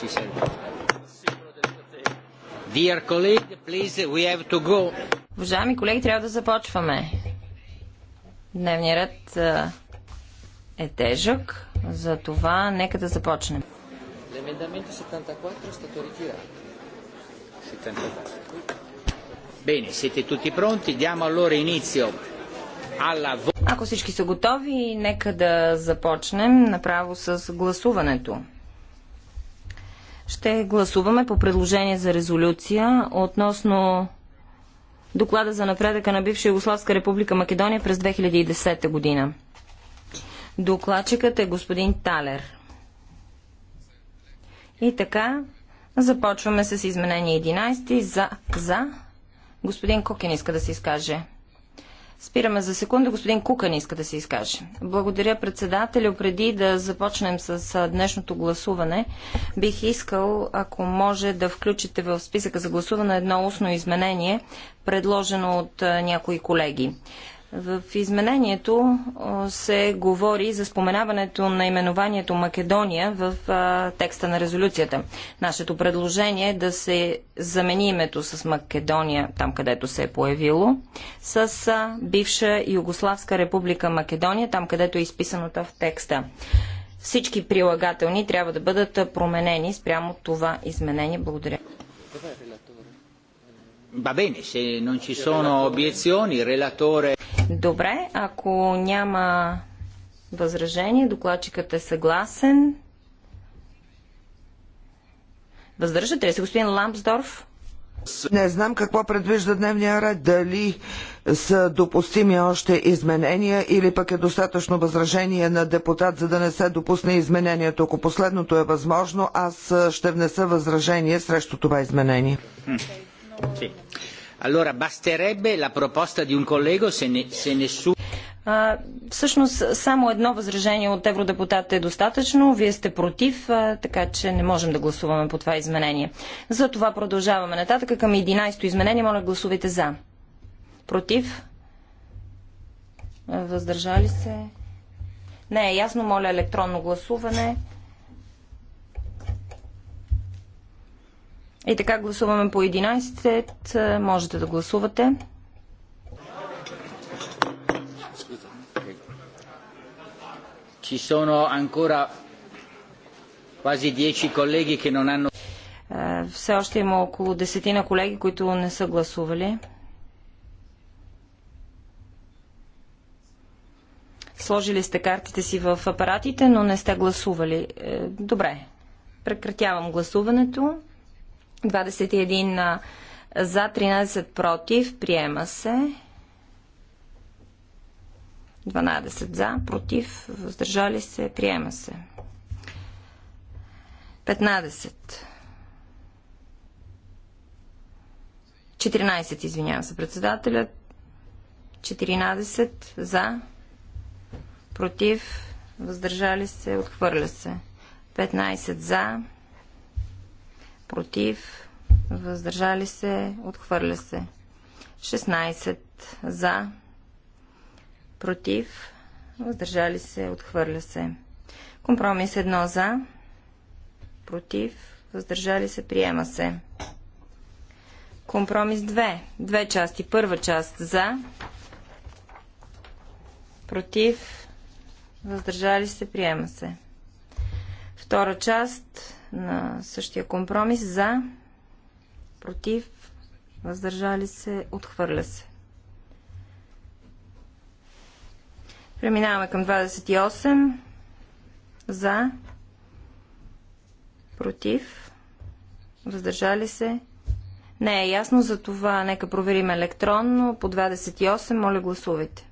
si sente. Dear colleague, please, we have to go. Уважаеми колеги, трябва да започваме. Дневният ред е тежък, това нека да започнем. L'emendamento 74 è stato ritirato. 74. Bene, siete tutti pronti, diamo allora inizio alla Ако всички са готови, нека да започнем направо с гласуването. Ще гласуваме по предложение за резолюция относно доклада за напредъка на бивша Югославска република Македония през 2010 година. Докладчикът е господин Талер. И така, започваме с изменение 11 за, за. Господин Кокин иска да се изкаже. Спираме за секунда. Господин Кукан иска да се изкаже. Благодаря председателю. Преди да започнем с днешното гласуване, бих искал, ако може, да включите в списъка за гласуване едно устно изменение, предложено от някои колеги. В изменението се говори за споменаването на именованието Македония в текста на резолюцията. Нашето предложение е да се замени името с Македония, там където се е появило, с бивша Югославска република Македония, там където е изписаното в текста. Всички прилагателни трябва да бъдат променени спрямо това изменение. Благодаря. Va bene, se non ci sono relatore... Добре, ако няма възражение, докладчикът е съгласен. Въздържате ли се, господин Ламсдорф? Не знам какво предвижда дневния ред. Дали са допустими още изменения или пък е достатъчно възражение на депутат, за да не се допусне изменението. Ако последното е възможно, аз ще внеса възражение срещу това изменение. Sì. Allora basterebbe la proposta di un collega se, ne, se nessuno... А, всъщност само едно възражение от евродепутата е достатъчно. Вие сте против, а, така че не можем да гласуваме по това изменение. За това продължаваме нататък към 11-то изменение. Моля гласувайте за. Против? Въздържали се? Не е ясно. Моля електронно гласуване. И така гласуваме по 11. Можете да гласувате. Ci sono ancora quasi 10 colleghi che non hanno е, все още има около десетина колеги, които не са гласували. Сложили сте картите си в апаратите, но не сте гласували. Е, добре. Прекратявам гласуването. 21 за, 13 против, приема се. 12 за, против, въздържали се, приема се. 15. 14, извинявам се, председателят. 14 за, против, въздържали се, отхвърля се. 15 за, против, въздържали се, отхвърля се. 16 за, против, въздържали се, отхвърля се. Компромис 1 за, против, въздържали се, приема се. Компромис 2. Две части. Първа част за, против, въздържали се, приема се. Втора част на същия компромис за, против, въздържали се, отхвърля се. Преминаваме към 28 за, против, въздържали се. Не е ясно, за това нека проверим електронно. По 28, моля гласувайте.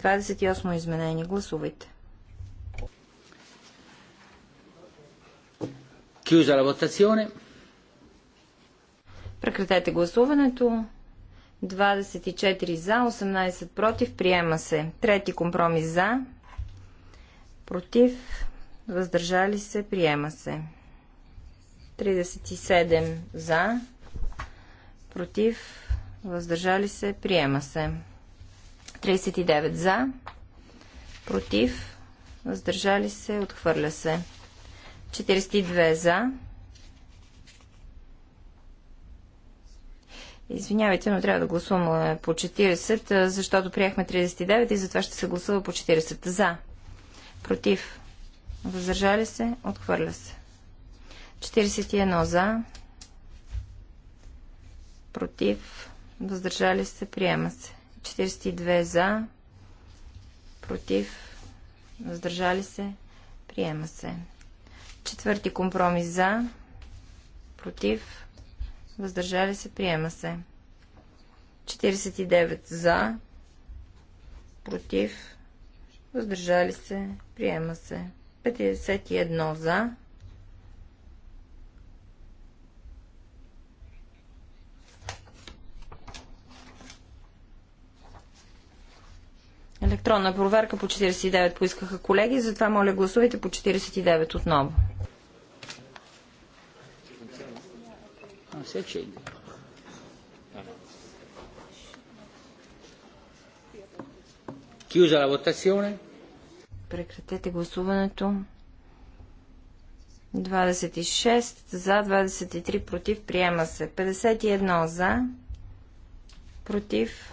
28 изменение, гласувайте. Chiusa la votazione. Прекратете гласуването. 24 за, 18 против. Приема се. Трети компромис за. Против. Въздържали се. Приема се. 37 за. Против. Въздържали се. Приема се. 39 за. Против. Въздържали се. Отхвърля се. 42 за. Извинявайте, но трябва да гласуваме по 40, защото приехме 39 и затова ще се гласува по 40 за. Против. Въздържали се. Отхвърля се. 41 за. Против. Въздържали се. Приема се. 42 за. Против. Въздържали се. Приема се. Четвърти компромис за, против, въздържали се, приема се. 49 за, против, въздържали се, приема се. 51 за, Електронна проверка по 49 поискаха колеги, затова моля гласувайте по 49 отново. Прекратете гласуването. 26 за, 23 против, приема се. 51 за, против,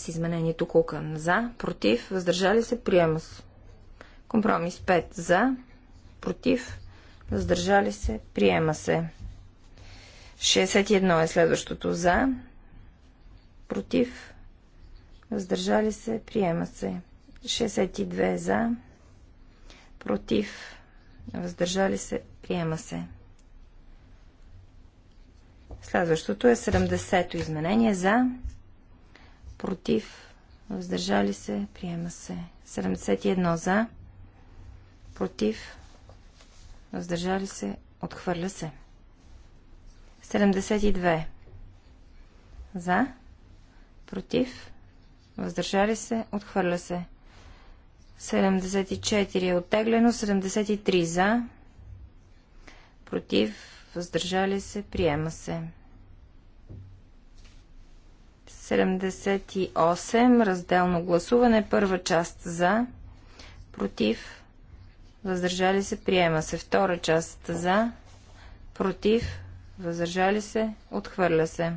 с изменението Кукан. За, против, въздържали се, приема се. Компромис 5 за, против, въздържали се, приема се. 61 е следващото за, против, въздържали се, приема се. 62 е за, против, въздържали се, приема се. Следващото е 70-то изменение за, против, въздържали се, приема се. 71 за, против, въздържали се, отхвърля се. 72 за, против, въздържали се, отхвърля се. 74 е оттеглено, 73 за, против, въздържали се, приема се. 78. Разделно гласуване. Първа част за. Против. Въздържали се. Приема се. Втора част за. Против. Въздържали се. Отхвърля се.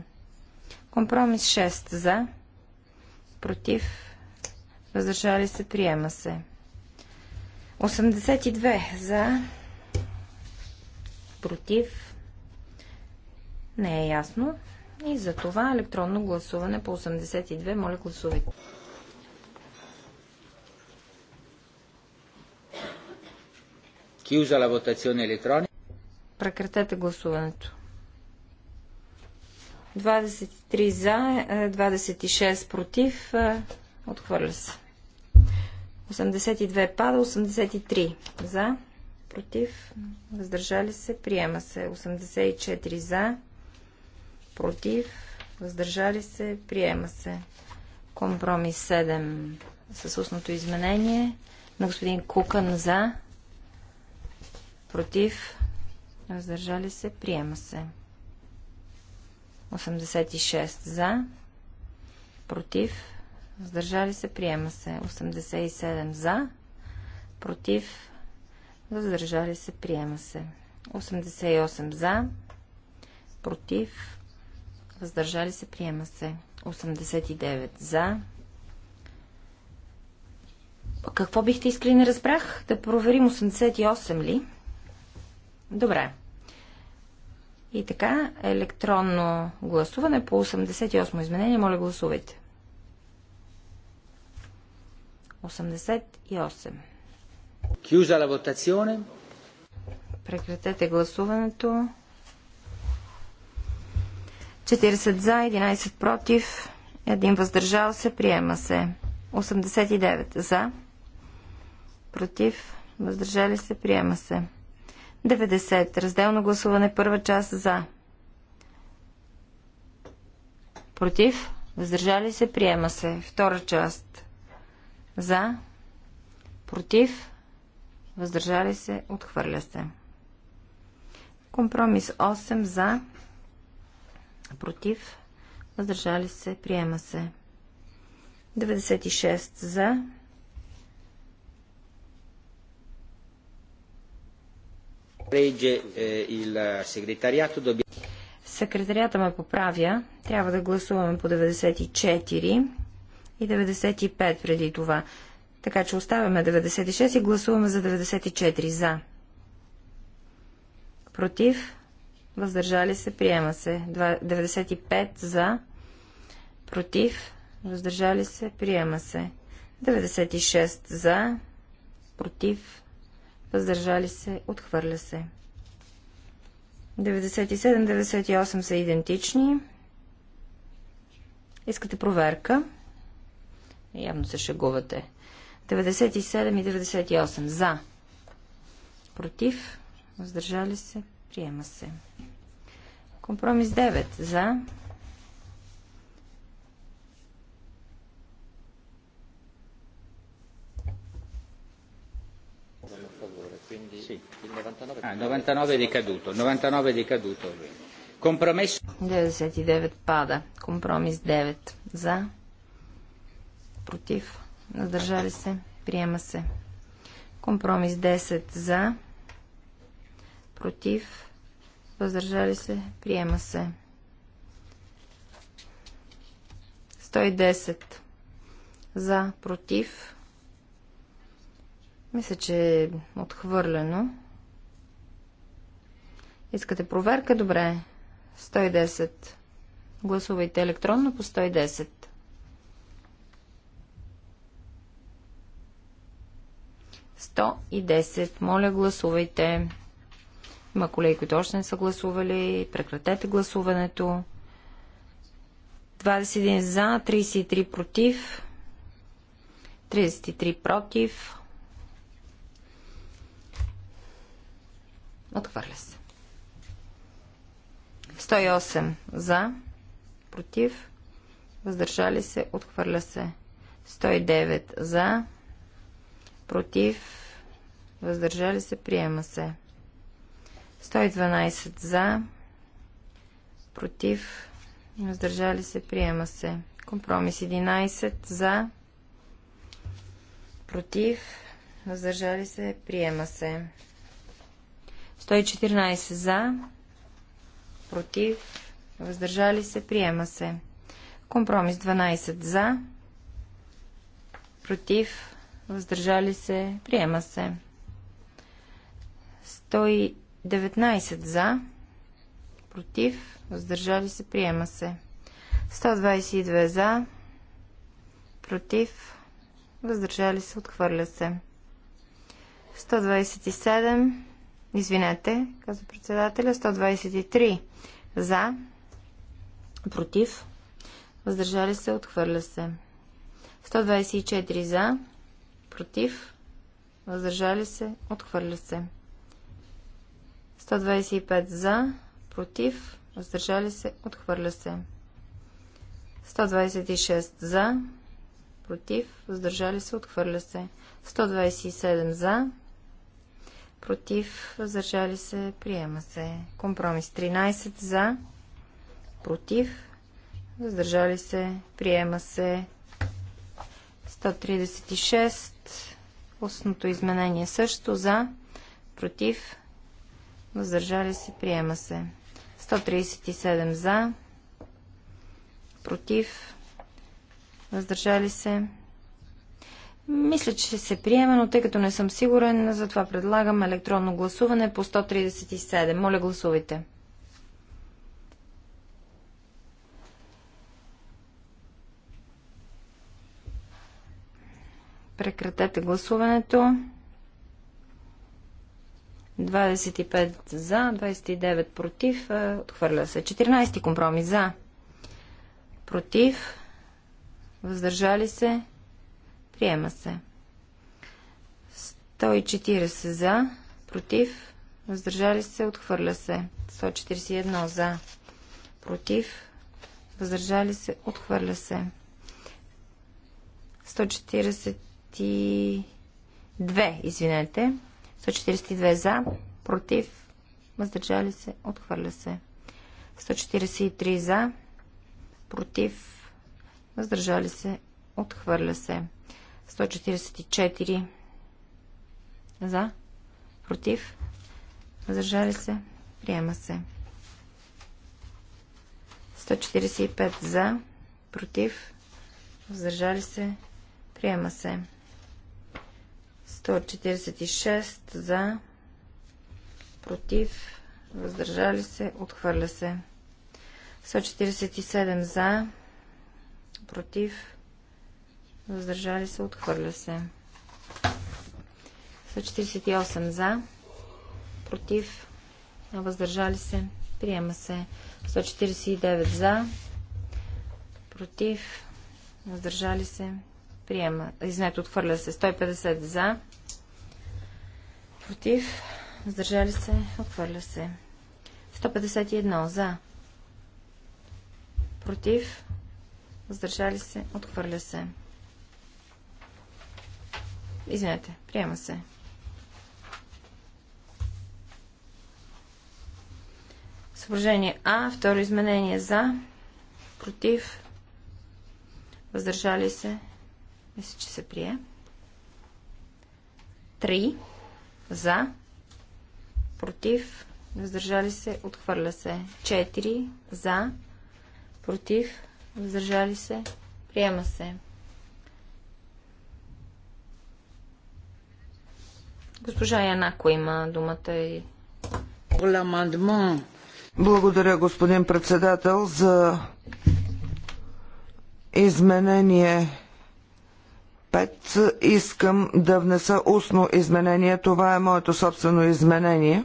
Компромис 6 за. Против. Въздържали се. Приема се. 82 за. Против. Не е ясно. И за това електронно гласуване по 82. Моля, гласувайте. Chiusa la votazione elettronica. Прекратете гласуването. 23 за, 26 е, против. Е, отхвърля се. 82 пада, 83 за, против, въздържали се, приема се. 84 за, против, въздържали се, приема се. Компромис 7 с устното изменение на господин Кукан за, против, въздържали се, приема се. 86 за, против, въздържали се, приема се. 87 за, против, въздържали се, приема се. 88 за, против, въздържали се, приема се. 89 за. Какво бихте искали, не разбрах? Да проверим 88 ли? Добре. И така, електронно гласуване по 88 изменение. Моля, гласувайте. 88. Chiusa Прекратете гласуването. 40 за, 11 против, 1 въздържал се, приема се. 89 за, против, въздържали се, приема се. 90. Разделно гласуване, първа част за. Против, въздържали се, приема се. Втора част за, против, въздържали се, отхвърля се. Компромис 8 за, Против. Въздържали се. Приема се. 96 за. Е, Секретарията ме поправя. Трябва да гласуваме по 94 и 95 преди това. Така че оставяме 96 и гласуваме за 94 за. Против въздържали се, приема се. 95 за, против, въздържали се, приема се. 96 за, против, въздържали се, отхвърля се. 97-98 са идентични. Искате проверка? Явно се шегувате. 97 и 98 за. Против. Въздържали се. Приема се. Компромис 9. За. Компромис 99, 99 99 пада. Компромис 9 за против. Надържали се. Приема се. Компромис 10 за против, въздържали се, приема се. 110 за, против. Мисля, че е отхвърлено. Искате проверка? Добре. 110. Гласувайте електронно по 110. Сто и десет. Моля, гласувайте. Има колеги, които още не са гласували. Прекратете гласуването. 21 за, 33 против. 33 против. Отхвърля се. 108 за, против, въздържали се, отхвърля се. 109 за, против, въздържали се, приема се. 112 за, против, въздържали се, приема се. Компромис 11 за, против, въздържали се, приема се. 114 за, против, въздържали се, приема се. Компромис 12 за, против, въздържали се, приема се. 19 за, против, въздържали се, приема се. 122 за, против, въздържали се, отхвърля се. 127, извинете, казва председателя, 123 за, против, въздържали се, отхвърля се. 124 за, против, въздържали се, отхвърля се. 125 за, против, въздържали се, отхвърля се. 126 за, против, въздържали се, отхвърля се. 127 за, против, въздържали се, приема се. Компромис 13 за, против, въздържали се, приема се. 136, устното изменение също за, против, въздържали се, приема се. 137 за, против, въздържали се. Мисля, че се приема, но тъй като не съм сигурен, затова предлагам електронно гласуване по 137. Моля, гласувайте. Прекратете гласуването. 25 за, 29 против. Е, отхвърля се. 14 компромис за. Против. Въздържали се. Приема се. 140 за. Против. Въздържали се. Отхвърля се. 141 за. Против. Въздържали се. Отхвърля се. 142. Извинете. 142 за, против, въздържали се, отхвърля се. 143 за, против, въздържали се, отхвърля се. 144 за, против, въздържали се, приема се. 145 за, против, въздържали се, приема се. 146 за, против, въздържали се, отхвърля се. 147 за, против, въздържали се, отхвърля се. 148 за, против, въздържали се, приема се. 149 за, против, въздържали се, Приема. Извинете, отхвърля се. 150 за. Против. Въздържали се. Отхвърля се. 151 за. Против. Въздържали се. Отхвърля се. Извинете. Приема се. Съображение А. Второ изменение за. Против. Въздържали се. Мисля, че се прие. Три за, против, въздържали се, отхвърля се. Четири. за, против, въздържали се, приема се. Госпожа Янако има думата и... Благодаря, господин председател, за изменение 5 искам да внеса устно изменение. Това е моето собствено изменение.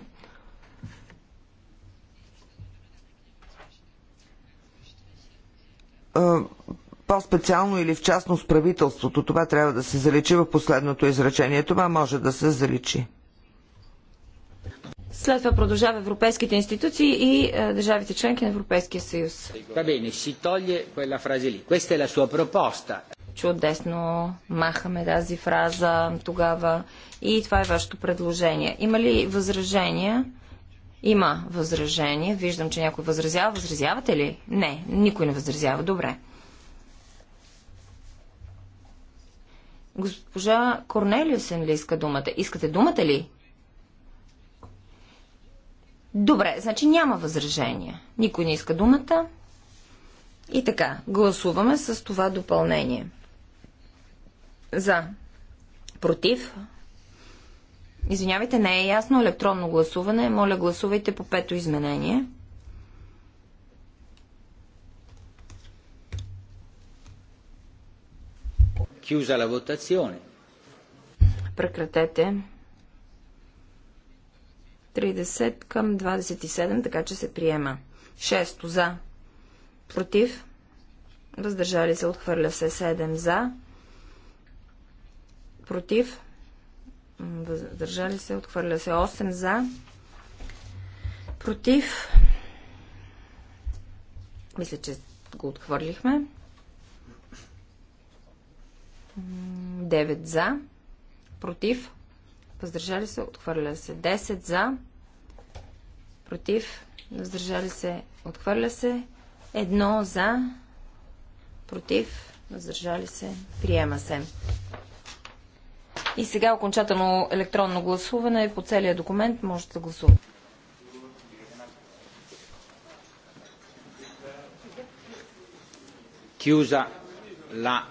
Е, по-специално или в частност правителството. Това трябва да се заличи в последното изречение. Това може да се заличи. След това продължава европейските институции и е, държавите членки на Европейския съюз. Чудесно, махаме тази фраза тогава. И това е вашето предложение. Има ли възражения? Има възражение. Виждам, че някой възразява. Възразявате ли? Не, никой не възразява. Добре. Госпожа Корнелиусен ли иска думата? Искате думата ли? Добре, значи няма възражения. Никой не иска думата. И така, гласуваме с това допълнение. За. Против. Извинявайте, не е ясно електронно гласуване. Моля, гласувайте по пето изменение. Chiusa la votazione. Прекратете. 30 към 27, така че се приема. 6 за. Против. Въздържали се отхвърля се 7 за против, въздържали се, отхвърля се 8 за, против, мисля, че го отхвърлихме, 9 за, против, въздържали се, отхвърля се 10 за, против, въздържали се, отхвърля се, 1 за, против, въздържали се, приема се. И сега окончателно електронно гласуване по целия документ. Можете да гласувате. Кюза ла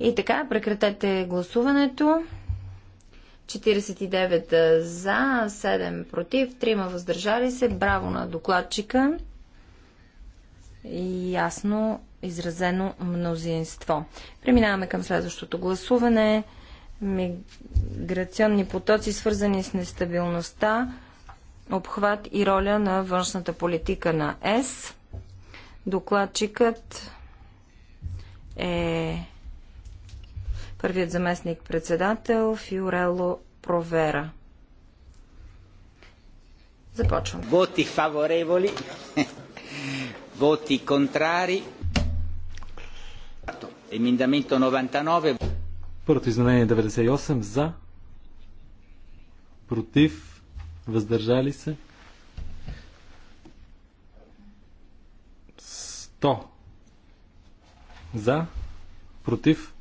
И така, прекратете гласуването. 49 за, 7 против, 3 въздържали се. Браво на докладчика. и Ясно изразено мнозинство. Преминаваме към следващото гласуване миграционни потоци, свързани с нестабилността, обхват и роля на външната политика на ЕС. Докладчикът е първият заместник председател Фиорело Провера. Започвам. Воти фавореволи, воти контрари. Емендаменто 99. Първото изменение 98 е за, против, въздържали се. 100 за, против,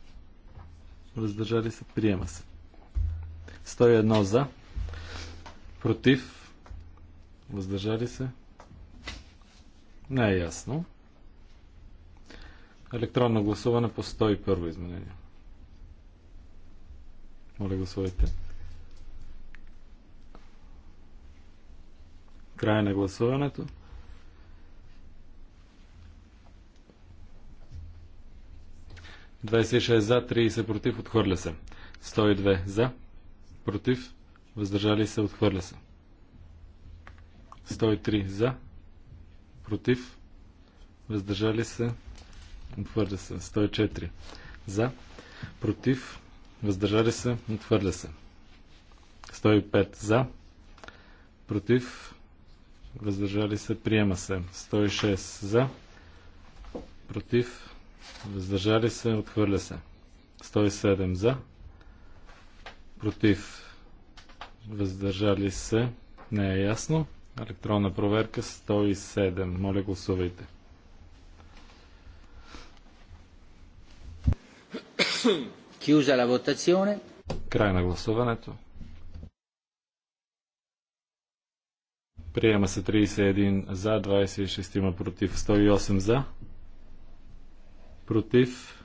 въздържали се, приема се. 101 за, против, въздържали се. Не е ясно. Електронно гласуване по 101 изменение. Моля гласувайте. Край на гласуването. Двадесет за, 30 против, отхвърля се. 102 за, против, въздържали се, отхвърля се. 103 за, против, въздържали се, отхвърля се. 104 за, против, въздържали се, отхвърля се. 105 за, против, въздържали се, приема се. 106 за, против, въздържали се, отхвърля се. 107 за, против, въздържали се, не е ясно. Електронна проверка 107. Моля, гласувайте. Hmm. Chiusa la votazione. Край на гласуването. Приема се 31 за, 26 има против, 108 за. Против.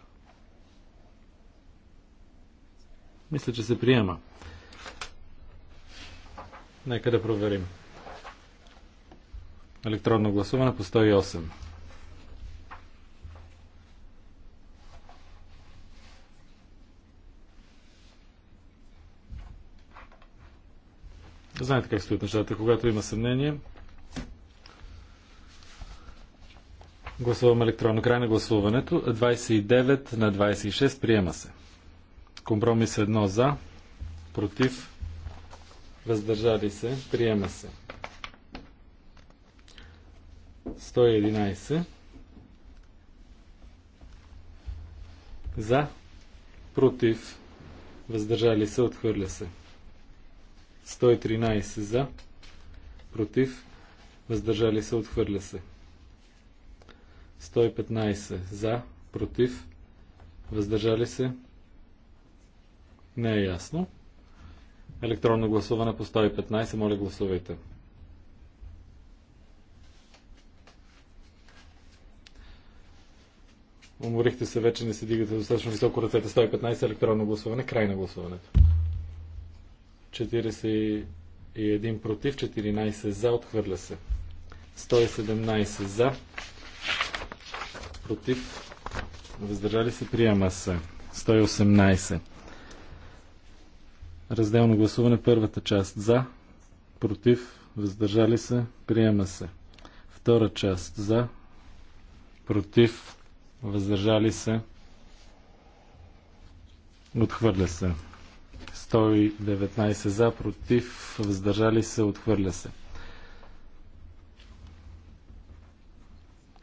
Мисля, че се приема. Нека да проверим. Електронно гласуване по 108. Знаете как стоят нещата, когато има съмнение. Гласуваме електронно. Край на гласуването. 29 на 26 приема се. Компромис 1 за, против, въздържали се, приема се. 111 за, против, въздържали се, отхвърля се. 113 за, против, въздържали се, отхвърля се. 115 за, против, въздържали се. Не е ясно. Електронно гласуване по 115. Моля, гласувайте. Уморихте се вече, не се дигате достатъчно високо ръцете. 115 електронно гласуване. Край на гласуването. 41 против, 14 за, отхвърля се. 117 за, против, въздържали се, приема се. 118. Разделно гласуване, първата част за, против, въздържали се, приема се. Втора част за, против, въздържали се, отхвърля се. 119 за, против, въздържали се, отхвърля се.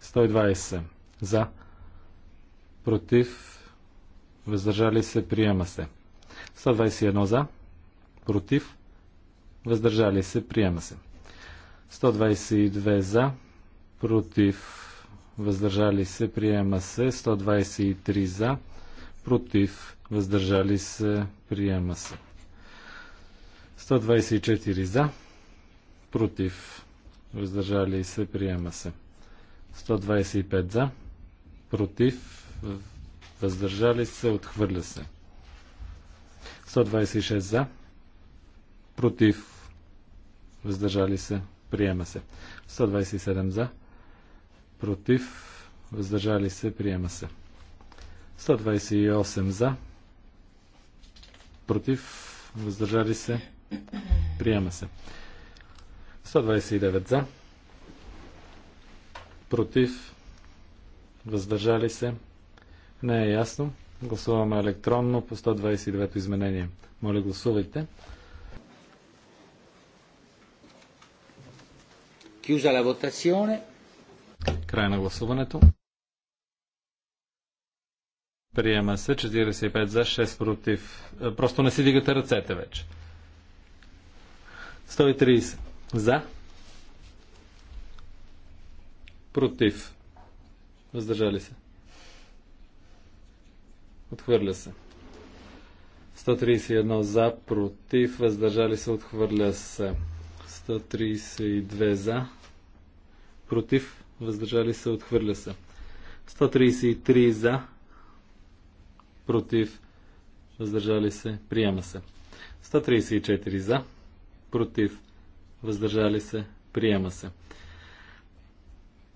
120 за, против, въздържали се, приема се. 121 за, против, въздържали се, приема се. 122 за, против, въздържали се, приема се. 123 за, против, въздържали се, приема се. 124 за, против, въздържали се, приема се. 125 за, против, въздържали се, отхвърля се. 126 за, против, въздържали се, приема се. 127 за, против, въздържали се, приема се. 128 за, против, въздържали се, приема се. 129 за, против, въздържали се, не е ясно. Гласуваме електронно по 129 изменение. Моля, гласувайте. Chiusa la votazione. Край на гласуването. Приема се 45 за 6 против. Е, просто не си дигате ръцете вече. 130 за. Против. Въздържали се. Отхвърля се. 131 за, против, въздържали се, отхвърля се. 132 за, против, въздържали се, отхвърля се. 133 за, против, въздържали се, приема се. 134 за, против, въздържали се, приема се.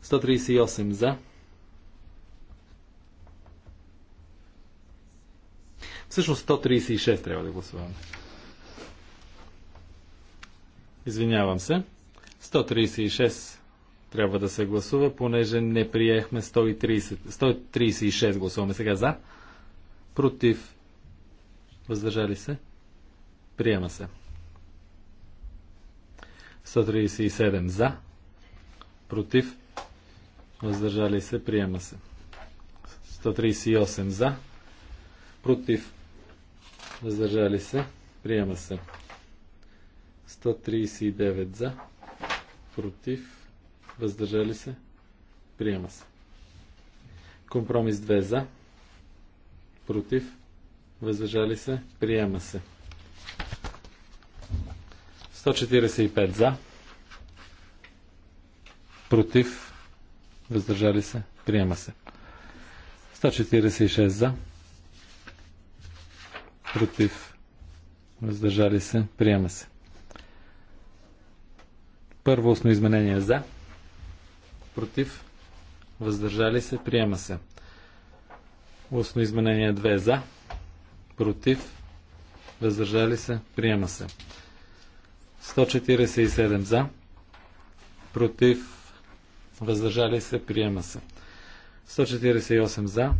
138 за. Всъщност 136 трябва да гласуваме. Извинявам се. 136 трябва да се гласува, понеже не приехме 130. 136 гласуваме сега за против, въздържали се, приема се. 137 за, против, въздържали се, приема се. 138 за, против, въздържали се, приема се. 139 за, против, въздържали се, приема се. Компромис 2 за, против, въздържали се, приема се. 145 за, против, въздържали се, приема се. 146 за, против, въздържали се, приема се. Първо основно изменение за, против, въздържали се, приема се. Устно изменение 2 за, против, въздържали се, приема се. 147 за, против, въздържали се, приема се. 148 за,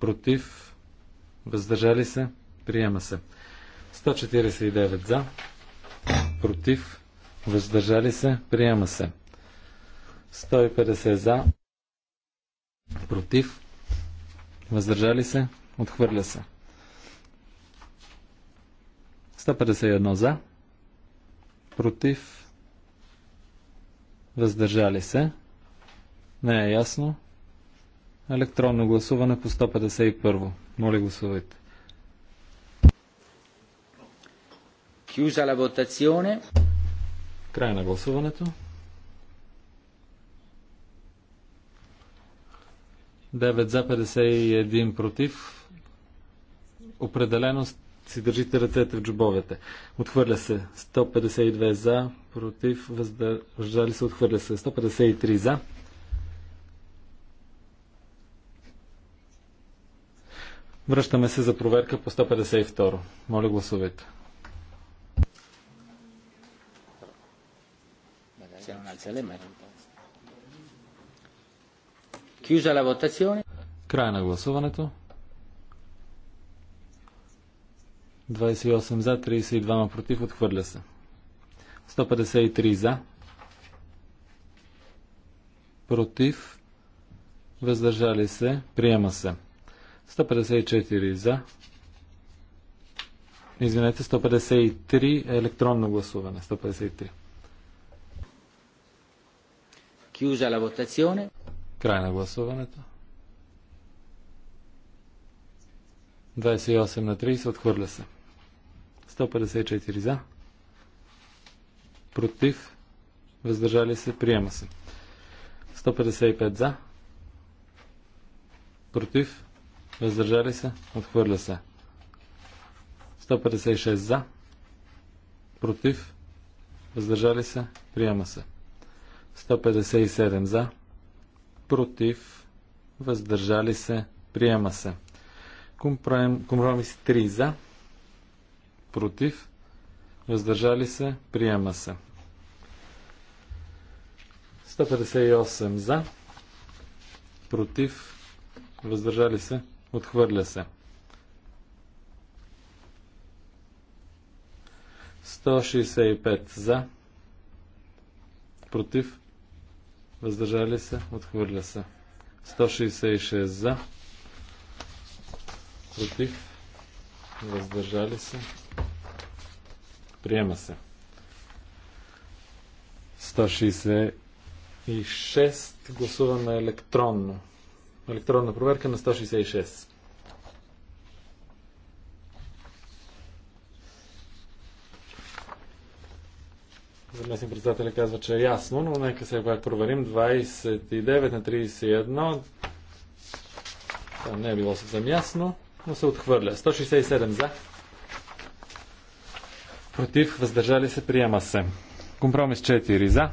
против, въздържали се, приема се. 149 за, против, въздържали се, приема се. 150 за, против, Въздържали се? Отхвърля се. 151 за. Против. Въздържали се. Не е ясно. Електронно гласуване по 151. Моля гласувайте. Chiusa la votazione. Край на гласуването. 9 за 51 против. Определено си държите ръцете в джобовете. Отхвърля се 152 за, против, въздържали се, отхвърля се 153 за. Връщаме се за проверка по 152. Моля гласувайте. Се Chiusa la votazione. Край на гласуването. 28 за, 32 против, отхвърля се. 153 за. Против. Въздържали се. Приема се. 154 за. Извинете, 153 електронно гласуване. 153. Chiusa la votazione. Край на гласуването. 28 на 30 отхвърля се. 154 за. Против. Въздържали се. Приема се. 155 за. Против. Въздържали се. Отхвърля се. 156 за. Против. Въздържали се. Приема се. 157 за против, въздържали се, приема се. Компромис 3 за, против, въздържали се, приема се. 158 за, против, въздържали се, отхвърля се. 165 за, против, въздържали се, отхвърля се. 166 за, против, въздържали се, приема се. 166 гласуваме електронно. Електронна проверка на 166. Заместник председателя казва, че е ясно, но нека сега пак проверим. 29 на 31. Там не е било съвсем ясно, но се отхвърля. 167 за. Против, въздържали се, приема се. Компромис 4 за.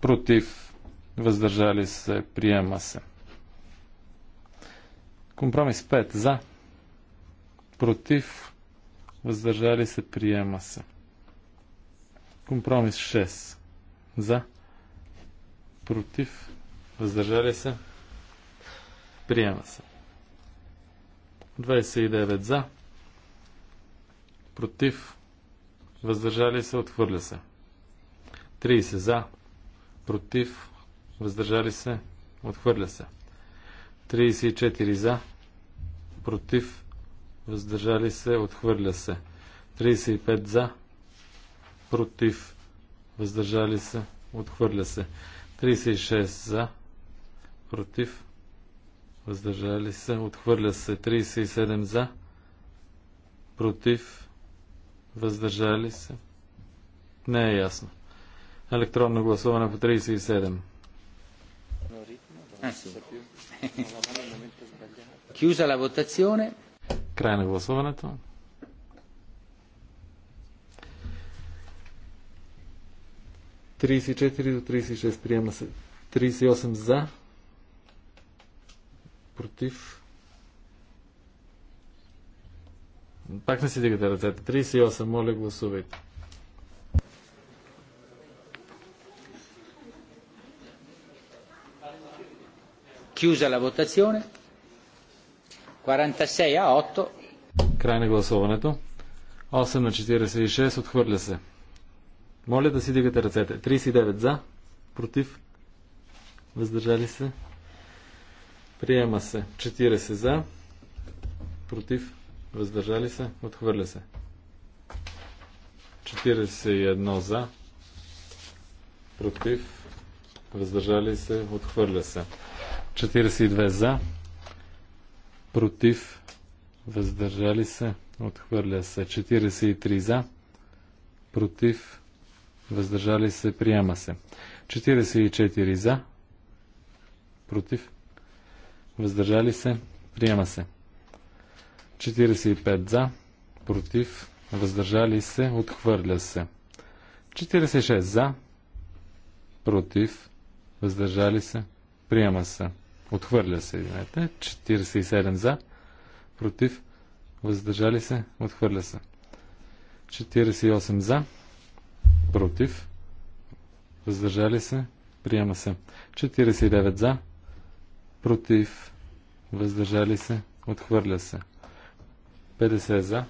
Против, въздържали се, приема се. Компромис 5 за. Против, въздържали се, приема се. Компромис 6. За. Против. Въздържали се. Приема се. 29 за. Против. Въздържали се. Отхвърля се. 30 за. Против. Въздържали се. Отхвърля се. 34 за. Против. Въздържали се. Отхвърля се. 35 за против, въздържали се, отхвърля се. 36 за, против, въздържали се, отхвърля се. 37 за, против, въздържали се. Не е ясно. Електронно гласуване по 37. Chiusa la votazione. Край на гласуването. 34 до 36 приема се. 38 за. Против. Пак не си дигате ръцете. 38, моля гласувайте. Chiusa la votazione. 46 a 8. Край на гласуването. 8 на 46 отхвърля се. Моля да си дигате ръцете. 39 за, против, въздържали се. Приема се. 40 за, против, въздържали се, отхвърля се. 41 за, против, въздържали се, отхвърля се. 42 за, против, въздържали се, отхвърля се. 43 за, против, въздържали се, приема се. 44 за, против, въздържали се, приема се. 45 за, против, въздържали се, отхвърля се. 46 за, против, въздържали се, приема се. Отхвърля се, извинете. 47 за, против, въздържали се, отхвърля се. 48 за, против, въздържали се, приема се. 49 за, против, въздържали се, отхвърля се. 50 за,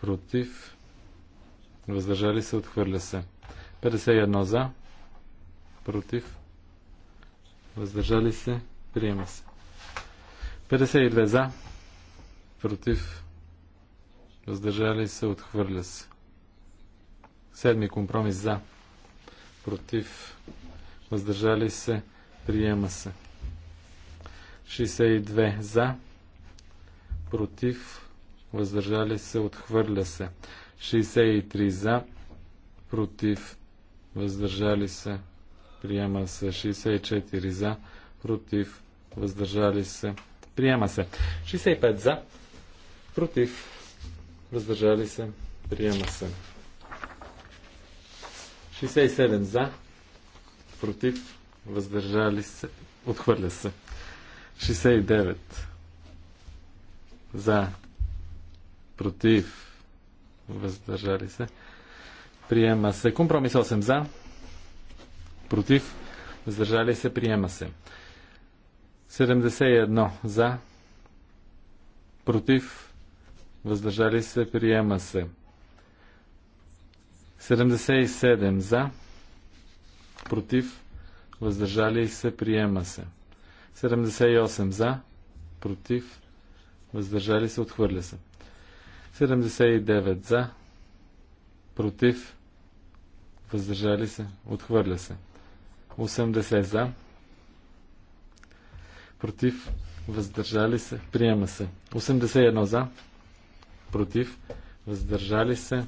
против, въздържали се, отхвърля се. 51 за, против, въздържали се, приема се. 52 за, против, въздържали се, отхвърля се. Седми компромис за. Против. Въздържали се. Приема се. 62 за. Против. Въздържали се. Отхвърля се. 63 за. Против. Въздържали се. Приема се. 64 за. Против. Въздържали се. Приема се. 65 за. Против. Въздържали се. Приема се. 67 за, против, въздържали се, отхвърля се. 69 за, против, въздържали се. Приема се. Компромис 8 за, против, въздържали се, приема се. 71 за, против, въздържали се, приема се. 77 за, против, въздържали се, приема се. 78 за, против, въздържали се, отхвърля се. 79 за, против, въздържали се, отхвърля се. 80 за, против, въздържали се, приема се. 81 за, против, въздържали се,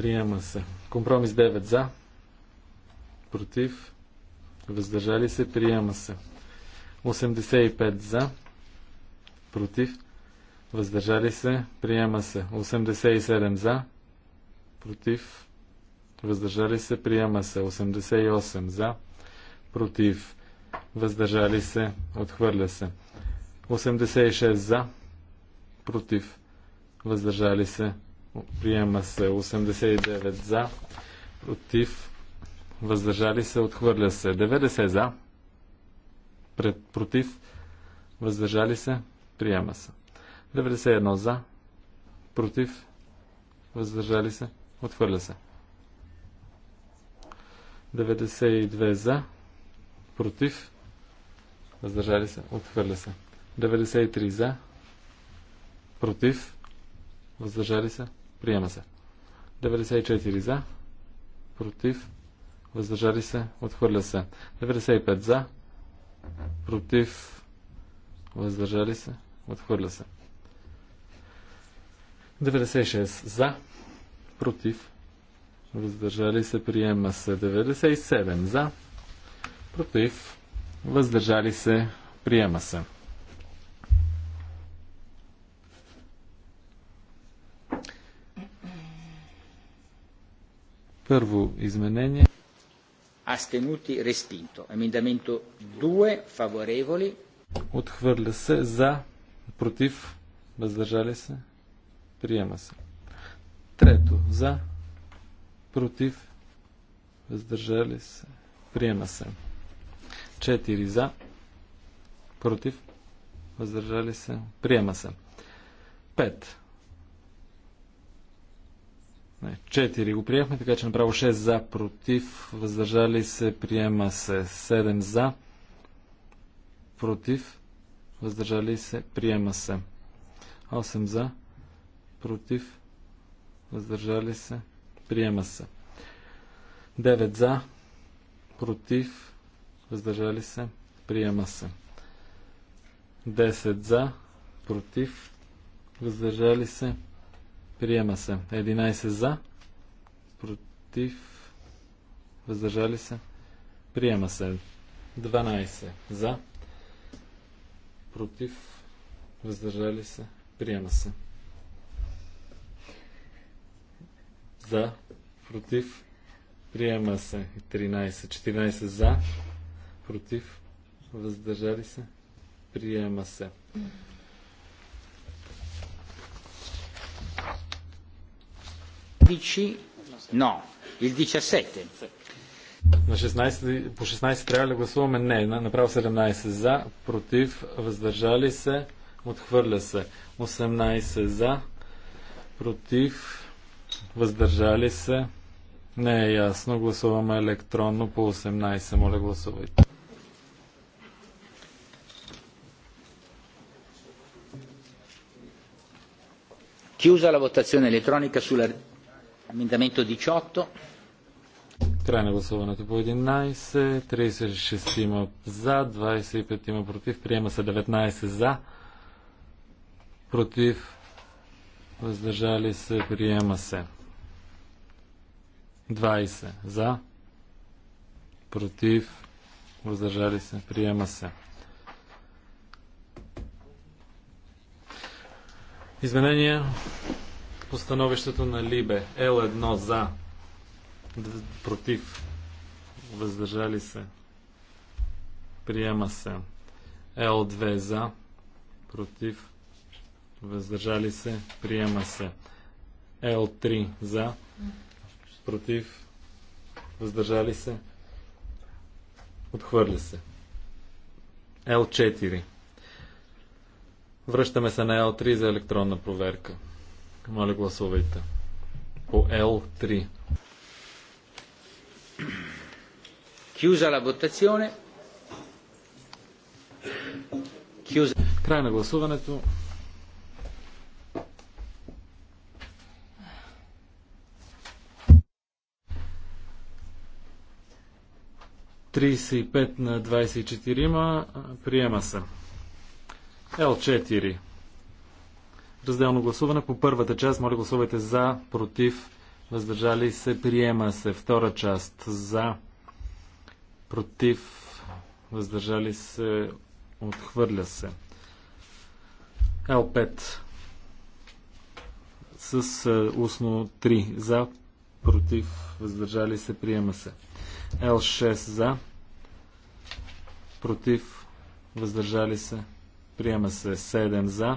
Приема се. Компромис 9 за. Против. Въздържали се. Приема се. 85 за. Против. Въздържали се. Приема се. 87 за. Против. Въздържали се. Приема се. 88 за. Против. Въздържали се. Отхвърля се. 86 за. Против. Въздържали се. Приема се 89 за, против, въздържали се, отхвърля се 90 за, пред, против, въздържали се, приема се. 91 за, против, въздържали се, отхвърля се. 92 за, против, въздържали се, отхвърля се. 93 за, против, въздържали се, Приема се. 94 за. Против. Въздържали се. Отхвърля се. 95 за. Против. Въздържали се. Отхвърля се. 96 за. Против. Въздържали се. Приема се. 97 за. Против. Въздържали се. Приема се. Първо изменение. Астенути респинто. Емендаменто 2 фавореволи. Отхвърля се за, против, въздържали се, приема се. Трето, за, против, въздържали се, приема се. Четири за, против, въздържали се, приема се. Пет 4 го приехме, така че направо 6 за, против, въздържали се, приема се 7 за, против, въздържали се, приема се 8 за, против, въздържали се, приема се 9 за, против, въздържали се, приема се 10 за, против, въздържали се, приема се Приема се. 11 за. Против. Въздържали се. Приема се. 12 за. Против. Въздържали се. Приема се. За. Против. Приема се. 13. 14 за. Против. Въздържали се. Приема се. 15, no, il 17. На 16, по 16 трябва да гласуваме? Не, направо 17 за, против, въздържали се, отхвърля се. 18 за, против, въздържали се. Не е ясно, гласуваме електронно по 18, моля гласувайте. Chiusa la votazione elettronica sulla Емендамento 18. Край на гласуването по 11, 36 има за, 25 има против, приема се 19 за, против, въздържали се, приема се. 20 за, против, въздържали се, приема се. Изменения по становището на Либе. Л1 за. Против. Въздържали се. Приема се. Л2 за. Против. Въздържали се. Приема се. Л3 за. Против. Въздържали се. Отхвърля се. L4. Връщаме се на L3 за електронна проверка. Моля гласувайте. По L3. Chiusa la votazione. Chiusa. Край на гласуването. Тридесет на 24 има. Приема се. Л 4 Разделно гласуване по първата част. Моля гласувайте за, против, въздържали се, приема се. Втора част за, против, въздържали се, отхвърля се. L5 с е, устно 3 за, против, въздържали се, приема се. L6 за, против, въздържали се, приема се. 7 за,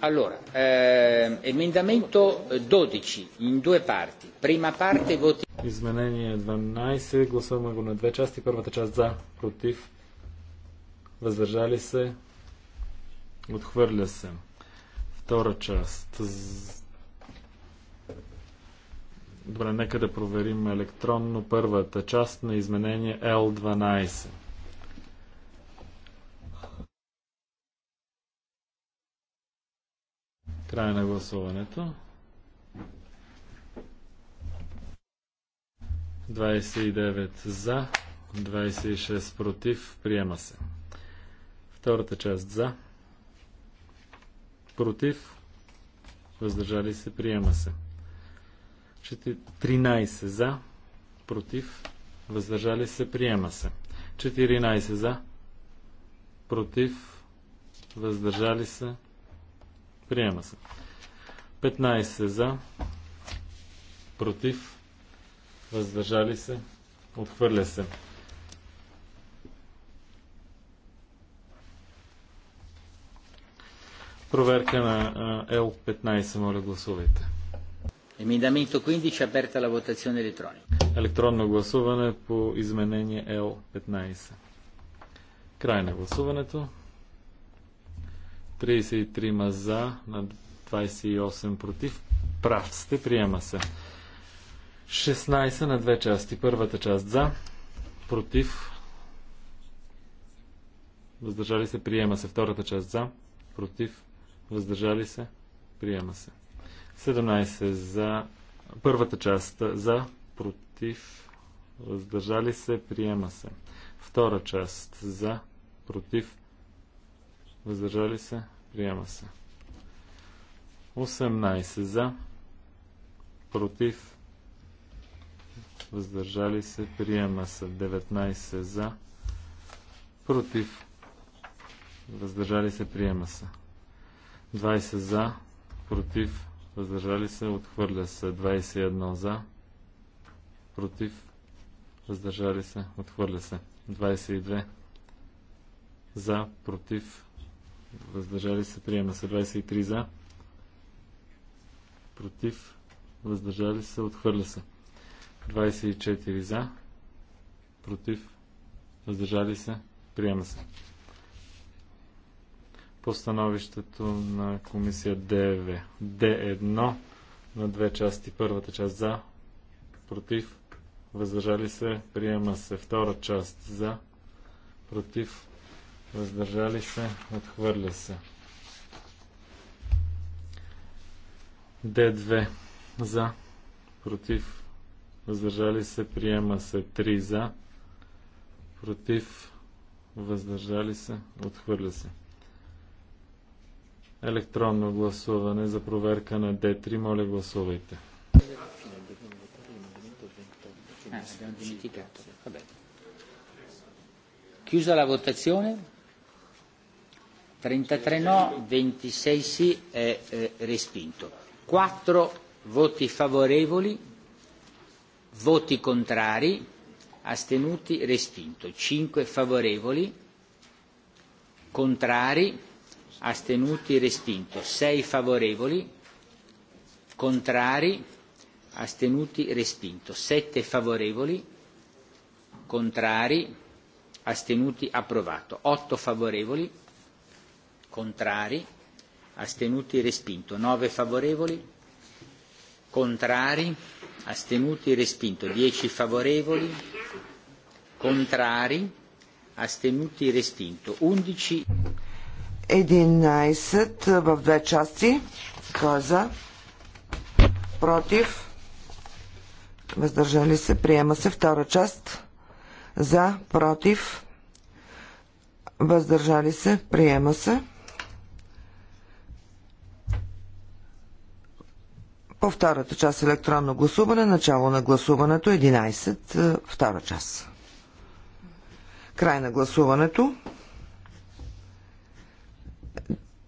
Allora, eh, emendamento 12 in due parti. Prima parte voti. Изменение 12. Гласуваме го на две части. Първата част за, против, въздържали се, отхвърля се. Втора част. Добре, нека да проверим електронно първата част на изменение L12. Край на гласуването. 29 за, 26 против, приема се. Втората част за, против, въздържали се, приема се. 13 за, против, въздържали се, приема се. 14 за, против, въздържали се, Приема се. 15 за. Против. Въздържали се. Отхвърля се. Проверка на L15, моля гласувайте. Emendamento 15, аперта на вотационна електроника. Електронно гласуване по изменение L15. Край на гласуването. 33 за на 28 против. Прав сте, приема се. 16 на две части. Първата част за, против, въздържали се, приема се. Втората част за, против, въздържали се, приема се. 17 за първата част за, против, въздържали се, приема се. Втора част за, против, въздържали се, приема се. 18 за, против, въздържали се, приема се. 19 за, против, въздържали се, приема се. 20 за, против, въздържали се, отхвърля се. 21 за, против, въздържали се, отхвърля се. 22 за, против, въздържали се, приема се 23 за, против, въздържали се, отхвърля се. 24 за, против, въздържали се, приема се. По становището на комисия ДВ. Д1 на две части. Първата част за, против, въздържали се, приема се. Втора част за, против, въздържали се, отхвърля се. Д2 за, против, въздържали се, приема се 3 за, против, въздържали се, отхвърля се. Електронно гласуване за проверка на Д3, моля гласувайте. Chiusa la votazione. 33 no, 26 sì, è respinto. 4 voti favorevoli, voti contrari, astenuti, respinto. 5 favorevoli, contrari, astenuti, respinto. 6 favorevoli, contrari, astenuti, respinto. 7 favorevoli, contrari, astenuti, approvato. 8 favorevoli, Contrari? Astenuti? Respinto. 9 favorevoli? Contrari? Astenuti? Respinto. 10 favorevoli? Contrari? Astenuti? Respinto. 11. 11 в две части. Каза. Против? Въздържали се. Приема се. Втора част. За? Против? Въздържали се. Приема се. По втората част електронно гласуване, начало на гласуването 11, е, втора част. Край на гласуването.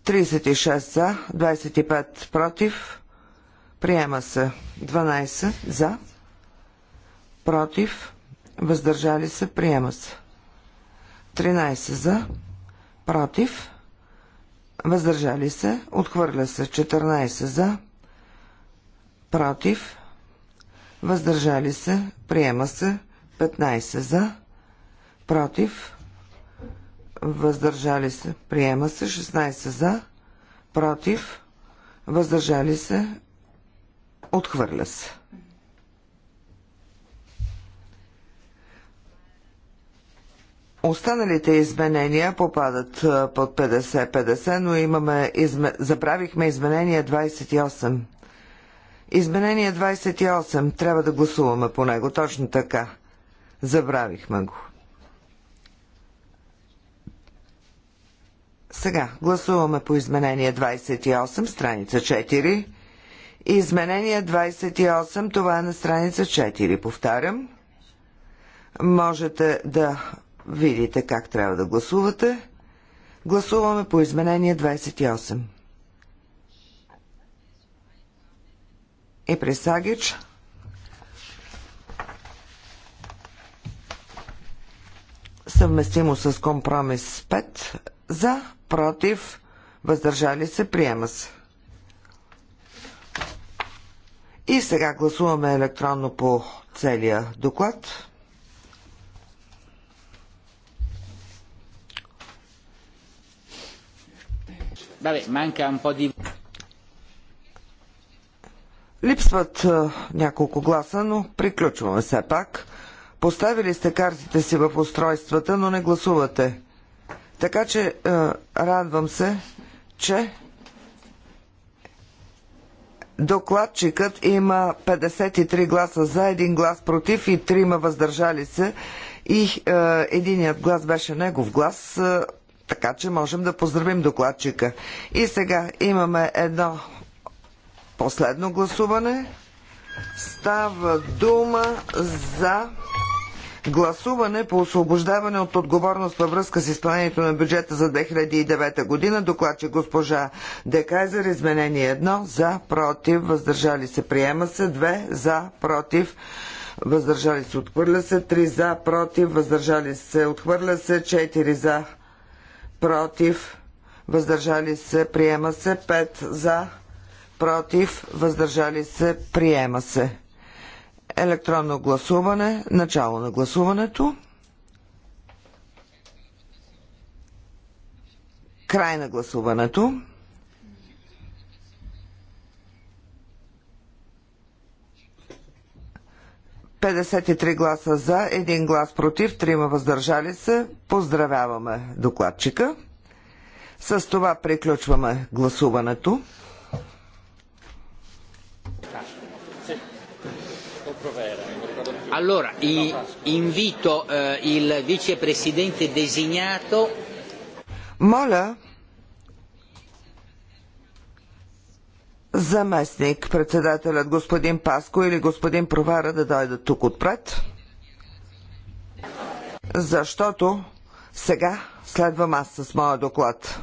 36 за, 25 против. Приема се 12 за, против, въздържали се, приема се. 13 за, против, въздържали се, отхвърля се. 14 за, против, въздържали се, приема се 15 за, против, въздържали се, приема се 16 за, против, въздържали се, отхвърля се. Останалите изменения попадат под 50-50, но имаме, изме... забравихме изменение 28. Изменение 28. Трябва да гласуваме по него. Точно така. Забравихме го. Сега гласуваме по изменение 28, страница 4. Изменение 28, това е на страница 4, повтарям. Можете да видите как трябва да гласувате. Гласуваме по изменение 28. е пресагич. Съвместимо с компромис 5 за, против, въздържали се, приема се. И сега гласуваме електронно по целия доклад. Vabbè, manca un po' di... Липсват няколко гласа, но приключваме все пак. Поставили сте картите си в устройствата, но не гласувате. Така че радвам се, че докладчикът има 53 гласа за, един глас против и трима въздържали се. И единият глас беше негов глас, така че можем да поздравим докладчика. И сега имаме едно последно гласуване. Става дума за гласуване по освобождаване от отговорност във връзка с изпълнението на бюджета за 2009 година. Докладче госпожа Декайзер, изменение 1 за, против, въздържали се, приема се, 2 за, против, въздържали се, отхвърля се, 3 за, против, въздържали се, отхвърля се, 4 за, против, въздържали се, приема се, 5 за, против, въздържали се, приема се. Електронно гласуване, начало на гласуването. Край на гласуването. Петдесет три гласа за, един глас против, трима въздържали се. Поздравяваме докладчика. С това приключваме гласуването. Allora, invito eh, il vicepresidente designato. Моля, заместник председателят господин Паско или господин Провара да дойдат тук отпред, защото сега следвам аз с моя доклад.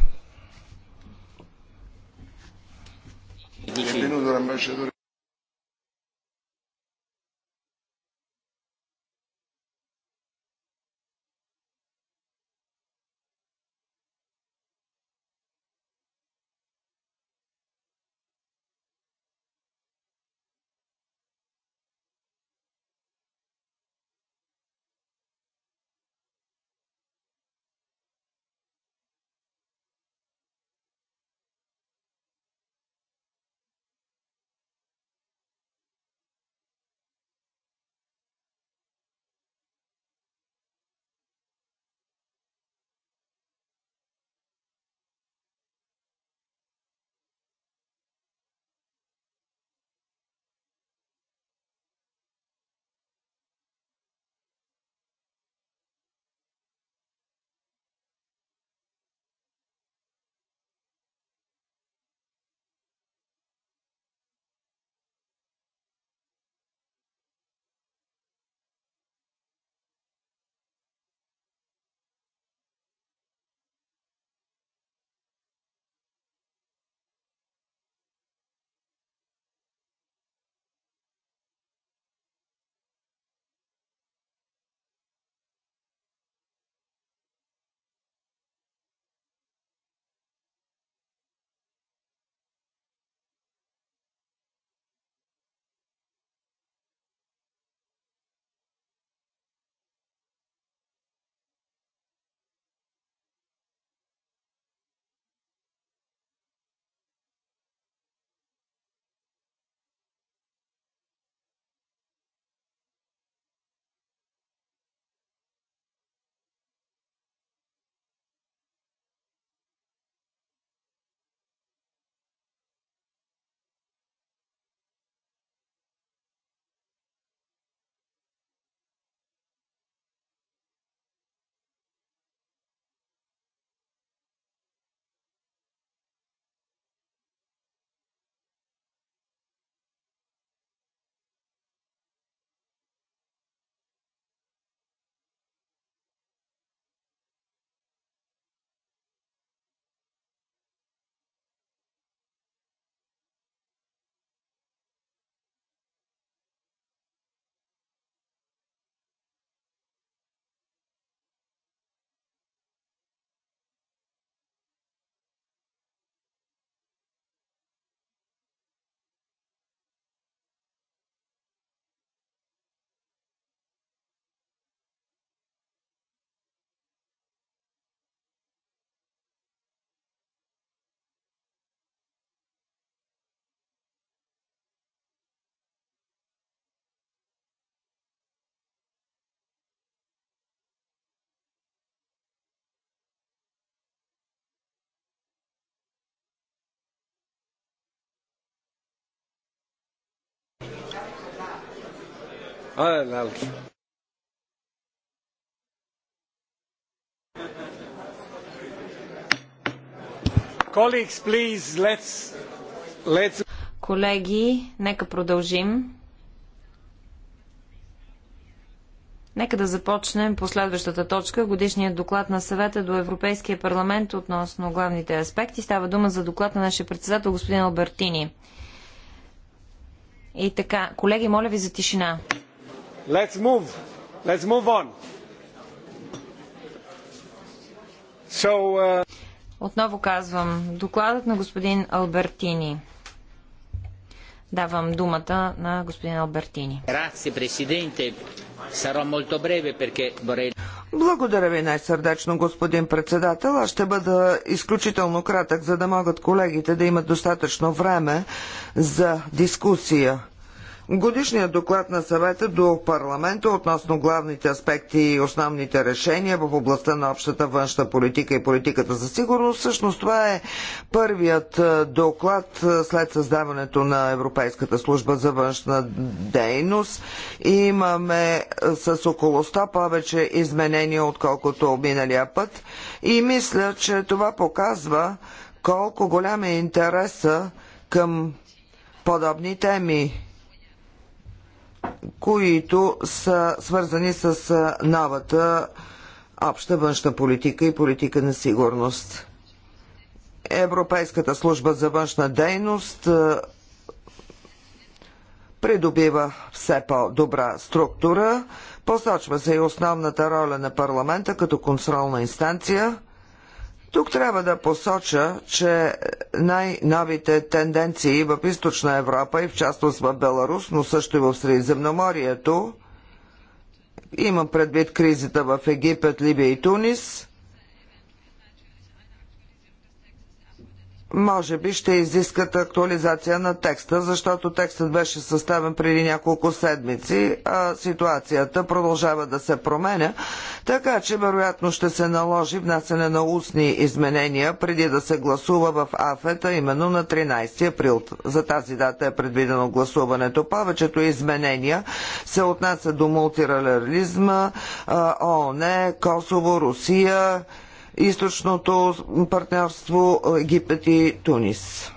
Колеги, нека продължим. Нека да започнем по следващата точка. Годишният доклад на съвета до Европейския парламент относно главните аспекти. Става дума за доклад на нашия председател господин Албертини. И така, колеги, моля ви за тишина. Let's move. Let's move on. So, uh... Отново казвам, докладът на господин Албертини. Давам думата на господин Албертини. Grazie, Sarò molto breve perché vorrei... Благодаря ви най-сърдечно, господин председател. Аз ще бъда изключително кратък, за да могат колегите да имат достатъчно време за дискусия. Годишният доклад на съвета до парламента относно главните аспекти и основните решения в областта на общата външна политика и политиката за сигурност, всъщност това е първият е, доклад е, след създаването на Европейската служба за външна дейност. Имаме е, с около 100 повече изменения, отколкото миналия път. И мисля, че това показва колко голям е интереса към подобни теми които са свързани с новата обща външна политика и политика на сигурност. Европейската служба за външна дейност придобива все по-добра структура. Посочва се и основната роля на парламента като контролна инстанция – тук трябва да посоча, че най-новите тенденции в Източна Европа и в частност в Беларус, но също и в Средиземноморието, имам предвид кризата в Египет, Либия и Тунис – може би ще изискат актуализация на текста, защото текстът беше съставен преди няколко седмици, а ситуацията продължава да се променя, така че вероятно ще се наложи внасене на устни изменения преди да се гласува в АФЕТа, именно на 13 април. За тази дата е предвидено гласуването. Повечето изменения се отнасят до мултиралерализма, ООН, Косово, Русия, източното партньорство Египет и Тунис.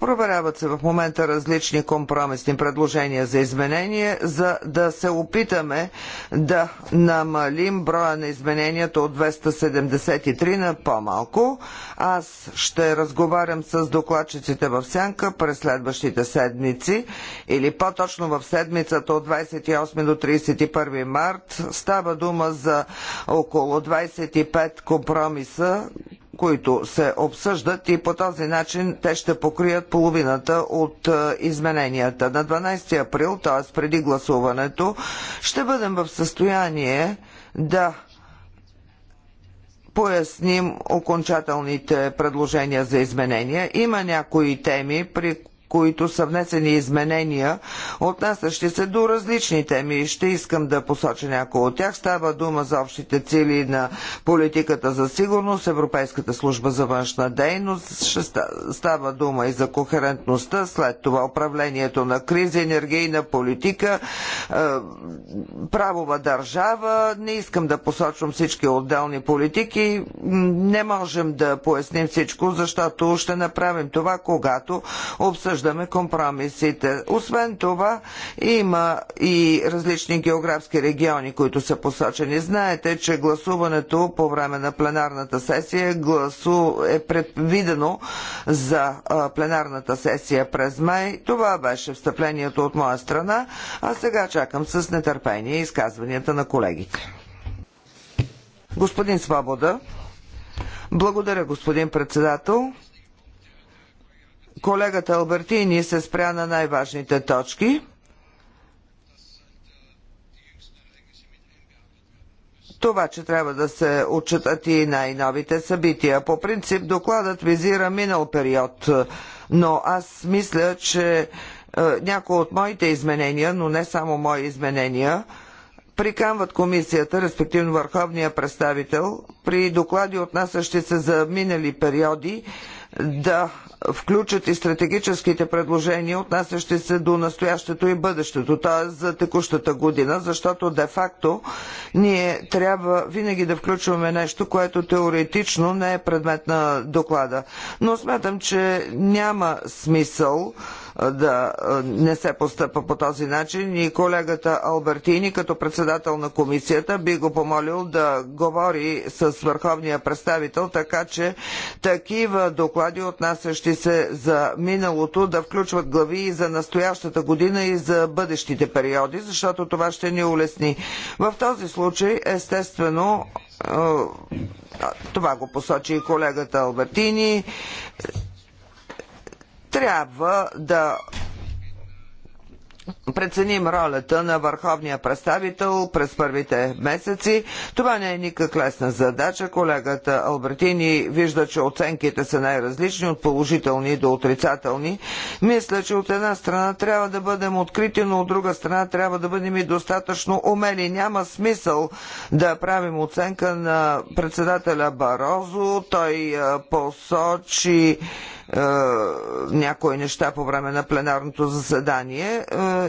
Проверяват се в момента различни компромисни предложения за изменение, за да се опитаме да намалим броя на измененията от 273 на по-малко. Аз ще разговарям с докладчиците в Сянка през следващите седмици или по-точно в седмицата от 28 до 31 март. Става дума за около 25 компромиса, които се обсъждат и по този начин те ще покрият половината от е, измененията. На 12 април, т.е. преди гласуването, ще бъдем в състояние да поясним окончателните предложения за изменения. Има някои теми, при които са внесени изменения, отнасящи се до различни теми. Ще искам да посоча някои от тях. Става дума за общите цели на политиката за сигурност, Европейската служба за външна дейност, ще става дума и за кохерентността, след това управлението на кризи, енергийна политика, е, правова държава. Не искам да посочвам всички отделни политики. Не можем да поясним всичко, защото ще направим това, когато обсъждаме обсъждаме компромисите. Освен това, има и различни географски региони, които са посочени. Знаете, че гласуването по време на пленарната сесия гласу е предвидено за пленарната сесия през май. Това беше встъплението от моя страна, а сега чакам с нетърпение изказванията на колегите. Господин Свобода. Благодаря, господин председател. Колегата Албертини се спря на най-важните точки. това, че трябва да се отчитат и най-новите събития. По принцип докладът визира минал период, но аз мисля, че е, някои от моите изменения, но не само мои изменения, приканват комисията, респективно върховния представител, при доклади отнасящи се за минали периоди, да включат и стратегическите предложения, отнасящи се до настоящето и бъдещето, т.е. за текущата година, защото де-факто ние трябва винаги да включваме нещо, което теоретично не е предмет на доклада. Но смятам, че няма смисъл да не се постъпа по този начин и колегата Албертини като председател на комисията би го помолил да говори с върховния представител, така че такива доклади, отнасящи се за миналото, да включват глави и за настоящата година и за бъдещите периоди, защото това ще ни улесни. В този случай, естествено, това го посочи и колегата Албертини трябва да преценим ролята на върховния представител през първите месеци. Това не е никак лесна задача. Колегата Албертини вижда, че оценките са най-различни, от положителни до отрицателни. Мисля, че от една страна трябва да бъдем открити, но от друга страна трябва да бъдем и достатъчно умели. Няма смисъл да правим оценка на председателя Барозо. Той посочи е, някои неща по време на пленарното заседание. Е,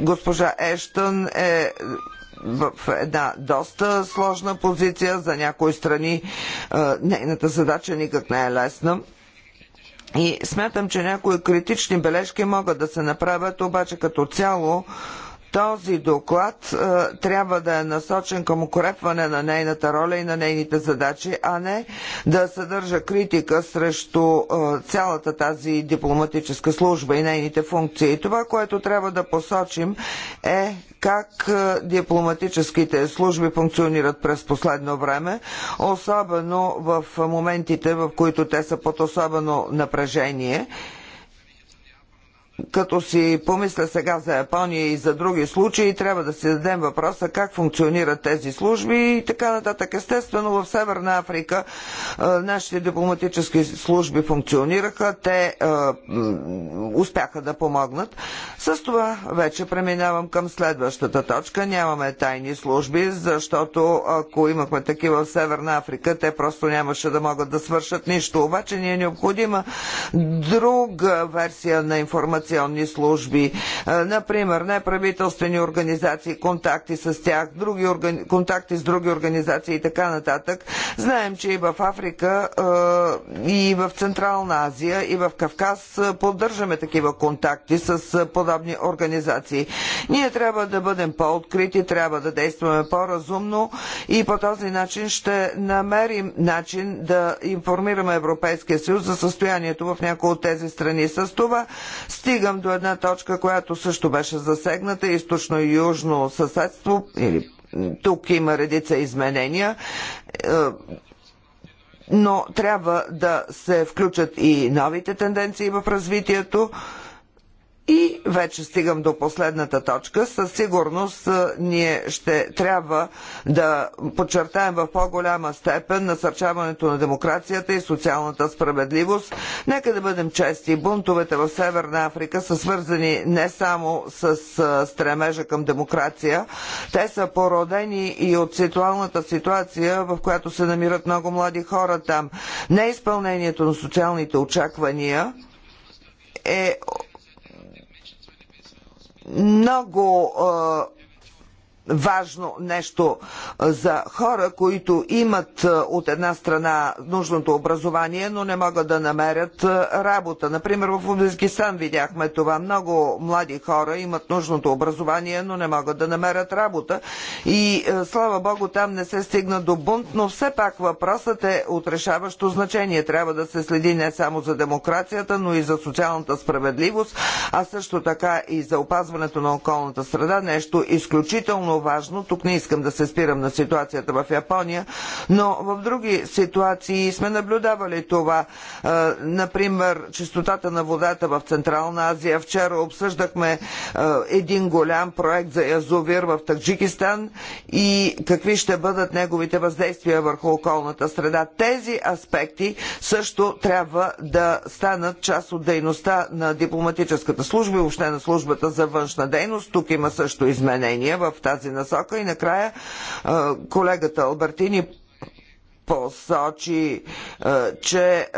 госпожа Ештън е в една доста сложна позиция. За някои страни е, нейната задача никак не е лесна. И смятам, че някои критични бележки могат да се направят, обаче като цяло този доклад е, трябва да е насочен към укрепване на нейната роля и на нейните задачи, а не да съдържа критика срещу е, цялата тази дипломатическа служба и нейните функции. Това, което трябва да посочим е как е, дипломатическите служби функционират през последно време, особено в моментите, в които те са под особено напрежение като си помисля сега за Япония и за други случаи, трябва да си зададем въпроса как функционират тези служби и така нататък. Естествено, в Северна Африка е, нашите дипломатически служби функционираха, те е, успяха да помогнат. С това вече преминавам към следващата точка. Нямаме тайни служби, защото ако имахме такива в Северна Африка, те просто нямаше да могат да свършат нищо. Обаче ни е необходима друга версия на информация миграционни служби, например, неправителствени организации, контакти с тях, други органи... контакти с други организации и така нататък. Знаем, че и в Африка, и в Централна Азия, и в Кавказ поддържаме такива контакти с подобни организации. Ние трябва да бъдем по-открити, трябва да действаме по-разумно и по този начин ще намерим начин да информираме Европейския съюз за състоянието в някои от тези страни. С това стига Стигам до една точка, която също беше засегната източно и южно съседство. Или, тук има редица изменения е, но трябва да се включат и новите тенденции в развитието. И вече стигам до последната точка. Със сигурност ние ще трябва да подчертаем в по-голяма степен насърчаването на демокрацията и социалната справедливост. Нека да бъдем чести. Бунтовете в Северна Африка са свързани не само с стремежа към демокрация, те са породени и от ситуалната ситуация, в която се намират много млади хора там. Неизпълнението на социалните очаквания е много важно нещо за хора, които имат от една страна нужното образование, но не могат да намерят работа. Например, в Узбекистан видяхме това. Много млади хора имат нужното образование, но не могат да намерят работа. И слава Богу, там не се стигна до бунт, но все пак въпросът е от решаващо значение. Трябва да се следи не само за демокрацията, но и за социалната справедливост, а също така и за опазването на околната среда. Нещо изключително важно. Тук не искам да се спирам на ситуацията в Япония, но в други ситуации сме наблюдавали това. Е, например, чистотата на водата в Централна Азия. Вчера обсъждахме е, един голям проект за язовир в Таджикистан и какви ще бъдат неговите въздействия върху околната среда. Тези аспекти също трябва да станат част от дейността на дипломатическата служба и въобще на службата за външна дейност. Тук има също изменения в тази тази насока. И накрая колегата Албертини посочи, че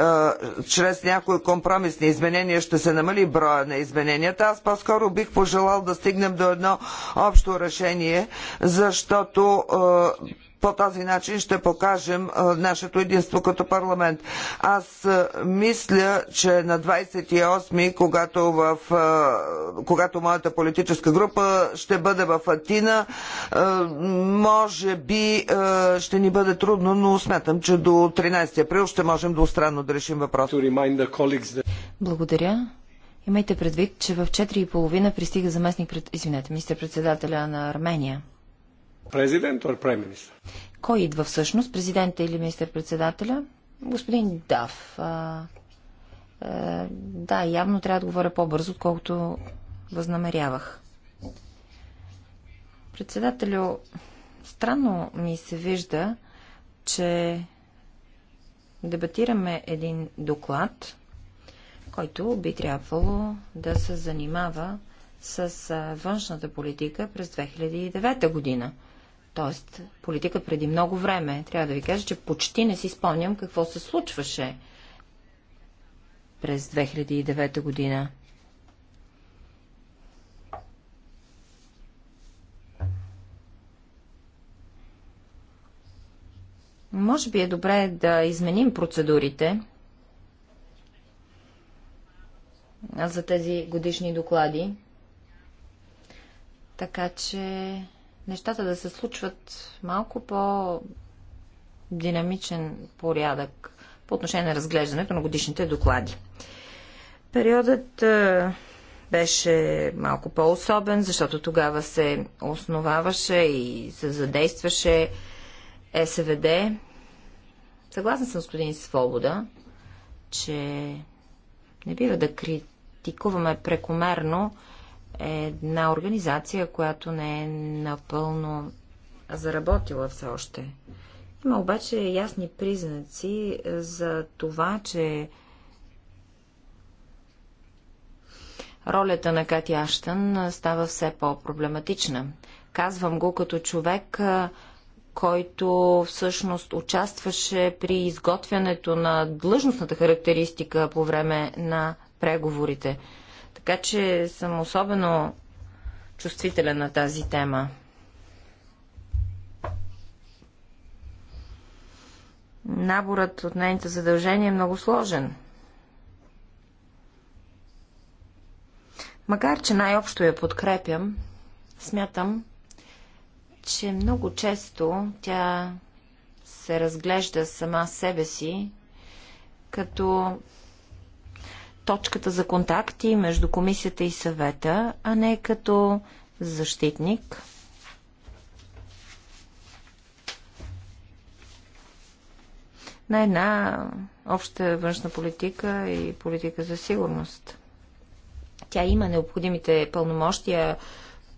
чрез някои компромисни изменения ще се намали броя на измененията. Аз по-скоро бих пожелал да стигнем до едно общо решение, защото по този начин ще покажем нашето единство като парламент. Аз мисля, че на 28-ми, когато, в, когато моята политическа група ще бъде в Атина, може би ще ни бъде трудно, но смятам, че до 13 април ще можем двустранно да решим въпроса. Благодаря. Имайте предвид, че в 4.30 пристига заместник, извинете, министър-председателя на Армения. Президент или Prime Кой идва всъщност? Президента или министър-председателя? Господин Дав. А, а, да, явно трябва да говоря по-бързо, отколкото възнамерявах. Председателю, странно ми се вижда, че дебатираме един доклад, който би трябвало да се занимава с външната политика през 2009 година. Тоест, политика преди много време. Трябва да ви кажа, че почти не си спомням какво се случваше през 2009 година. Може би е добре да изменим процедурите за тези годишни доклади, така че нещата да се случват малко по-динамичен порядък по отношение на разглеждането на годишните доклади. Периодът беше малко по-особен, защото тогава се основаваше и се задействаше СВД. Съгласна съм с господин Свобода, че не бива да критикуваме прекомерно е една организация, която не е напълно заработила все още. Има обаче ясни признаци е, за това, че ролята на Кати Аштън е, става все по-проблематична. Казвам го като човек, е, който всъщност участваше при изготвянето на длъжностната характеристика по време на преговорите. Така че съм особено чувствителен на тази тема. Наборът от нейните задължения е много сложен. Макар, че най-общо я подкрепям, смятам, че много често тя се разглежда сама себе си като точката за контакти между комисията и съвета, а не като защитник. на една обща външна политика и политика за сигурност. Тя има необходимите пълномощия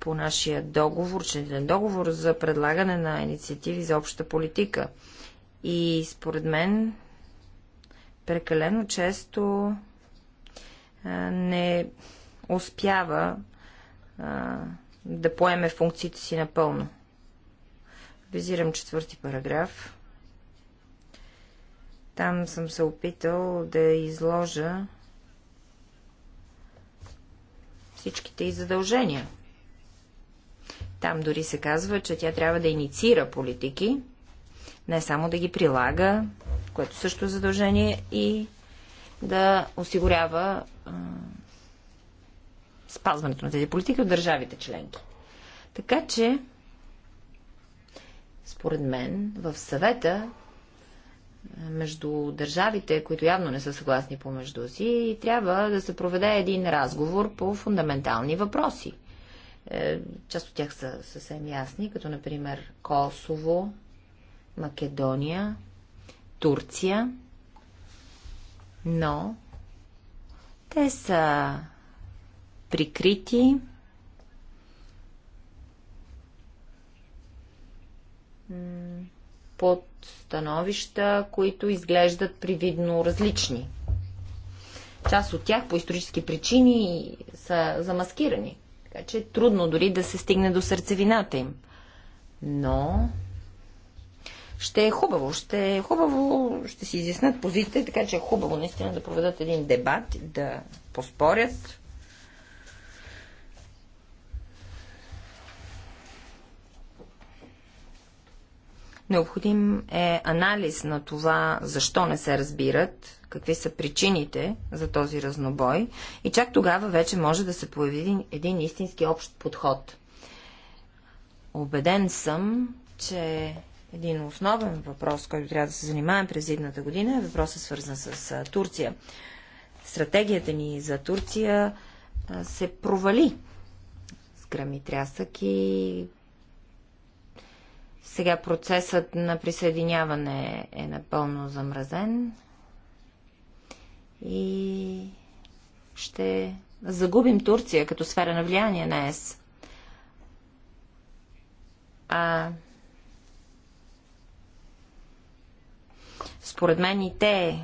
по нашия договор, членен договор за предлагане на инициативи за обща политика. И според мен прекалено често не успява да поеме функциите си напълно. Визирам четвърти параграф. Там съм се опитал да изложа всичките и задължения. Там дори се казва, че тя трябва да инициира политики, не само да ги прилага, което също е задължение, и да осигурява а, спазването на тези политики от държавите членки. Така че, според мен, в съвета между държавите, които явно не са съгласни помежду си, трябва да се проведе един разговор по фундаментални въпроси. Е, част от тях са съвсем ясни, като например Косово, Македония, Турция, но те са прикрити. под становища, които изглеждат привидно различни. Част от тях по исторически причини са замаскирани, така че е трудно дори да се стигне до сърцевината им. Но ще е хубаво. Ще е хубаво, ще си изяснат позициите, така че е хубаво наистина да проведат един дебат, да поспорят. Необходим е анализ на това, защо не се разбират, какви са причините за този разнобой и чак тогава вече може да се появи един, един истински общ подход. Обеден съм, че един основен въпрос, който трябва да се занимаем през едната година, е въпросът свързан с Турция. Стратегията ни за Турция се провали с трясък и сега процесът на присъединяване е напълно замразен и ще загубим Турция като сфера на влияние на ЕС. А Според мен и те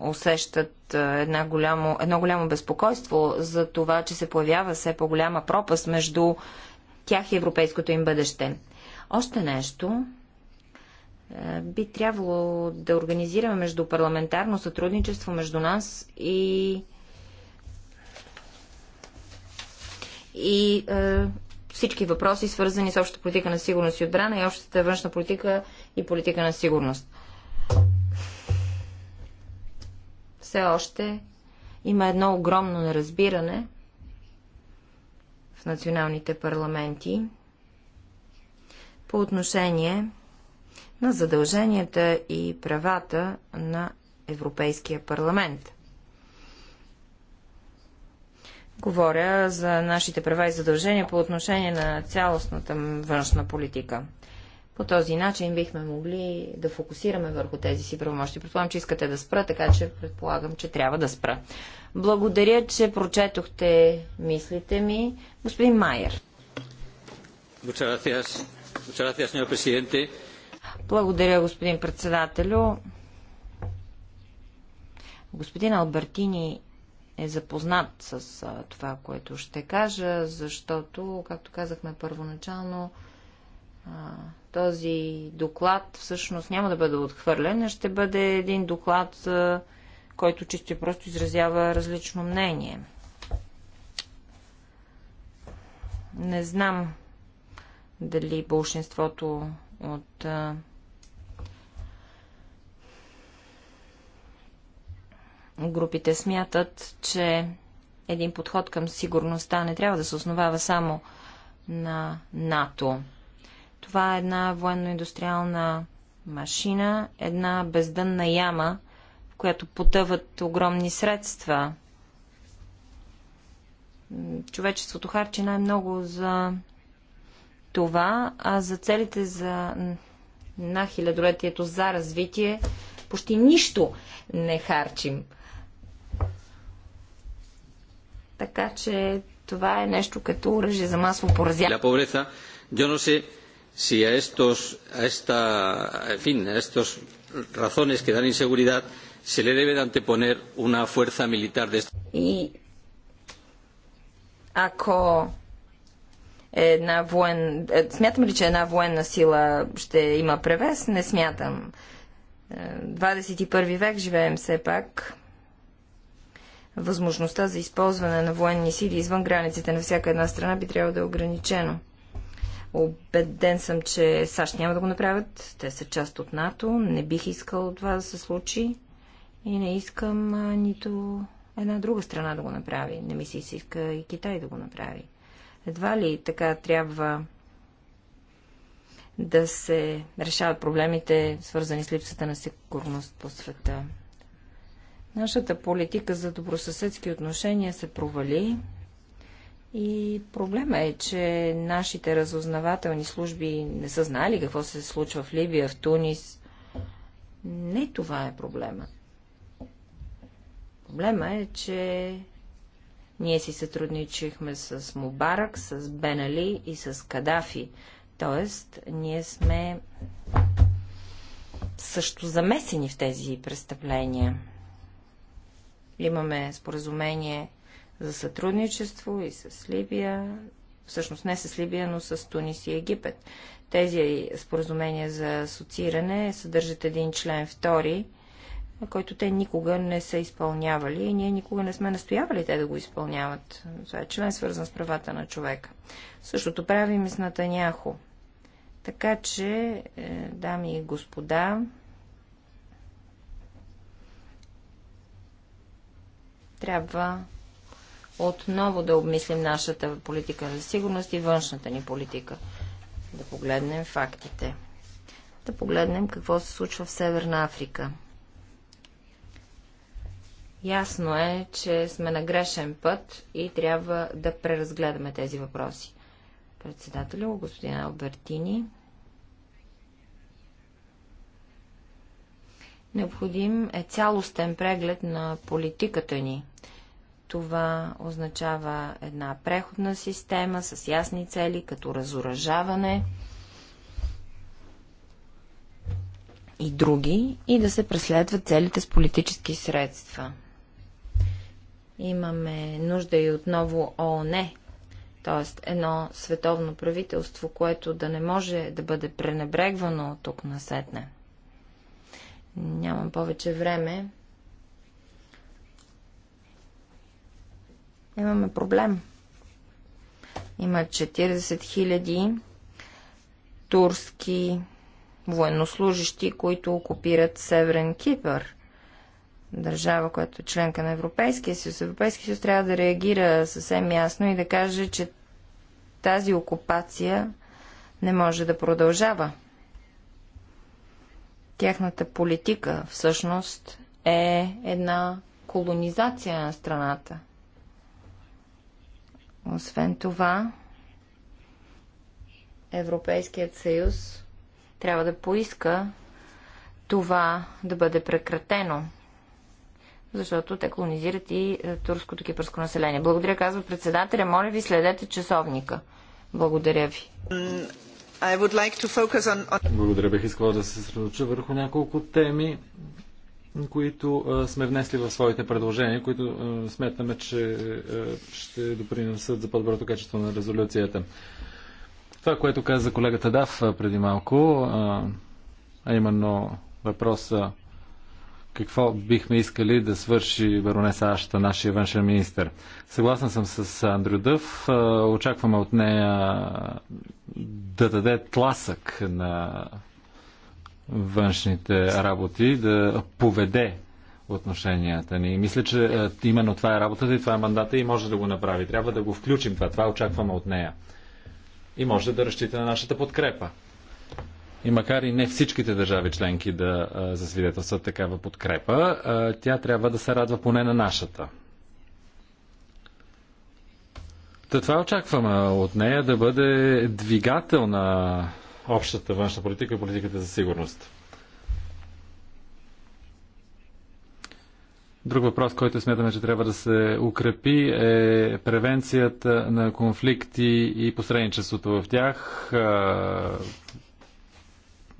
усещат една голямо, едно голямо безпокойство за това, че се появява все по-голяма пропаст между тях и европейското им бъдеще. Още нещо. Би трябвало да организираме междупарламентарно сътрудничество между нас и и е, всички въпроси, свързани с общата политика на сигурност и отбрана и общата външна политика и политика на сигурност. Все още има едно огромно неразбиране в националните парламенти по отношение на задълженията и правата на Европейския парламент. Говоря за нашите права и задължения по отношение на цялостната външна политика. По този начин бихме могли да фокусираме върху тези си правомощи. Предполагам, че искате да спра, така че предполагам, че трябва да спра. Благодаря, че прочетохте мислите ми. Господин Майер. Благодаря, господин председателю. Господин Албертини е запознат с това, което ще кажа, защото, както казахме първоначално, този доклад всъщност няма да бъде отхвърлен, а ще бъде един доклад, който чисто и просто изразява различно мнение. Не знам дали большинството от групите смятат, че един подход към сигурността не трябва да се основава само на НАТО. Това е една военно-индустриална машина, една бездънна яма, в която потъват огромни средства. Човечеството харчи най-много за това, а за целите за на хилядолетието за развитие почти нищо не харчим. Така че това е нещо като оръжие за масово поразяване si a estas razones que dan inseguridad se le debe de anteponer una fuerza militar de И ако една воен... Смятам ли, че една военна сила ще има превес? Не смятам. 21 е, век живеем все пак. Възможността за използване на военни сили извън границите на всяка една страна би трябвало да е ограничено. Обеден съм, че САЩ няма да го направят. Те са част от НАТО. Не бих искал това да се случи. И не искам а, нито една друга страна да го направи. Не ми се иска и Китай да го направи. Едва ли така трябва да се решават проблемите, свързани с липсата на сигурност по света. Нашата политика за добросъседски отношения се провали. И проблема е, че нашите разузнавателни служби не са знали какво се случва в Либия, в Тунис. Не това е проблема. Проблема е, че ние си сътрудничихме с Мубарак, с Бенали и с Кадафи. Тоест, ние сме също замесени в тези престъпления. Имаме споразумение за сътрудничество и с Либия, всъщност не с Либия, но с Тунис и Египет. Тези споразумения за асоцииране съдържат един член втори, който те никога не са изпълнявали и ние никога не сме настоявали те да го изпълняват. Това е член свързан с правата на човека. Същото правим и с Натаняхо. Така че, е, дами и господа, трябва отново да обмислим нашата политика за сигурност и външната ни политика. Да погледнем фактите. Да погледнем какво се случва в Северна Африка. Ясно е, че сме на грешен път и трябва да преразгледаме тези въпроси. Председателя, господин Албертини. Необходим е цялостен преглед на политиката ни – това означава една преходна система с ясни цели, като разоръжаване и други, и да се преследват целите с политически средства. Имаме нужда и отново ООН, т.е. едно световно правителство, което да не може да бъде пренебрегвано тук тук насетне. Нямам повече време. имаме проблем. Има 40 000 турски военнослужащи, които окупират Северен Кипър. Държава, която е членка на Европейския съюз. Европейския съюз трябва да реагира съвсем ясно и да каже, че тази окупация не може да продължава. Тяхната политика всъщност е една колонизация на страната – освен това, Европейският съюз трябва да поиска това да бъде прекратено, защото те колонизират и е, турското кипърско население. Благодаря, казва председателя. Моля ви, следете часовника. Благодаря ви. Like on... Благодаря, бих искала да се съсредоточа върху няколко теми които сме внесли в своите предложения, които сметаме, че ще допринесат за по-доброто качество на резолюцията. Това, което каза колегата Дав преди малко, а именно въпроса какво бихме искали да свърши баронеса Ашта, нашия външен министр. Съгласен съм с Андрю Дъв. Очакваме от нея да даде тласък на външните работи да поведе отношенията ни. мисля, че е, именно това е работата и това е мандата и може да го направи. Трябва да го включим това. Това очакваме от нея. И може да разчита на нашата подкрепа. И макар и не всичките държави членки да е, засвидетелстват такава подкрепа, е, тя трябва да се радва поне на нашата. Та това очакваме от нея да бъде двигател на общата външна политика и политиката за сигурност. Друг въпрос, който смятаме, че трябва да се укрепи е превенцията на конфликти и посредничеството в тях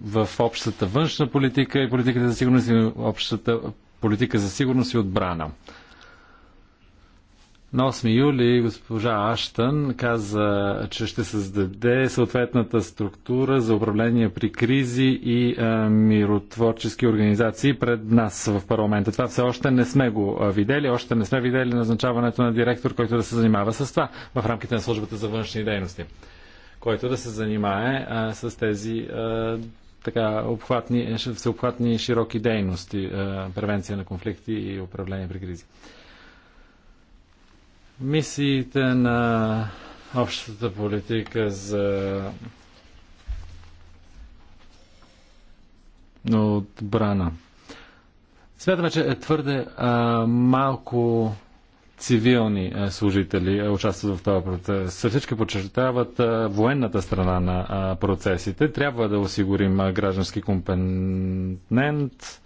в общата външна политика и политиката за сигурност и общата политика за сигурност и отбрана. На 8 юли госпожа Аштън каза, че ще създаде съответната структура за управление при кризи и а, миротворчески организации пред нас в парламента. Това все още не сме го видели, още не сме видели назначаването на директор, който да се занимава с това в рамките на службата за външни дейности, който да се занимае а, с тези а, така обхватни, всеобхватни широки дейности, а, превенция на конфликти и управление при кризи. Мисиите на общата политика за отбрана. Смятаме, че е твърде а, малко цивилни а, служители а, участват в това процес. Всички подчертават а, военната страна на а, процесите. Трябва да осигурим а, граждански компонент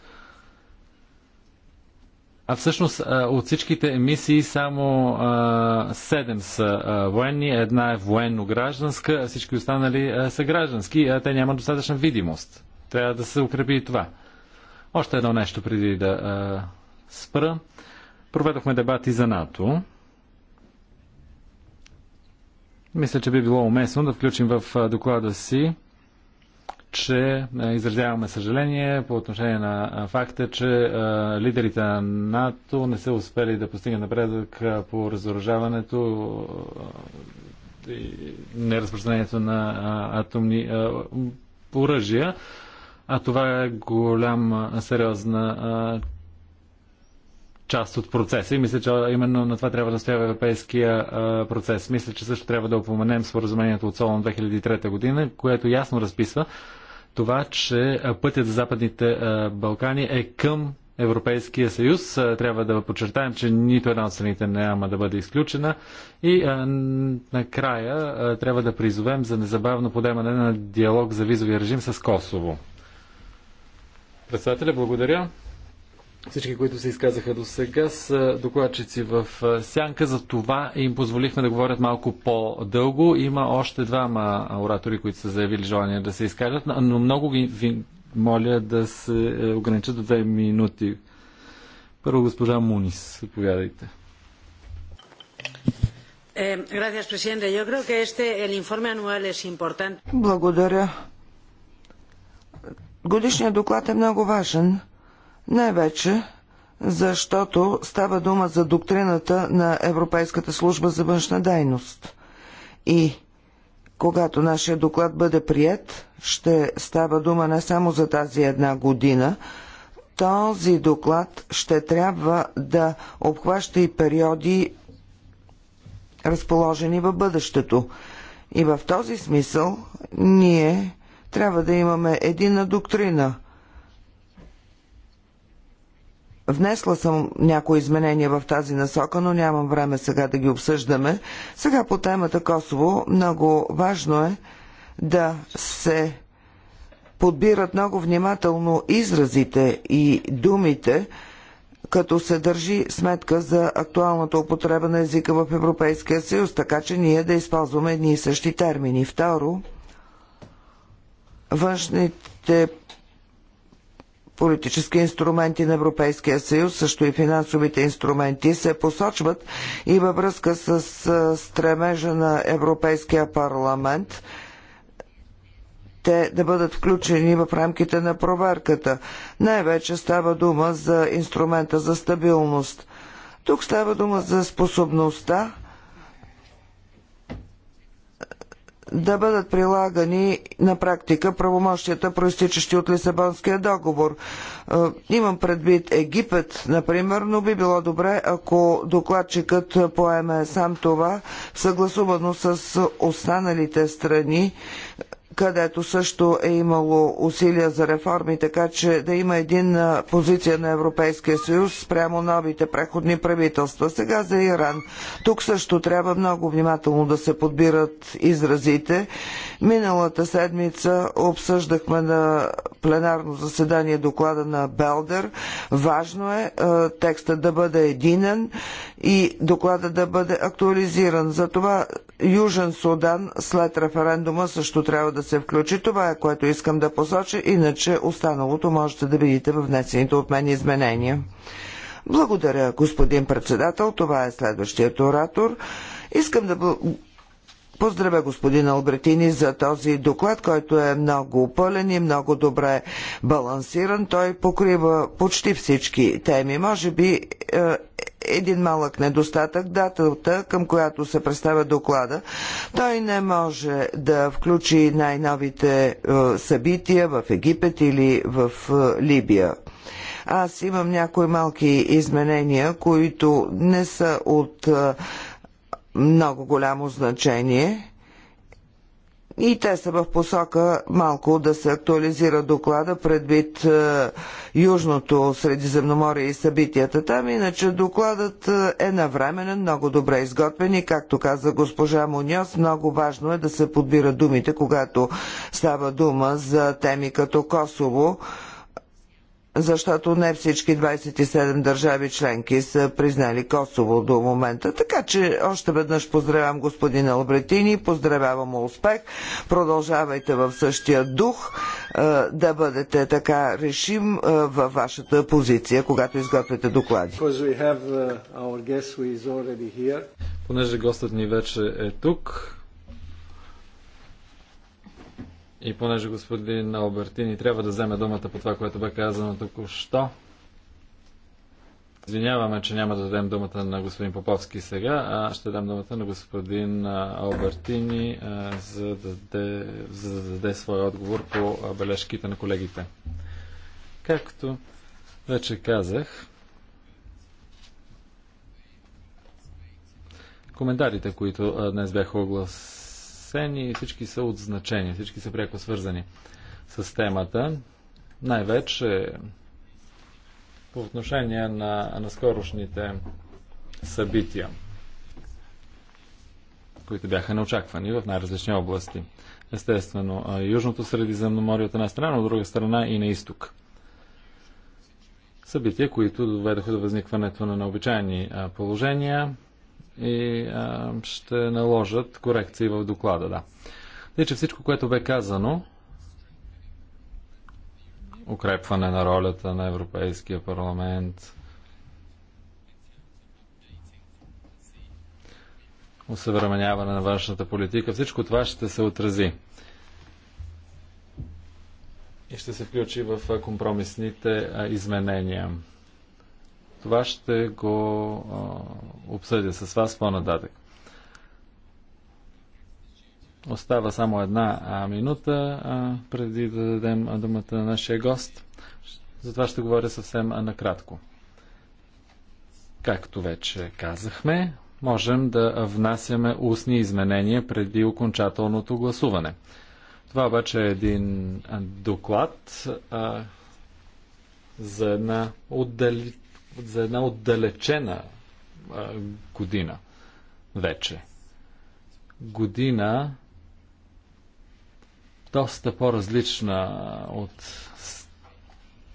а всъщност от всичките емисии само седем са военни, една е военно-гражданска, а всички останали са граждански, а те нямат достатъчна видимост. Трябва да се укрепи и това. Още едно нещо преди да спра. Проведохме дебати за НАТО. Мисля, че би било уместно да включим в доклада си че е, изразяваме съжаление по отношение на е, факта, че е, лидерите на НАТО не са успели да постигнат напредък по разоръжаването и неразпространението на атомни оръжия. А това е голям, сериозна част от процеса. И мисля, че именно на това трябва да стоява европейския а, процес. Мисля, че също трябва да упоменем споразумението от Солон 2003 година, което ясно разписва, това, че пътят за Западните Балкани е към Европейския съюз. Трябва да подчертаем, че нито една от страните няма да бъде изключена. И а, накрая а, трябва да призовем за незабавно подемане на диалог за визовия режим с Косово. Председателя, благодаря. Всички, които се изказаха до сега, са докладчици в сянка. За това им позволихме да говорят малко по-дълго. Има още двама оратори, които са заявили желание да се изкажат, но много ви моля да се е, ограничат до две минути. Първо госпожа Мунис, заповядайте. Е, Благодаря. Годишният доклад е много важен. Най-вече защото става дума за доктрината на Европейската служба за външна дейност. И когато нашия доклад бъде прият, ще става дума не само за тази една година, този доклад ще трябва да обхваща и периоди, разположени в бъдещето. И в този смисъл ние трябва да имаме единна доктрина – Внесла съм някои изменения в тази насока, но нямам време сега да ги обсъждаме. Сега по темата Косово много важно е да се подбират много внимателно изразите и думите, като се държи сметка за актуалната употреба на езика в Европейския съюз, така че ние да използваме едни и същи термини. Второ, външните политически инструменти на Европейския съюз, също и финансовите инструменти се посочват и във връзка с стремежа на Европейския парламент те да бъдат включени в рамките на проверката. Най-вече става дума за инструмента за стабилност. Тук става дума за способността да бъдат прилагани на практика правомощията, проистичащи от Лисабонския договор. Е, имам предвид Египет, например, но би било добре, ако докладчикът поеме сам това, съгласувано с останалите страни, където също е имало усилия за реформи, така че да има един позиция на Европейския съюз спрямо новите преходни правителства. Сега за Иран. Тук също трябва много внимателно да се подбират изразите. Миналата седмица обсъждахме на пленарно заседание доклада на Белдер. Важно е текстът да бъде единен и доклада да бъде актуализиран. Затова Южен Судан след референдума също трябва да се включи. Това е което искам да посоча, иначе останалото можете да видите в внесените от мен изменения. Благодаря, господин председател. Това е следващият оратор. Искам да Поздравя господин Албретини за този доклад, който е много пълен и много добре балансиран. Той покрива почти всички теми. Може би е, един малък недостатък датата, към която се представя доклада. Той не може да включи най-новите е, събития в Египет или в е, Либия. Аз имам някои малки изменения, които не са от е, много голямо значение и те са в посока малко да се актуализира доклада предвид е, Южното Средиземноморие и събитията там. Иначе докладът е, е навременен, много добре изготвен и, както каза госпожа Муньос, много важно е да се подбира думите, когато става дума за теми като Косово защото не всички 27 държави членки са признали Косово до момента. Така че още веднъж поздравявам господин Албретини, поздравявам успех, продължавайте в същия дух е, да бъдете така решим е, във вашата позиция, когато изготвяте доклади. Uh, Понеже гостът ни вече е тук, и понеже господин Албертини трябва да вземе думата по това, което бе казано току-що, Извиняваме, че няма да дадем думата на господин Поповски сега, а ще дам думата на господин Албертини, за да даде, за да даде своя отговор по бележките на колегите. Както вече казах, коментарите, които днес бяха огласени, съвместени и всички са от значение, всички са пряко свързани с темата. Най-вече по отношение на, на скорошните събития, които бяха неочаквани в най-различни области. Естествено, Южното Средиземноморие от една страна, от друга страна и на изток събития, които доведоха до възникването на необичайни положения, и а, ще наложат корекции в доклада, да. Тъй, че всичко, което бе казано, укрепване на ролята на Европейския парламент, усъвременяване на външната политика, всичко това ще се отрази. И ще се включи в компромисните изменения това ще го а, обсъдя с вас по нададък Остава само една а, минута а, преди да дадем думата на нашия гост. Затова ще говоря съвсем а, накратко. Както вече казахме, можем да внасяме устни изменения преди окончателното гласуване. Това обаче е един доклад а, за една отдалечена за една отдалечена а, година вече. Година доста по-различна от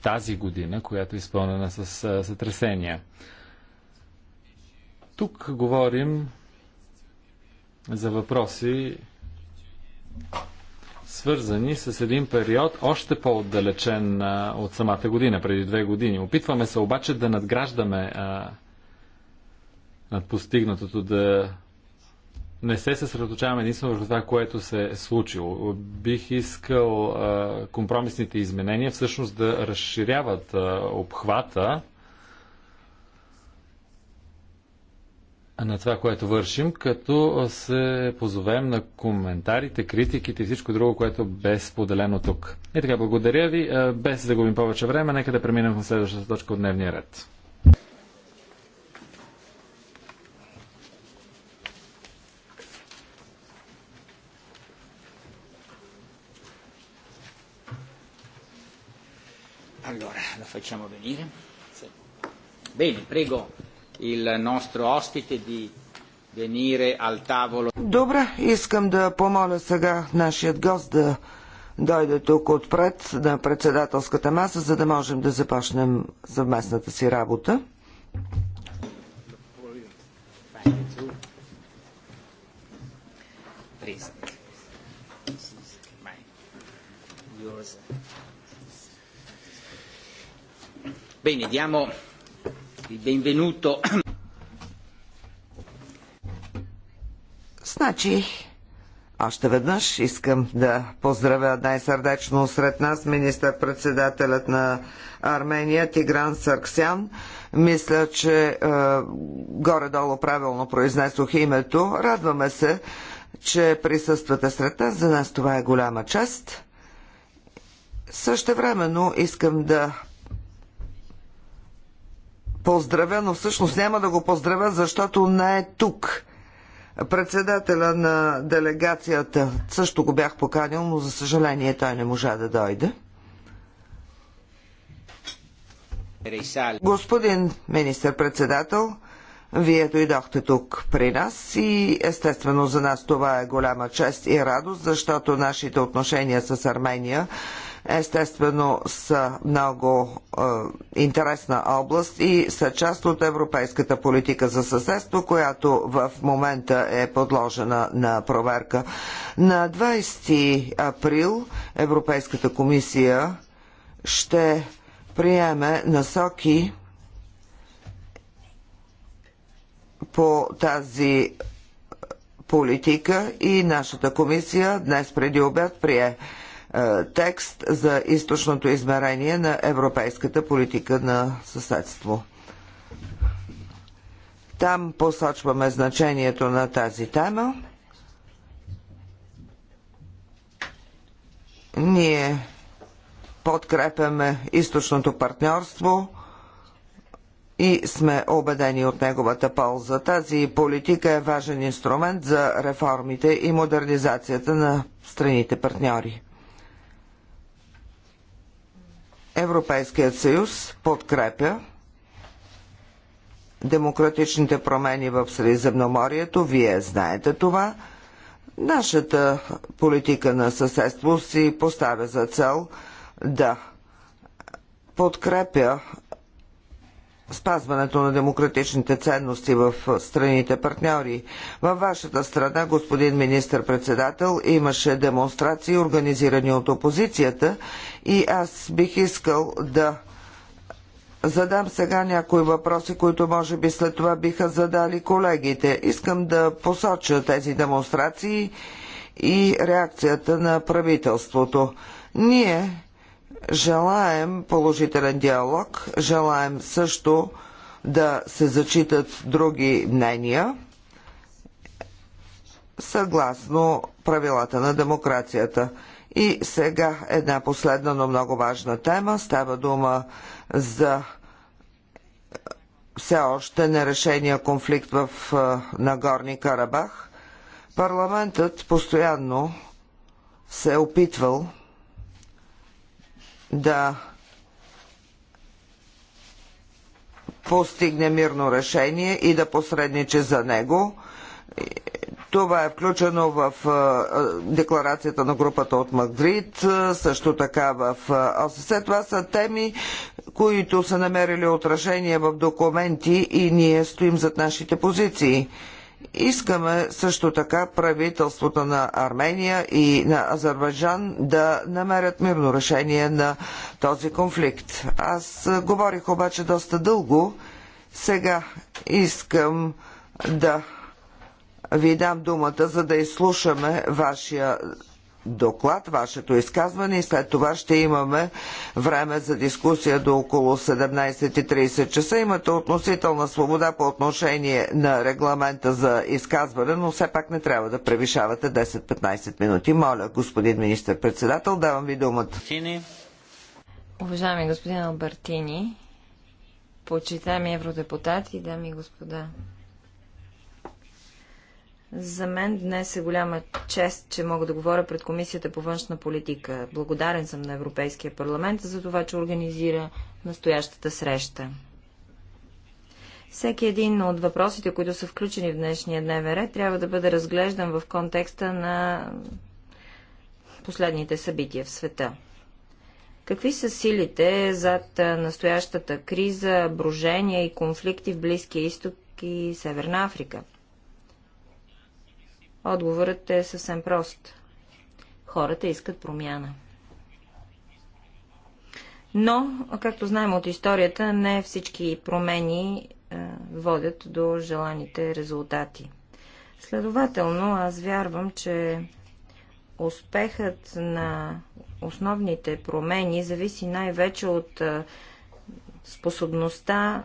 тази година, която е изпълнена с сътресения. Тук говорим за въпроси, свързани с един период още по-отдалечен от самата година, преди две години. Опитваме се обаче да надграждаме а, над постигнатото, да не се съсредоточаваме единствено върху това, което се е случило. Бих искал а, компромисните изменения всъщност да разширяват а, обхвата на това, което вършим, като се позовем на коментарите, критиките и всичко друго, което бе споделено тук. И така, благодаря ви. Без да губим повече време, нека да преминем към следващата точка от дневния ред. Allora, la facciamo venire. Bene, prego il nostro ospite di venire al tavolo. Добре, искам да помоля сега нашият гост да дойде тук отпред на председателската маса, за да можем да започнем съвместната си работа. Bene, diamo il benvenuto. Значи, още веднъж искам да поздравя най-сърдечно сред нас министър-председателят на Армения Тигран Сарксян. Мисля, че е, горе-долу правилно произнесох името. Радваме се, че присъствате сред нас. За нас това е голяма част. времено искам да поздравя, но всъщност няма да го поздравя, защото не е тук. Председателя на делегацията също го бях поканил, но за съжаление той не можа да дойде. Господин министър-председател, вие дойдохте тук при нас и естествено за нас това е голяма чест и радост, защото нашите отношения с Армения естествено са много е, интересна област и са част от европейската политика за съседство, която в момента е подложена на проверка. На 20 април Европейската комисия ще приеме насоки по тази политика и нашата комисия днес преди обяд прие е, текст за източното измерение на европейската политика на съседство. Там посочваме значението на тази тема. Ние подкрепяме източното партньорство и сме убедени от неговата полза. Тази политика е важен инструмент за реформите и модернизацията на страните партньори. Европейският съюз подкрепя демократичните промени в Средиземноморието. Вие знаете това. Нашата политика на съседство си поставя за цел да подкрепя спазването на демократичните ценности в страните партньори. Във вашата страна, господин министр-председател, имаше демонстрации, организирани от опозицията и аз бих искал да задам сега някои въпроси, които може би след това биха задали колегите. Искам да посоча тези демонстрации и реакцията на правителството. Ние Желаем положителен диалог, желаем също да се зачитат други мнения съгласно правилата на демокрацията. И сега една последна, но много важна тема. Става дума за е, все още нерешения конфликт в е, Нагорни Карабах. Парламентът постоянно се е опитвал да постигне мирно решение и да посредниче за него. Това е включено в е, е, декларацията на групата от Мадрид, е, също така в ОССЕ. Това са теми, които са намерили отражение в документи и ние стоим зад нашите позиции. Искаме също така правителството на Армения и на Азербайджан да намерят мирно решение на този конфликт. Аз говорих обаче доста дълго. Сега искам да ви дам думата, за да изслушаме вашия доклад, вашето изказване и след това ще имаме време за дискусия до около 17.30 часа. Имате относителна свобода по отношение на регламента за изказване, но все пак не трябва да превишавате 10-15 минути. Моля, господин министр-председател, давам ви думата. Уважаеми господин Албертини, почитаеми евродепутати, дами и господа. За мен днес е голяма чест, че мога да говоря пред Комисията по външна политика. Благодарен съм на Европейския парламент за това, че организира настоящата среща. Всеки един от въпросите, които са включени в днешния дневен ред, трябва да бъде разглеждан в контекста на последните събития в света. Какви са силите зад настоящата криза, брожения и конфликти в Близкия изток и Северна Африка? Отговорът е съвсем прост. Хората искат промяна. Но, както знаем от историята, не всички промени е, водят до желаните резултати. Следователно, аз вярвам, че успехът на основните промени зависи най-вече от е, способността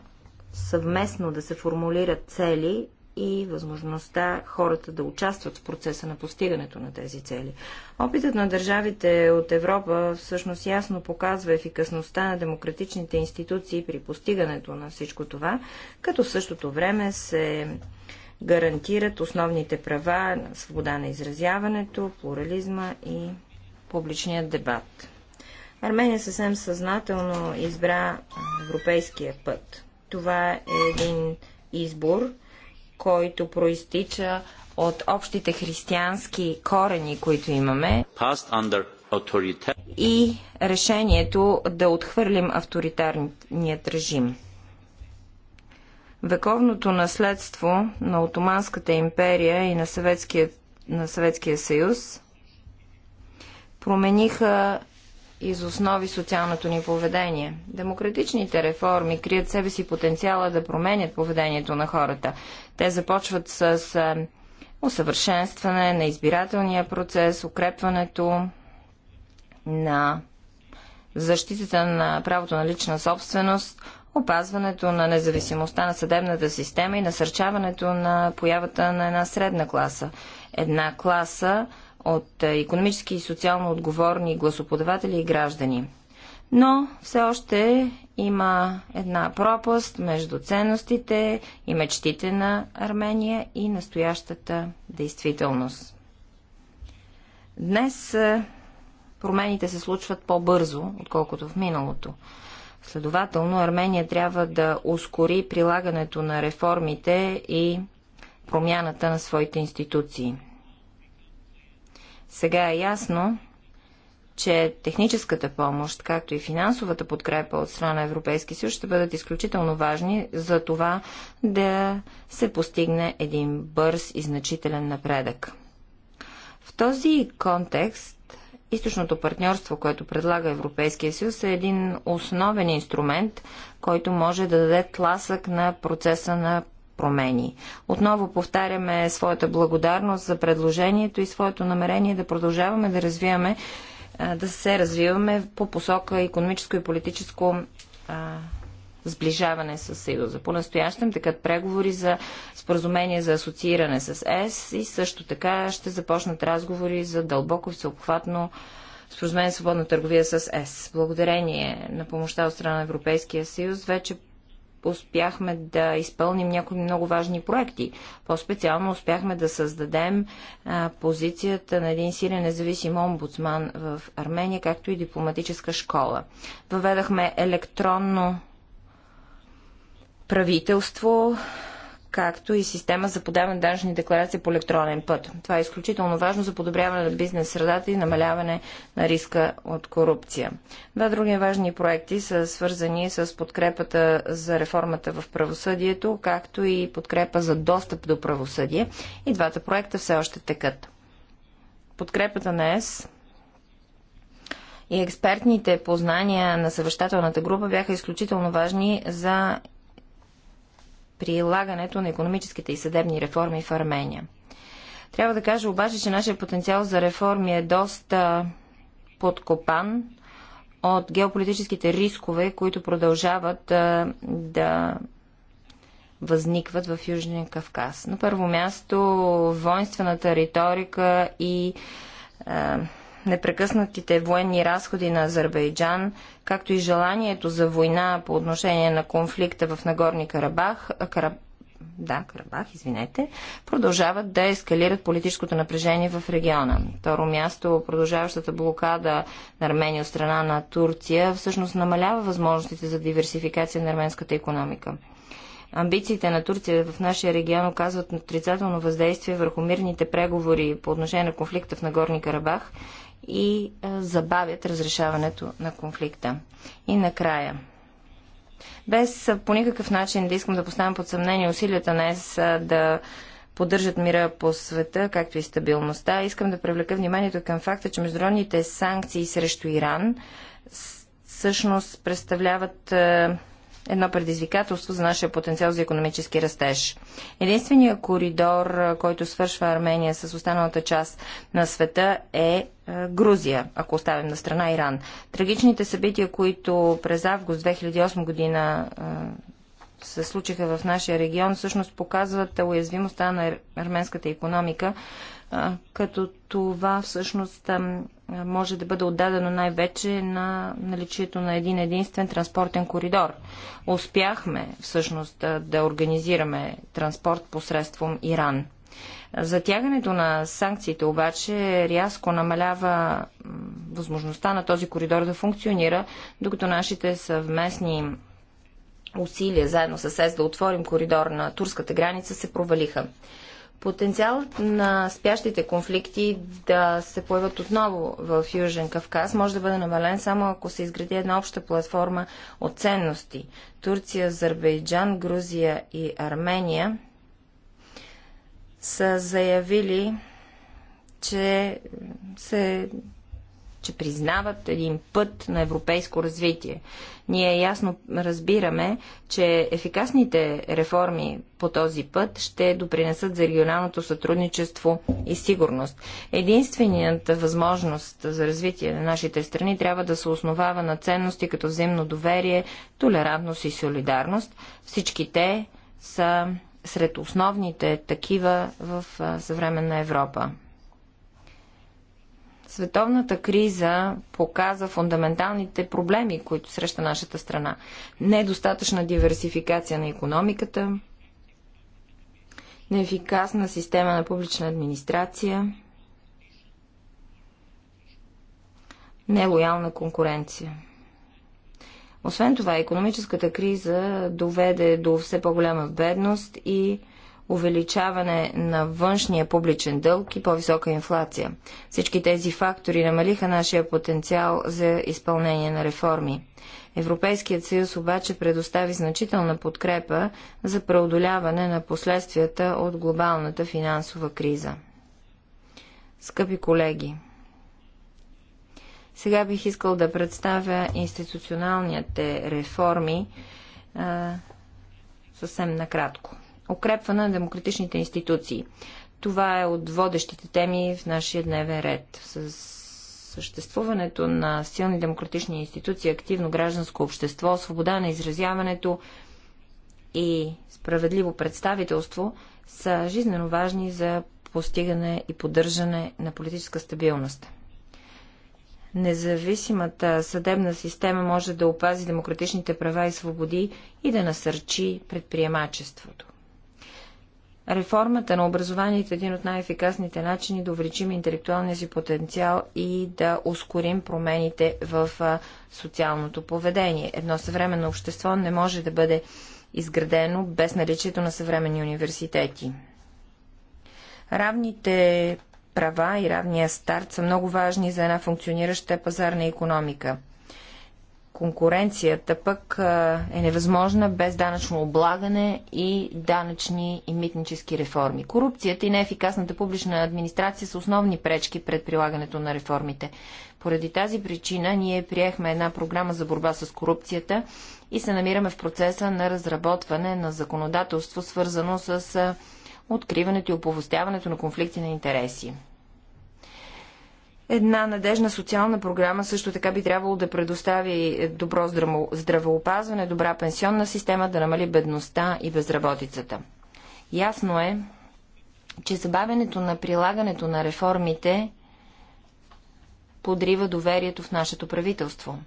съвместно да се формулират цели и възможността хората да участват в процеса на постигането на тези цели. Опитът на държавите от Европа всъщност ясно показва ефикасността на демократичните институции при постигането на всичко това, като в същото време се гарантират основните права на свобода на изразяването, плурализма и публичният дебат. Армения съвсем съзнателно избра европейския път. Това е един избор, който проистича от общите християнски корени, които имаме, и решението да отхвърлим авторитарният режим. Вековното наследство на Отоманската империя и на Съветския, на Съветския съюз промениха из основи социалното ни поведение. Демократичните реформи крият себе си потенциала да променят поведението на хората. Те започват с усъвършенстване на избирателния процес, укрепването на защитата на правото на лична собственост, опазването на независимостта на съдебната система и насърчаването на появата на една средна класа. Една класа, от економически и социално отговорни гласоподаватели и граждани. Но все още има една пропаст между ценностите и мечтите на Армения и настоящата действителност. Днес е, промените се случват по-бързо, отколкото в миналото. Следователно, Армения трябва да ускори прилагането на реформите и промяната на своите институции. Сега е ясно, че техническата помощ, както и финансовата подкрепа от страна на Европейски съюз ще бъдат изключително важни за това да се постигне един бърз и значителен напредък. В този контекст източното партньорство, което предлага Европейския съюз, е един основен инструмент, който може да даде тласък на процеса на промени. Отново повтаряме своята благодарност за предложението и своето намерение да продължаваме да развиваме, да се развиваме по посока економическо и политическо сближаване с Съюза. По-настоящем текат преговори за споразумение за асоцииране с ЕС и също така ще започнат разговори за дълбоко всеобхватно споразумение за свободна търговия с ЕС. Благодарение на помощта от страна на Европейския съюз вече успяхме да изпълним някои много важни проекти. По-специално успяхме да създадем а, позицията на един силен независим омбудсман в Армения, както и дипломатическа школа. Въведахме електронно правителство, както и система за подаване на данъчни декларации по електронен път. Това е изключително важно за подобряване на бизнес средата и намаляване на риска от корупция. Два други важни проекти са свързани с подкрепата за реформата в правосъдието, както и подкрепа за достъп до правосъдие. И двата проекта все още текат. Подкрепата на ЕС и експертните познания на съвещателната група бяха изключително важни за прилагането на економическите и съдебни реформи в Армения. Трябва да кажа обаче, че нашия потенциал за реформи е доста подкопан от геополитическите рискове, които продължават да, да възникват в Южния Кавказ. На първо място воинствената риторика и непрекъснатите военни разходи на Азербайджан, както и желанието за война по отношение на конфликта в Нагорни Карабах, Караб... да, Карабах, извинете, продължават да ескалират политическото напрежение в региона. Второ място, продължаващата блокада на Армения от страна на Турция всъщност намалява възможностите за диверсификация на арменската економика. Амбициите на Турция в нашия регион оказват отрицателно въздействие върху мирните преговори по отношение на конфликта в Нагорни Карабах и забавят разрешаването на конфликта. И накрая. Без по никакъв начин да искам да поставям под съмнение усилията на ЕС да поддържат мира по света, както и стабилността, искам да привлека вниманието към факта, че международните санкции срещу Иран всъщност представляват едно предизвикателство за нашия потенциал за економически растеж. Единственият коридор, който свършва Армения с останалата част на света е Грузия, ако оставим на страна Иран. Трагичните събития, които през август 2008 година се случиха в нашия регион, всъщност показват уязвимостта на арменската економика, като това всъщност може да бъде отдадено най-вече на наличието на един единствен транспортен коридор. Успяхме всъщност да, организираме транспорт посредством Иран. Затягането на санкциите обаче рязко намалява възможността на този коридор да функционира, докато нашите съвместни усилия заедно с ЕС да отворим коридор на турската граница се провалиха. Потенциалът на спящите конфликти да се появят отново в Южен Кавказ може да бъде намален само ако се изгради една обща платформа от ценности. Турция, Азербайджан, Грузия и Армения са заявили, че се че признават един път на европейско развитие. Ние ясно разбираме, че ефикасните реформи по този път ще допринесат за регионалното сътрудничество и сигурност. Единствената възможност за развитие на нашите страни трябва да се основава на ценности като взаимно доверие, толерантност и солидарност. Всички те са сред основните такива в съвременна Европа. Световната криза показа фундаменталните проблеми, които среща нашата страна. Недостатъчна диверсификация на економиката, неефикасна система на публична администрация, нелоялна конкуренция. Освен това, економическата криза доведе до все по-голяма бедност и увеличаване на външния публичен дълг и по-висока инфлация. Всички тези фактори намалиха нашия потенциал за изпълнение на реформи. Европейският съюз обаче предостави значителна подкрепа за преодоляване на последствията от глобалната финансова криза. Скъпи колеги, сега бих искал да представя институционалните реформи а, съвсем накратко укрепване на демократичните институции. Това е от водещите теми в нашия дневен ред. С съществуването на силни демократични институции, активно гражданско общество, свобода на изразяването и справедливо представителство са жизненно важни за постигане и поддържане на политическа стабилност. Независимата съдебна система може да опази демократичните права и свободи и да насърчи предприемачеството. Реформата на образованието е един от най-ефикасните начини да увеличим интелектуалния си потенциал и да ускорим промените в социалното поведение. Едно съвременно общество не може да бъде изградено без наличието на съвременни университети. Равните права и равния старт са много важни за една функционираща пазарна економика – конкуренцията пък е невъзможна без данъчно облагане и данъчни и митнически реформи. Корупцията и неефикасната публична администрация са основни пречки пред прилагането на реформите. Поради тази причина ние приехме една програма за борба с корупцията и се намираме в процеса на разработване на законодателство, свързано с откриването и оповостяването на конфликти на интереси. Една надежна социална програма също така би трябвало да предостави добро здравеопазване, добра пенсионна система, да намали бедността и безработицата. Ясно е, че забавянето на прилагането на реформите подрива доверието в нашето правителство.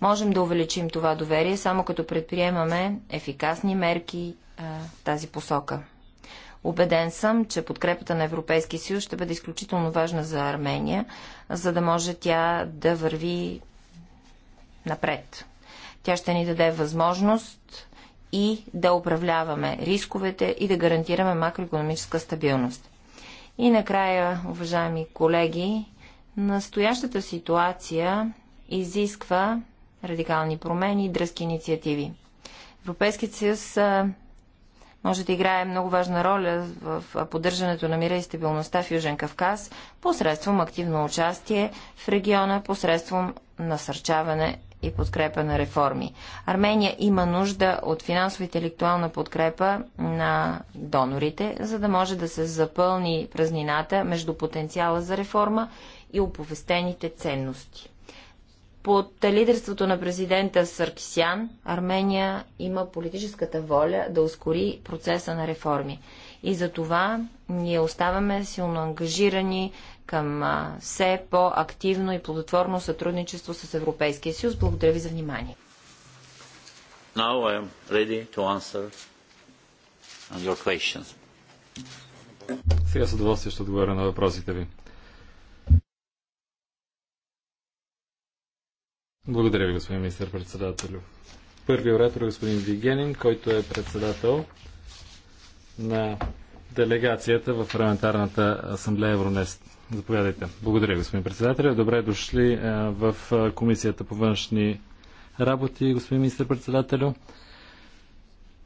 Можем да увеличим това доверие само като предприемаме ефикасни мерки в тази посока. Обеден съм, че подкрепата на Европейския съюз ще бъде изключително важна за Армения, за да може тя да върви напред. Тя ще ни даде възможност и да управляваме рисковете и да гарантираме макроекономическа стабилност. И накрая, уважаеми колеги, настоящата ситуация изисква радикални промени и дръзки инициативи. Европейският съюз може да играе много важна роля в поддържането на мира и стабилността в Южен Кавказ посредством активно участие в региона, посредством насърчаване и подкрепа на реформи. Армения има нужда от финансова и интелектуална подкрепа на донорите, за да може да се запълни празнината между потенциала за реформа и оповестените ценности. Под лидерството на президента Саркисян, Армения има политическата воля да ускори процеса на реформи. И за това ние оставаме силно ангажирани към все по-активно и плодотворно сътрудничество с Европейския съюз. Благодаря ви за внимание. Сега с удоволствие ще отговоря на въпросите ви. Благодаря ви, господин министър-председател. Първи оратор е господин Вигенин, който е председател на делегацията в парламентарната асамблея Евронест. Заповядайте. Благодаря, господин председател. Добре дошли в Комисията по външни работи, господин министър-председателю.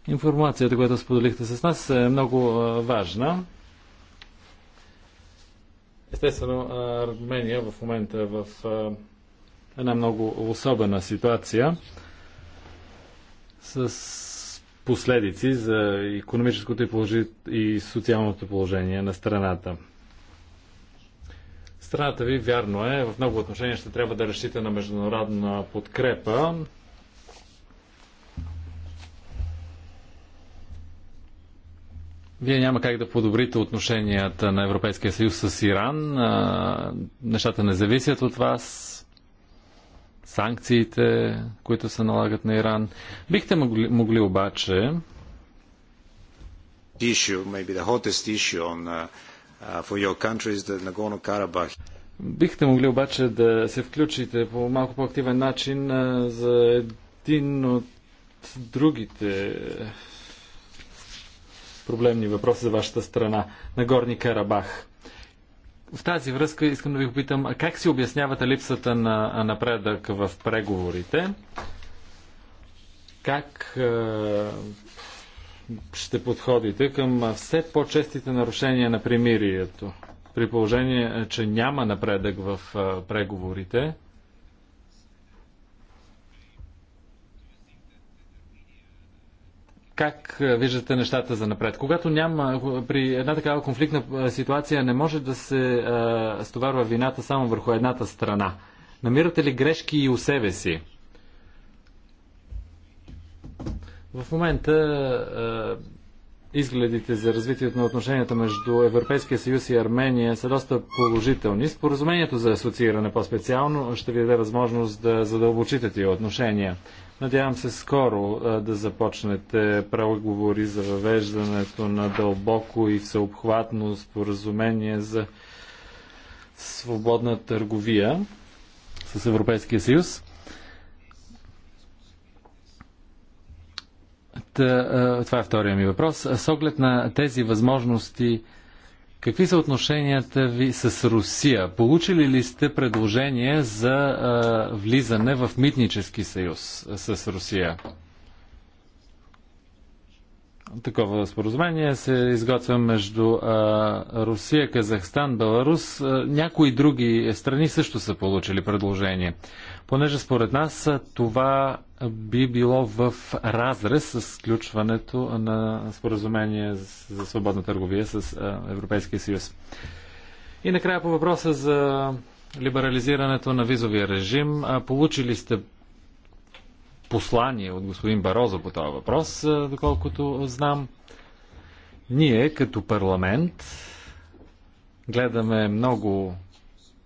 Информацията, която споделихте с нас, е много важна. Естествено, Армения в момента е в една много особена ситуация с последици за економическото и, положи... и социалното положение на страната. Страната ви, вярно е, в много отношения ще трябва да решите на международна подкрепа. Вие няма как да подобрите отношенията на Европейския съюз с Иран. Нещата не зависят от вас санкциите, които се налагат на Иран. Бихте могли, могли обаче Бихте могли обаче да се включите по малко по-активен начин uh, за един от другите проблемни въпроси за вашата страна, Нагорни Карабах в тази връзка искам да ви попитам, как си обяснявате липсата на напредък в преговорите? Как е, ще подходите към все по-честите нарушения на примирието? При положение, че няма напредък в преговорите, Как виждате нещата за напред? Когато няма, при една такава конфликтна ситуация не може да се а, стоварва вината само върху едната страна. Намирате ли грешки и у себе си? В момента а, изгледите за развитието на отношенията между Европейския съюз и Армения са доста положителни. Споразумението за асоцииране по-специално ще ви даде възможност да задълбочите тия отношения. Надявам се скоро да започнете преговори за въвеждането на дълбоко и всеобхватно споразумение за свободна търговия с Европейския съюз. Та, това е втория ми въпрос. С оглед на тези възможности Какви са отношенията ви с Русия? Получили ли сте предложение за а, влизане в митнически съюз с Русия? Такова споразумение се изготвя между а, Русия, Казахстан, Беларус. А, някои други страни също са получили предложение понеже според нас това би било в разрез с включването на споразумение за свободна търговия с Европейския съюз. И накрая по въпроса за либерализирането на визовия режим. Получили сте послание от господин Бароза по този въпрос, доколкото знам. Ние като парламент гледаме много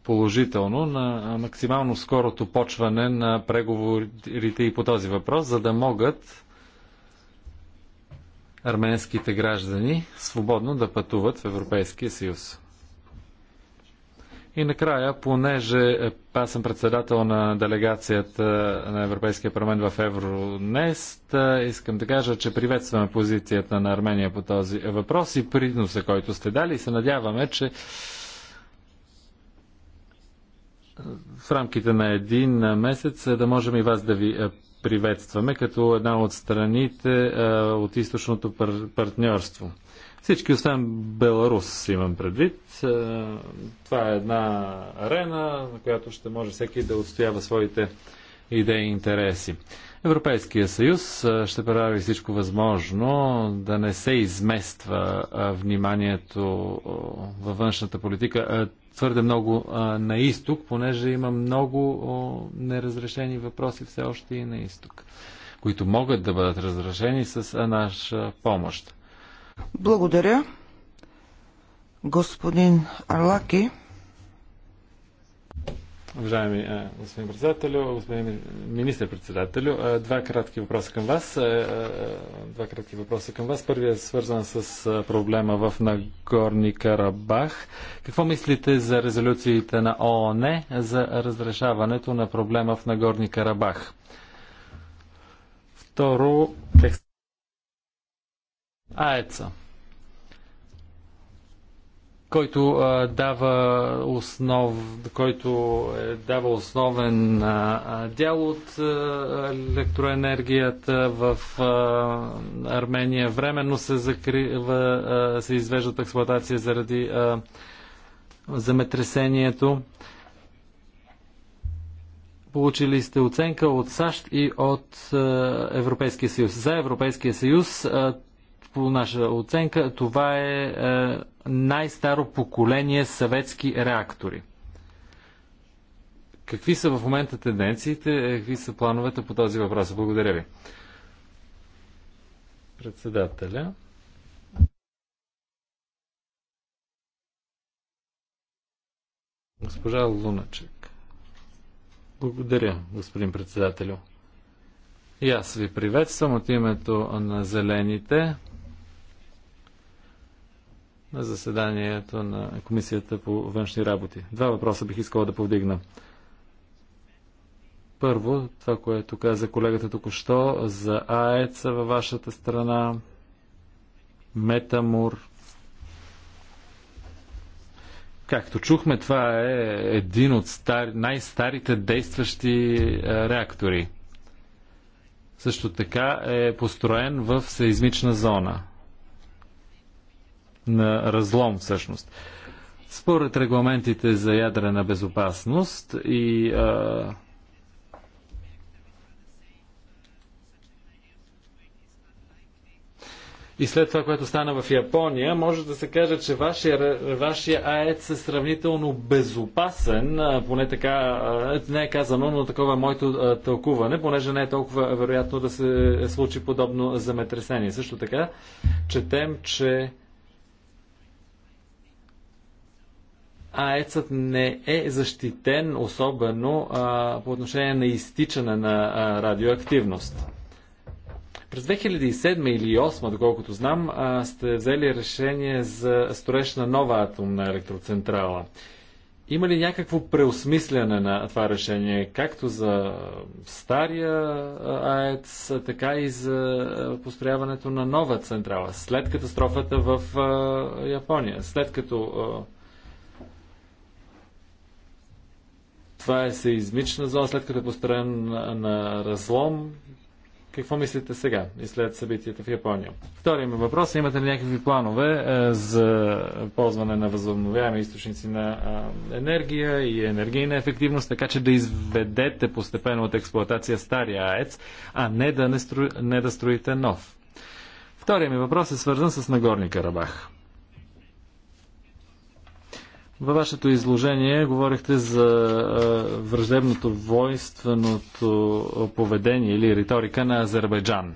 положително на максимално скорото почване на преговорите и по този въпрос, за да могат арменските граждани свободно да пътуват в Европейския съюз. И накрая, понеже аз съм председател на делегацията на Европейския парламент в Евронест, искам да кажа, че приветстваме позицията на Армения по този въпрос и приноса, който сте дали и се надяваме, че в рамките на един месец да можем и вас да ви е, приветстваме като една от страните е, от източното пар- партньорство. Всички, освен Беларус, имам предвид. Е, това е една арена, на която ще може всеки да отстоява своите идеи и интереси. Европейския съюз ще прави всичко възможно да не се измества вниманието във външната политика твърде много а, на изток, понеже има много о, неразрешени въпроси все още и на изток, които могат да бъдат разрешени с наша помощ. Благодаря. Господин Арлаки, Уважаеми е, господин председател, господин министр-председател, е, два кратки въпроса към вас. Е, два кратки въпроса към вас. Първият е свързан с проблема в Нагорни Карабах. Какво мислите за резолюциите на ООН за разрешаването на проблема в Нагорни Карабах? Второ, АЕЦА който а, дава основ, който е, дава основен а, дял от а, електроенергията в а, Армения. Временно се закрива, а, се извежда от експлуатация заради а, земетресението. Получили сте оценка от САЩ и от а, Европейския съюз. За Европейския съюз а, по наша оценка, това е, е най-старо поколение съветски реактори. Какви са в момента тенденциите, какви са плановете по този въпрос? Благодаря ви. Председателя. Госпожа Луначек. Благодаря, господин председателю. И аз ви приветствам от името на Зелените на заседанието на Комисията по външни работи. Два въпроса бих искал да повдигна. Първо, това, което каза колегата току-що за АЕЦа във вашата страна, Метамур. Както чухме, това е един от стар... най-старите действащи е, реактори. Също така е построен в сейзмична зона – на разлом всъщност. Според регламентите за ядрена безопасност и а, И след това, което стана в Япония, може да се каже, че вашия, вашия АЕЦ е сравнително безопасен, поне така не е казано, но такова е моето тълкуване, понеже не е толкова вероятно да се случи подобно земетресение. Също така, четем, че АЕЦът не е защитен, особено а, по отношение на изтичане на а, радиоактивност. През 2007 или 2008, доколкото знам, а, сте взели решение за строеж на нова атомна електроцентрала. Има ли някакво преосмисляне на това решение, както за стария АЕЦ, така и за построяването на нова централа след катастрофата в а, Япония, след като а, Това е сеизмична зона, след като е построен на, на разлом. Какво мислите сега и след събитията в Япония? Втори ми въпрос. Имате ли някакви планове е, за ползване на възобновяеми източници на е, енергия и енергийна ефективност, така че да изведете постепенно от експлоатация стария АЕЦ, а не да, не стру... не да строите нов? Втория ми въпрос е свързан с Нагорни Карабах. Във вашето изложение говорихте за враждебното войственото поведение или риторика на Азербайджан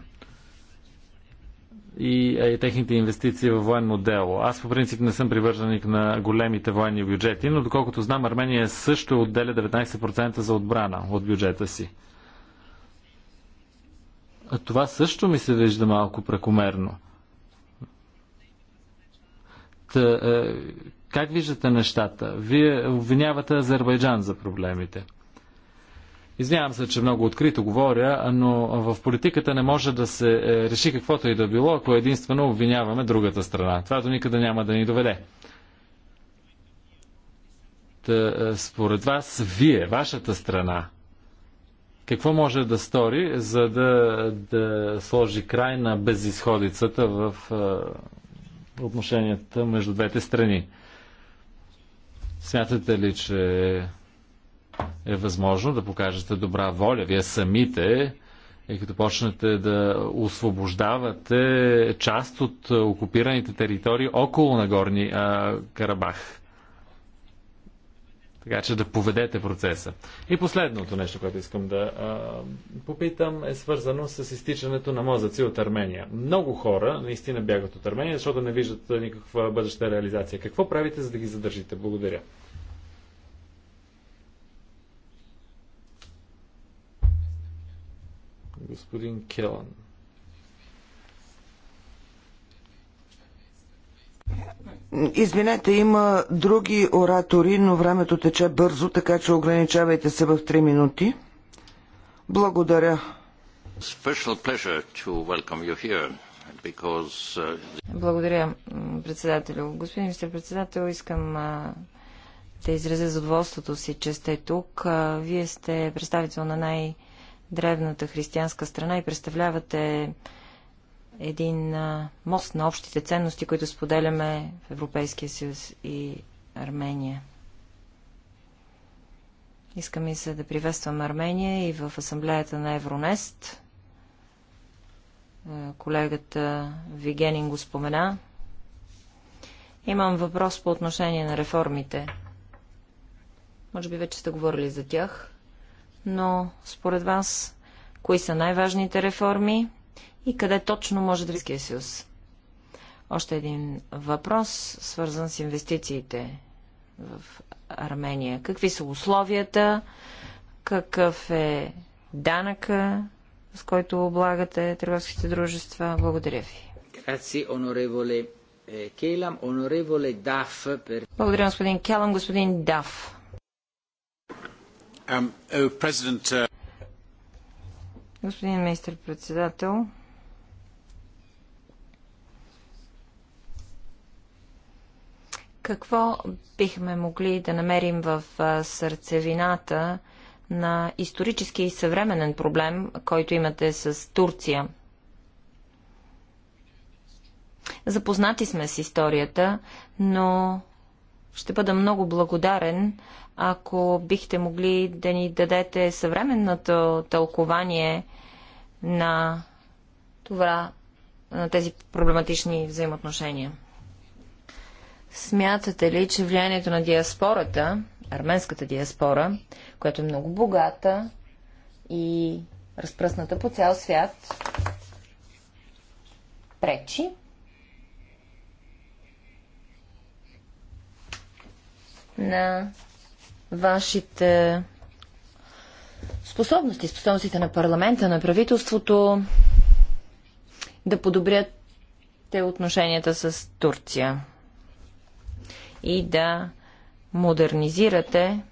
и, и техните инвестиции във военно дело. Аз по принцип не съм привърженик на големите военни бюджети, но доколкото знам, Армения също отделя 19% за отбрана от бюджета си. А това също ми се вижда малко прекомерно. Та, е, как виждате нещата? Вие обвинявате Азербайджан за проблемите. Извинявам се, че много открито говоря, но в политиката не може да се е, реши каквото и да било, ако единствено обвиняваме другата страна. Това до никъде няма да ни доведе. Та, е, според вас, вие, вашата страна, какво може да стори, за да, да сложи край на безисходицата в е, отношенията между двете страни? Смятате ли, че е възможно да покажете добра воля, вие самите, и като почнете да освобождавате част от окупираните територии около Нагорни а, Карабах? така че да поведете процеса. И последното нещо, което искам да а, попитам, е свързано с изтичането на мозъци от Армения. Много хора наистина бягат от Армения, защото не виждат никаква бъдеща реализация. Какво правите, за да ги задържите? Благодаря. Господин Келан. Извинете, има други оратори, но времето тече бързо, така че ограничавайте се в 3 минути. Благодаря. Uh, Благодаря, председателю. Господин министр председател искам да изразя задоволството си, че сте тук. Вие сте представител на най-древната християнска страна и представлявате един мост на общите ценности, които споделяме в Европейския съюз и Армения. Искам и се да приветствам Армения и в асамблеята на Евронест. Колегата Вигенин го спомена. Имам въпрос по отношение на реформите. Може би вече сте говорили за тях, но според вас, кои са най-важните реформи и къде точно може да Европейския съюз. Още един въпрос, свързан с инвестициите в Армения. Какви са условията? Какъв е данъка, с който облагате търговските дружества? Благодаря ви. Е, Благодаря, господин Келам. Господин Даф. Um, oh, uh- господин министр председател Какво бихме могли да намерим в сърцевината на исторически и съвременен проблем, който имате с Турция? Запознати сме с историята, но ще бъда много благодарен, ако бихте могли да ни дадете съвременното тълкование на това, на тези проблематични взаимоотношения. Смятате ли, че влиянието на диаспората, арменската диаспора, която е много богата и разпръсната по цял свят, пречи на вашите способности, способностите на парламента, на правителството да подобрят те отношенията с Турция и да модернизирате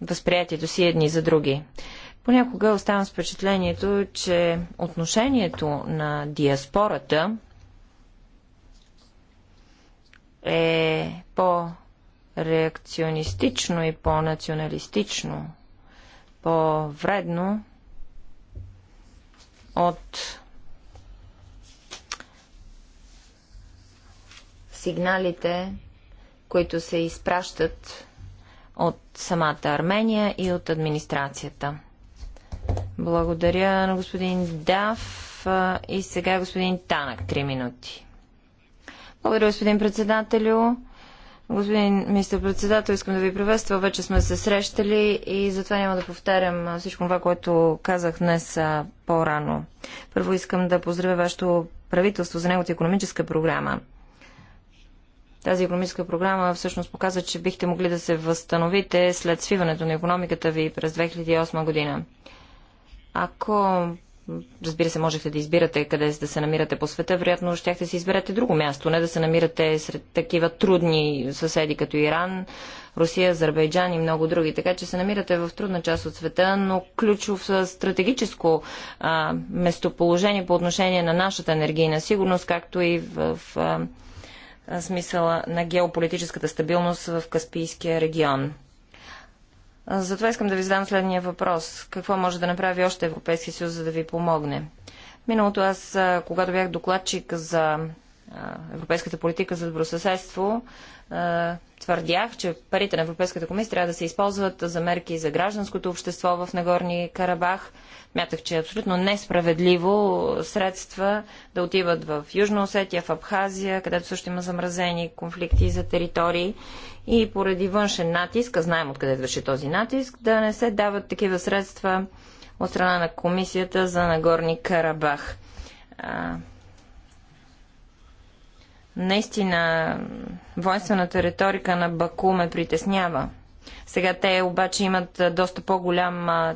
възприятието си едни за други. Понякога оставам с впечатлението, че отношението на диаспората е по-реакционистично и по-националистично, по-вредно от сигналите, които се изпращат от самата Армения и от администрацията. Благодаря на господин Дав и сега господин Танък, три минути. Благодаря, господин председателю. Господин министър-председател, искам да ви приветства. Вече сме се срещали и затова няма да повтарям всичко това, което казах днес по-рано. Първо искам да поздравя вашето правителство за неговата економическа програма. Тази економическа програма всъщност показва, че бихте могли да се възстановите след свиването на економиката ви през 2008 година. Ако разбира се, можехте да избирате къде да се намирате по света, вероятно щяхте да си изберете друго място, не да се намирате сред такива трудни съседи като Иран, Русия, Азербайджан и много други. Така че се намирате в трудна част от света, но ключов стратегическо а, местоположение по отношение на нашата енергийна сигурност, както и в, в а, смисъла на геополитическата стабилност в Каспийския регион. Затова искам да ви задам следния въпрос. Какво може да направи още Европейския съюз, за да ви помогне? Миналото аз, когато бях докладчик за европейската политика за добросъседство, твърдях, че парите на Европейската комисия трябва да се използват за мерки за гражданското общество в Нагорни Карабах. Мятах, че е абсолютно несправедливо средства да отиват в Южна Осетия, в Абхазия, където също има замразени конфликти за територии. И поради външен натиск, а знаем откъде върши този натиск, да не се дават такива средства от страна на комисията за Нагорни Карабах. Наистина, воинствената риторика на Баку ме притеснява. Сега те обаче имат доста по-голяма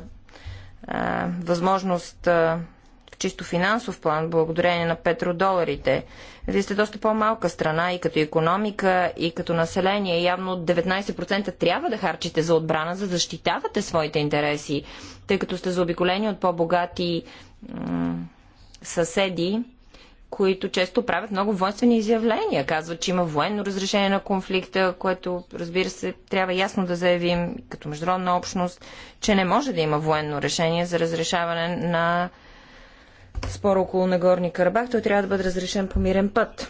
възможност а, в чисто финансов план, благодарение на петродоларите. Вие сте доста по-малка страна и като економика, и като население. Явно 19% трябва да харчите за отбрана, за защитавате своите интереси, тъй като сте заобиколени от по-богати съседи които често правят много воинствени изявления. Казват, че има военно разрешение на конфликта, което, разбира се, трябва ясно да заявим като международна общност, че не може да има военно решение за разрешаване на спор около Нагорни Карабах. Той трябва да бъде разрешен по мирен път.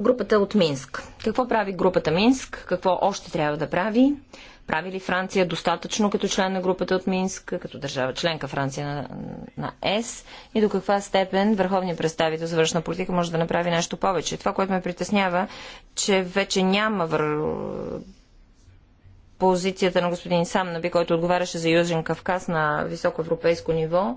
Групата от Минск. Какво прави групата Минск? Какво още трябва да прави? Прави ли Франция достатъчно като член на групата от Минск, като държава членка Франция на, на ЕС и до каква степен върховният представител за външна политика може да направи нещо повече? Това, което ме притеснява, че вече няма вър... позицията на господин Самнаби, който отговаряше за Южен Кавказ на високо европейско ниво,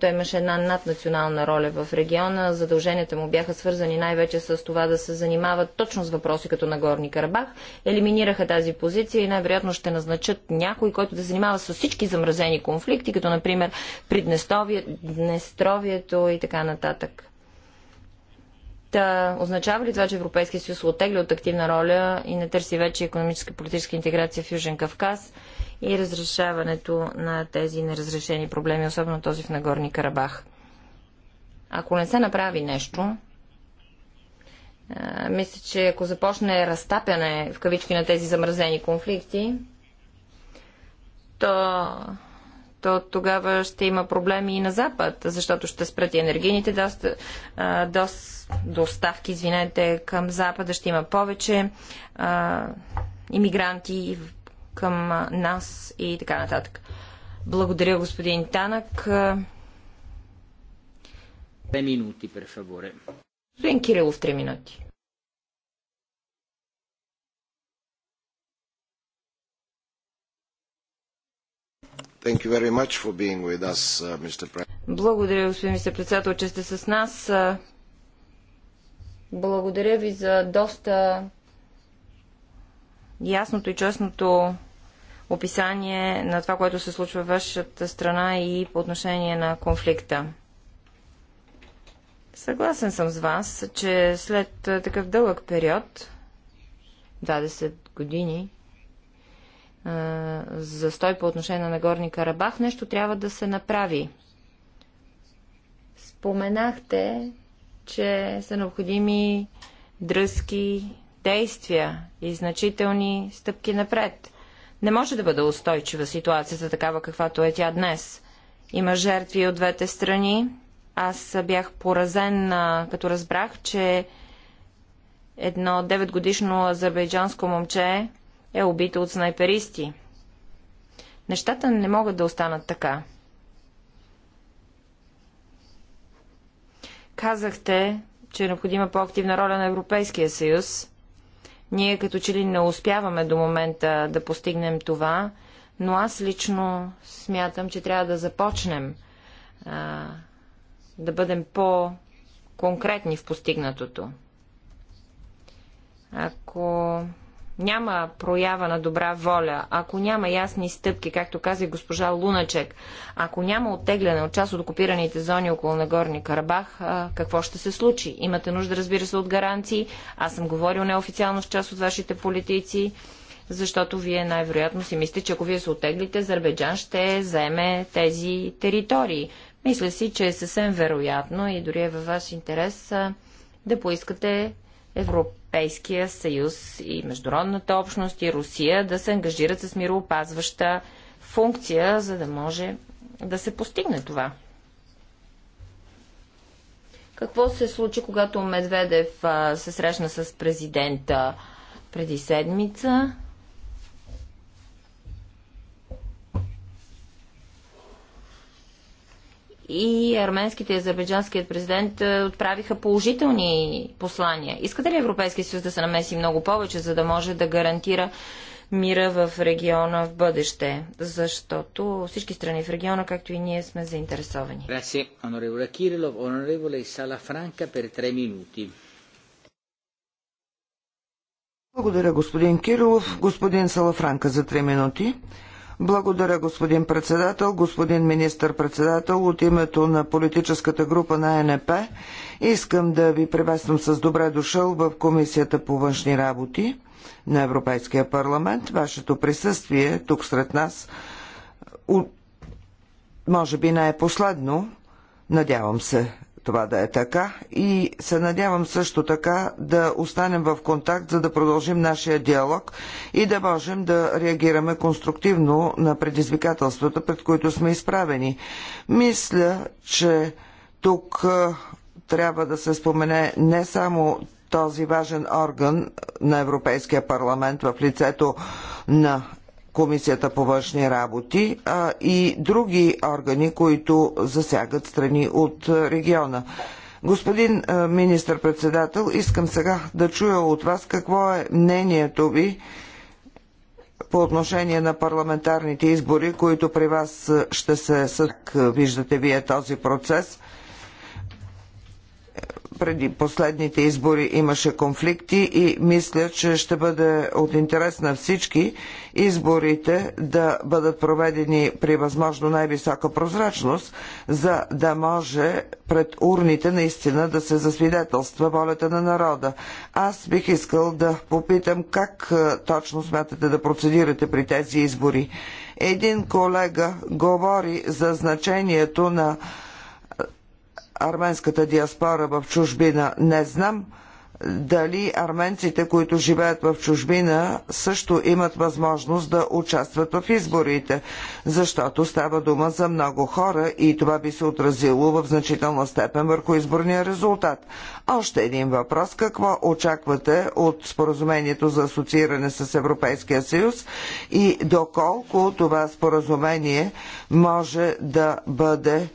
той имаше една наднационална роля в региона. Задълженията му бяха свързани най-вече с това да се занимават точно с въпроси като Нагорни Карабах. Елиминираха тази позиция и най-вероятно ще назначат някой, който да занимава с всички замразени конфликти, като например Приднестровието и така нататък. Та, означава ли това, че Европейския съюз оттегля от активна роля и не търси вече економическа и политическа интеграция в Южен Кавказ? и разрешаването на тези неразрешени проблеми, особено този в Нагорни Карабах. Ако не се направи нещо, мисля, че ако започне разтапяне в кавички на тези замразени конфликти, то, то тогава ще има проблеми и на Запад, защото ще спрати енергийните доста, доставки извинете, към Запада, ще има повече а, иммигранти към нас и така нататък. Благодаря, господин Танък. Две минути, префаворе. Господин Кирилов, три минути. Us, uh, Благодаря, господин мистер председател че сте с нас. Благодаря ви за доста ясното и честното описание на това, което се случва в вашата страна и по отношение на конфликта. Съгласен съм с вас, че след такъв дълъг период, 20 години, застой по отношение на Нагорни Карабах, нещо трябва да се направи. Споменахте, че са необходими дръзки действия и значителни стъпки напред – не може да бъде устойчива ситуацията такава, каквато е тя днес. Има жертви от двете страни. Аз бях поразен, като разбрах, че едно 9 годишно азербайджанско момче е убито от снайперисти. Нещата не могат да останат така. Казахте, че е необходима по-активна роля на Европейския съюз ние като че ли не успяваме до момента да постигнем това, но аз лично смятам, че трябва да започнем а, да бъдем по-конкретни в постигнатото. Ако няма проява на добра воля, ако няма ясни стъпки, както каза и госпожа Луначек, ако няма оттегляне от част от окупираните зони около Нагорни Карабах, какво ще се случи? Имате нужда, разбира се, от гаранции. Аз съм говорил неофициално с част от вашите политици, защото вие най-вероятно си мислите, че ако вие се оттеглите, Азербайджан ще заеме тези територии. Мисля си, че е съвсем вероятно и дори е във ваш интерес да поискате Европейския съюз и международната общност и Русия да се ангажират с мироопазваща функция, за да може да се постигне това. Какво се случи, когато Медведев се срещна с президента преди седмица? и арменските и азербайджанският президент е, отправиха положителни послания. Искате ли Европейския съюз да се намеси много повече, за да може да гарантира мира в региона в бъдеще? Защото всички страни в региона, както и ние, сме заинтересовани. Благодаря, господин Кирилов. Господин Салафранка за 3 минути. Благодаря, господин председател, господин министър-председател. От името на политическата група на е НП искам да ви приветствам с добре дошъл в Комисията по външни работи на Европейския парламент. Вашето присъствие тук сред нас може би не е последно, надявам се това да е така и се надявам също така да останем в контакт, за да продължим нашия диалог и да можем да реагираме конструктивно на предизвикателствата, пред които сме изправени. Мисля, че тук трябва да се спомене не само този важен орган на Европейския парламент в лицето на Комисията по външни работи а, и други органи, които засягат страни от региона. Господин министър-председател, искам сега да чуя от вас какво е мнението ви по отношение на парламентарните избори, които при вас ще се съдък, виждате вие този процес – преди последните избори имаше конфликти и мисля, че ще бъде от интерес на всички изборите да бъдат проведени при възможно най-висока прозрачност, за да може пред урните наистина да се засвидетелства волята на народа. Аз бих искал да попитам как точно смятате да процедирате при тези избори. Един колега говори за значението на арменската диаспора в чужбина. Не знам дали арменците, които живеят в чужбина, също имат възможност да участват в изборите, защото става дума за много хора и това би се отразило в значителна степен върху изборния резултат. Още един въпрос. Какво очаквате от споразумението за асоцииране с Европейския съюз и доколко това споразумение може да бъде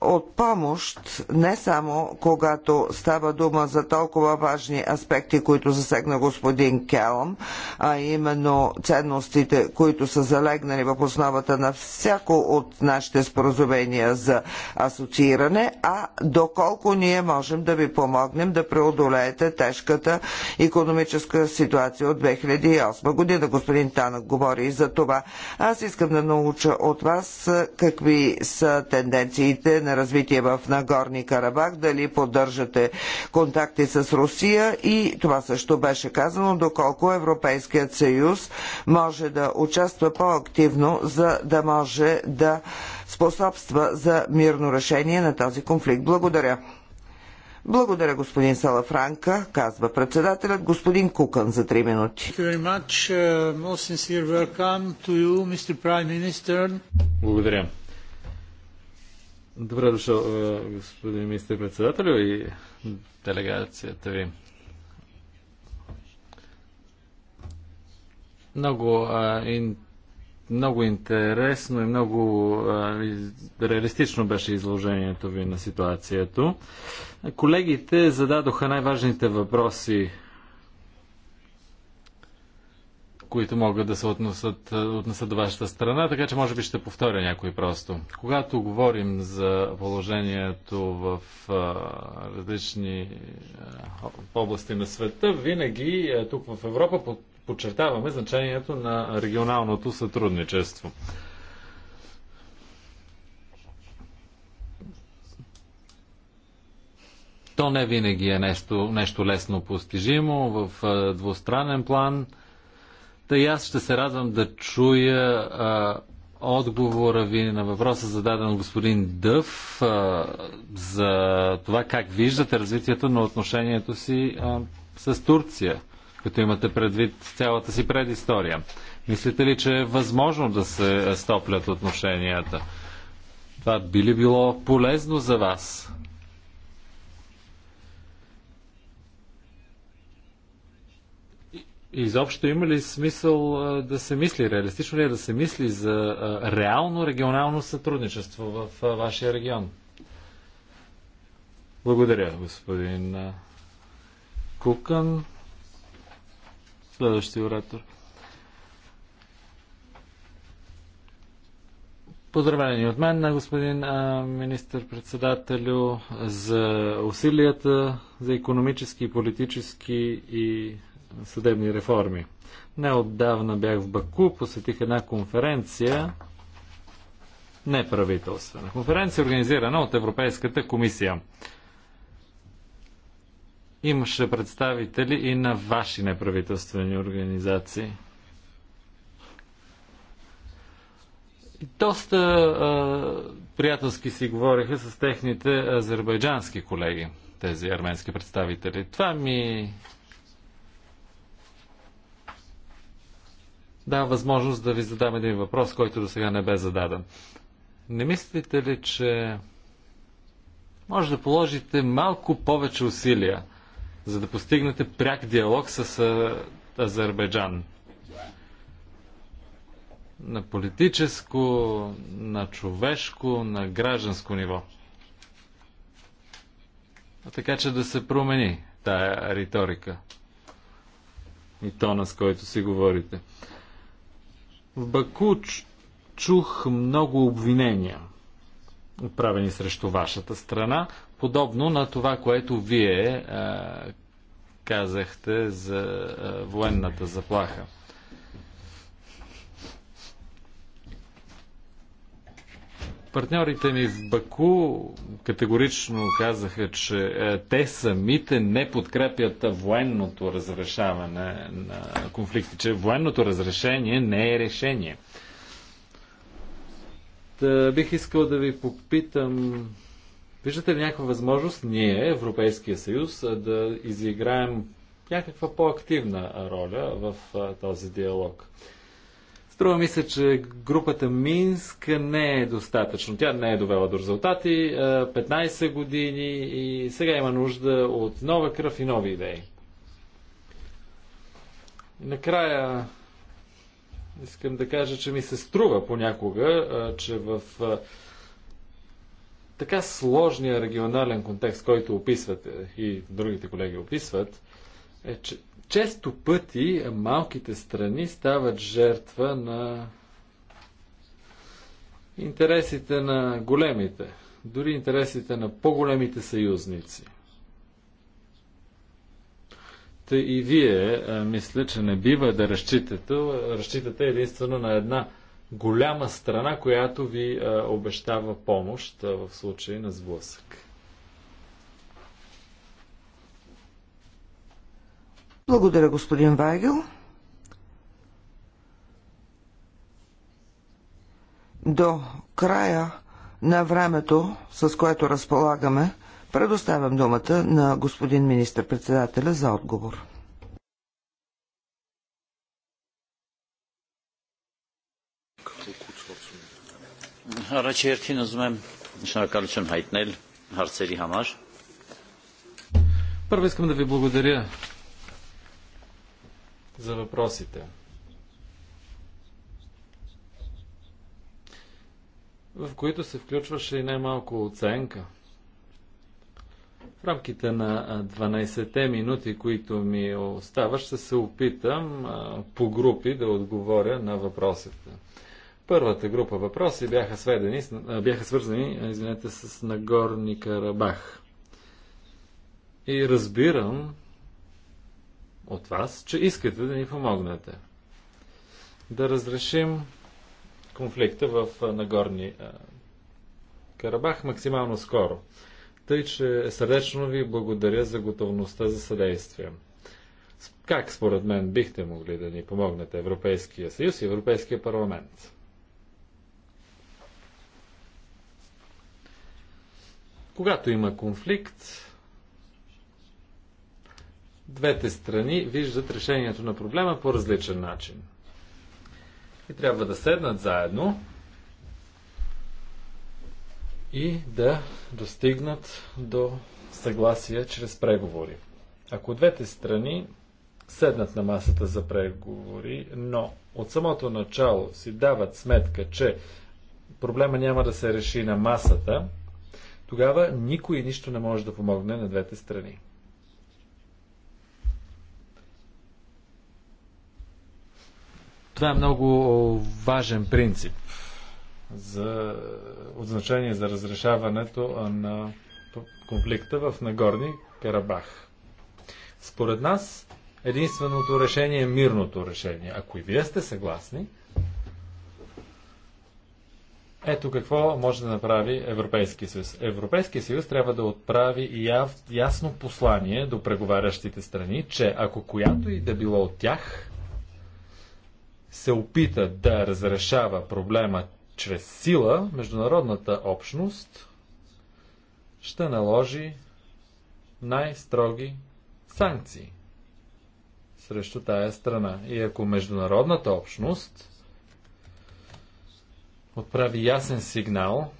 от помощ не само когато става дума за толкова важни аспекти, които засегна господин Келъм, а именно ценностите, които са залегнали в основата на всяко от нашите споразумения за асоцииране, а доколко ние можем да ви помогнем да преодолеете тежката економическа ситуация от 2008 година. Господин Танък говори и за това. Аз искам да науча от вас какви са тенденциите на развитие в Нагорни Карабах, дали поддържате контакти с Русия и това също беше казано, доколко Европейският съюз може да участва по-активно, за да може да способства за мирно решение на този конфликт. Благодаря. Благодаря, господин Салафранка, казва председателят, господин Кукан за три минути. Uh, Благодаря. Добре дошъл, е, господин министър председател и делегацията ви. Много, а, ин, много интересно и много а, реалистично беше изложението ви на ситуацията. Колегите зададоха най-важните въпроси които могат да се отнесат, е, отнесат до вашата страна, така че може би ще повторя някой просто. Когато говорим за положението в а, е, различни а, е, области на света, винаги а, тук в Европа под, подчертаваме значението на регионалното сътрудничество. То не винаги е нещо, нещо лесно постижимо в двустранен план – Та и аз ще се радвам да чуя а, отговора ви на въпроса зададен от господин Дъв а, за това как виждате развитието на отношението си а, с Турция, като имате предвид цялата си предистория. Мислите ли, че е възможно да се стоплят отношенията? Това би ли било полезно за вас? И изобщо има ли смисъл да се мисли, реалистично ли е да се мисли за реално регионално сътрудничество в вашия регион? Благодаря, господин Кукан. Следващия оратор. Поздравени от мен на господин министър-председателю за усилията за економически, политически и съдебни реформи. Неотдавна бях в Баку, посетих една конференция, неправителствена конференция, организирана от Европейската комисия. Имаше представители и на ваши неправителствени организации. И доста а, приятелски си говориха с техните азербайджански колеги, тези арменски представители. Това ми дава възможност да ви задам един въпрос, който до сега не бе зададен. Не мислите ли, че може да положите малко повече усилия, за да постигнете пряк диалог с Азербайджан? На политическо, на човешко, на гражданско ниво. А така че да се промени тая риторика и тона, с който си говорите. В Баку чух много обвинения, отправени срещу вашата страна, подобно на това, което вие казахте за военната заплаха. Партньорите ми в Баку категорично казаха, че е, те самите не подкрепят военното разрешаване на конфликти, че военното разрешение не е решение. Та, бих искал да ви попитам, виждате ли някаква възможност ние, Европейския съюз, е, да изиграем някаква по-активна роля в е, този диалог? Струва ми се, че групата Минск не е достатъчно. Тя не е довела до резултати. 15 години и сега има нужда от нова кръв и нови идеи. И накрая искам да кажа, че ми се струва понякога, че в така сложния регионален контекст, който описвате и другите колеги описват, е, че често пъти малките страни стават жертва на интересите на големите, дори интересите на по-големите съюзници. Та и вие, а, е, мисля, че не бива да разчитате, разчитате единствено на една голяма страна, която ви а, е, обещава помощ а, е, в случай на сблъсък. Благодаря, господин Вайгел. До края на времето, с което разполагаме, предоставям думата на господин министр-председателя за отговор. ուզում եմ շնորհակալություն հայտնել հարցերի համար։ Първо искам да ви благодаря за въпросите. в които се включваше и най-малко оценка. В рамките на 12-те минути, които ми оставаш, ще се опитам по групи да отговоря на въпросите. Първата група въпроси бяха, сведени, бяха свързани извинете, с Нагорни Карабах. И разбирам, от вас, че искате да ни помогнете да разрешим конфликта в Нагорни Карабах максимално скоро. Тъй, че сърдечно ви благодаря за готовността за съдействие. Как според мен бихте могли да ни помогнете Европейския съюз и Европейския парламент? Когато има конфликт, двете страни виждат решението на проблема по различен начин. И трябва да седнат заедно и да достигнат до съгласие чрез преговори. Ако двете страни седнат на масата за преговори, но от самото начало си дават сметка, че проблема няма да се реши на масата, тогава никой нищо не може да помогне на двете страни. Това е много важен принцип за, от значение за разрешаването на конфликта в Нагорни Карабах. Според нас единственото решение е мирното решение. Ако и вие сте съгласни, ето какво може да направи Европейския съюз. Европейския съюз трябва да отправи яв, ясно послание до преговарящите страни, че ако която и да било от тях се опита да разрешава проблема чрез сила, международната общност ще наложи най-строги санкции срещу тая страна. И ако международната общност отправи ясен сигнал,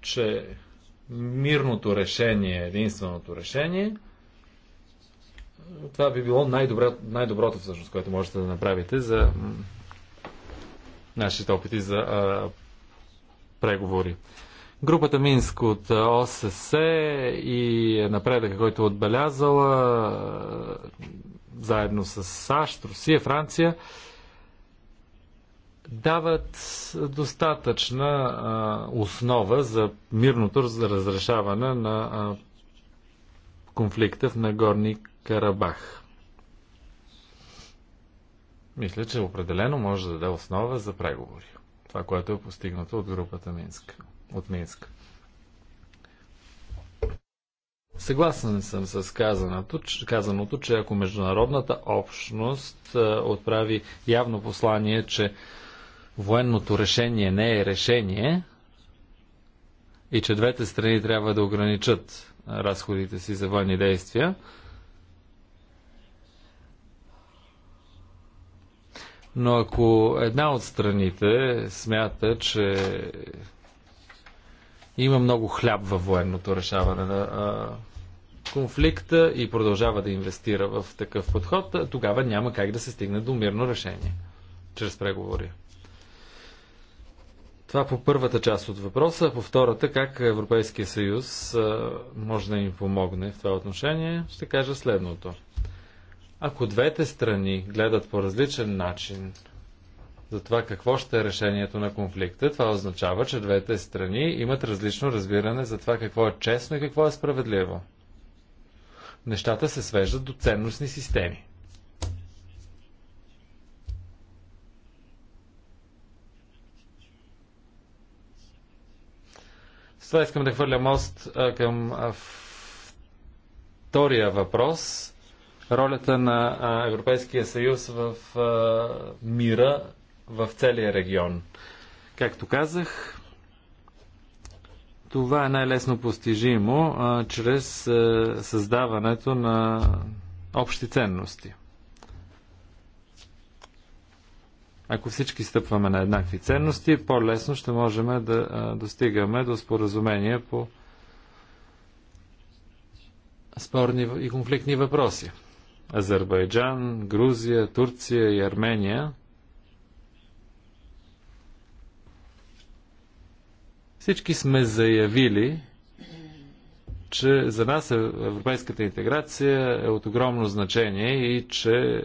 че мирното решение е единственото решение, това би било най-добро, най-доброто всъщност, което можете да направите за нашите опити за а, преговори. Групата Минск от ОСС и напредъка, който е отбелязала заедно с САЩ, Русия, Франция, дават достатъчна а, основа за мирното разрешаване на а, конфликта в Нагорни Карабах. Мисля, че определено може да даде основа за преговори. Това, което е постигнато от групата Минск. От Минск. Съгласен съм с казаното, че, казаното, че ако международната общност е, отправи явно послание, че военното решение не е решение и че двете страни трябва да ограничат е, разходите си за военни действия, Но ако една от страните смята, че има много хляб във военното решаване на а, конфликта и продължава да инвестира в такъв подход, тогава няма как да се стигне до мирно решение чрез преговори. Това по първата част от въпроса. По втората, как Европейския съюз може да им помогне в това отношение, ще кажа следното. Ако двете страни гледат по различен начин за това какво ще е решението на конфликта, това означава, че двете страни имат различно разбиране за това какво е честно и какво е справедливо. Нещата се свеждат до ценностни системи. С това искам да хвърля мост към втория въпрос ролята на Европейския съюз в мира в целия регион. Както казах, това е най-лесно постижимо а, чрез а, създаването на общи ценности. Ако всички стъпваме на еднакви ценности, по-лесно ще можем да а, достигаме до споразумения по спорни и конфликтни въпроси. Азербайджан, Грузия, Турция и Армения. Всички сме заявили, че за нас е- европейската интеграция е от огромно значение и че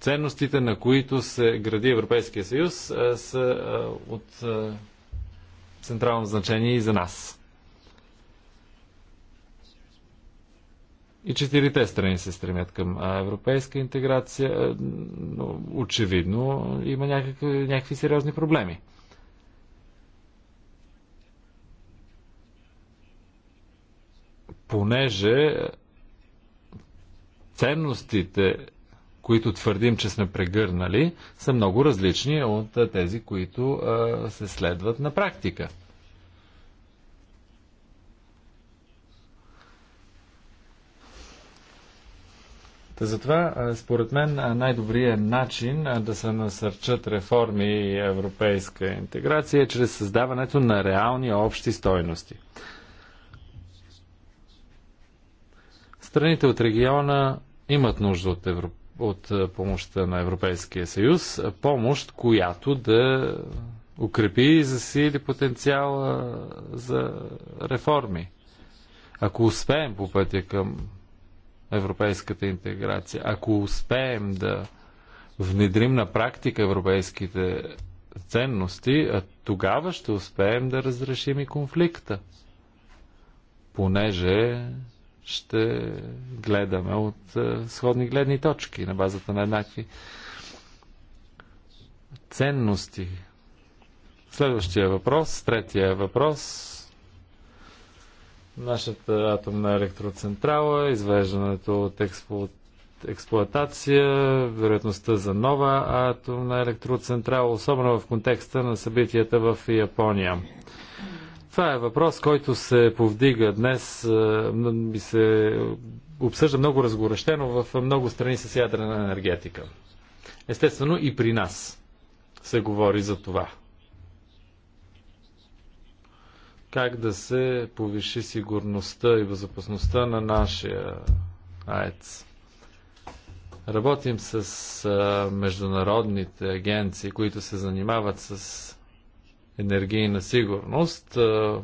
ценностите, на които се гради Европейския съюз, са от централно значение и за нас. И четирите страни се стремят към европейска интеграция, но очевидно има някакви, някакви сериозни проблеми. Понеже ценностите, които твърдим, че сме прегърнали, са много различни от тези, които се следват на практика. Та затова, според мен, най-добрият начин да се насърчат реформи и европейска интеграция е чрез създаването на реални общи стойности. Страните от региона имат нужда от, Евро... от помощта на Европейския съюз, помощ, която да укрепи и засили потенциала за реформи. Ако успеем по пътя към европейската интеграция. Ако успеем да внедрим на практика европейските ценности, тогава ще успеем да разрешим и конфликта. Понеже ще гледаме от сходни гледни точки на базата на еднакви ценности. Следващия въпрос, третия въпрос нашата атомна електроцентрала, извеждането от експло... експлоатация, вероятността за нова атомна електроцентрала, особено в контекста на събитията в Япония. Това е въпрос, който се повдига днес и се обсъжда много разгорещено в много страни с ядрена енергетика. Естествено и при нас се говори за това. как да се повиши сигурността и безопасността на нашия АЕЦ. Работим с а, международните агенции, които се занимават с енергийна сигурност. А,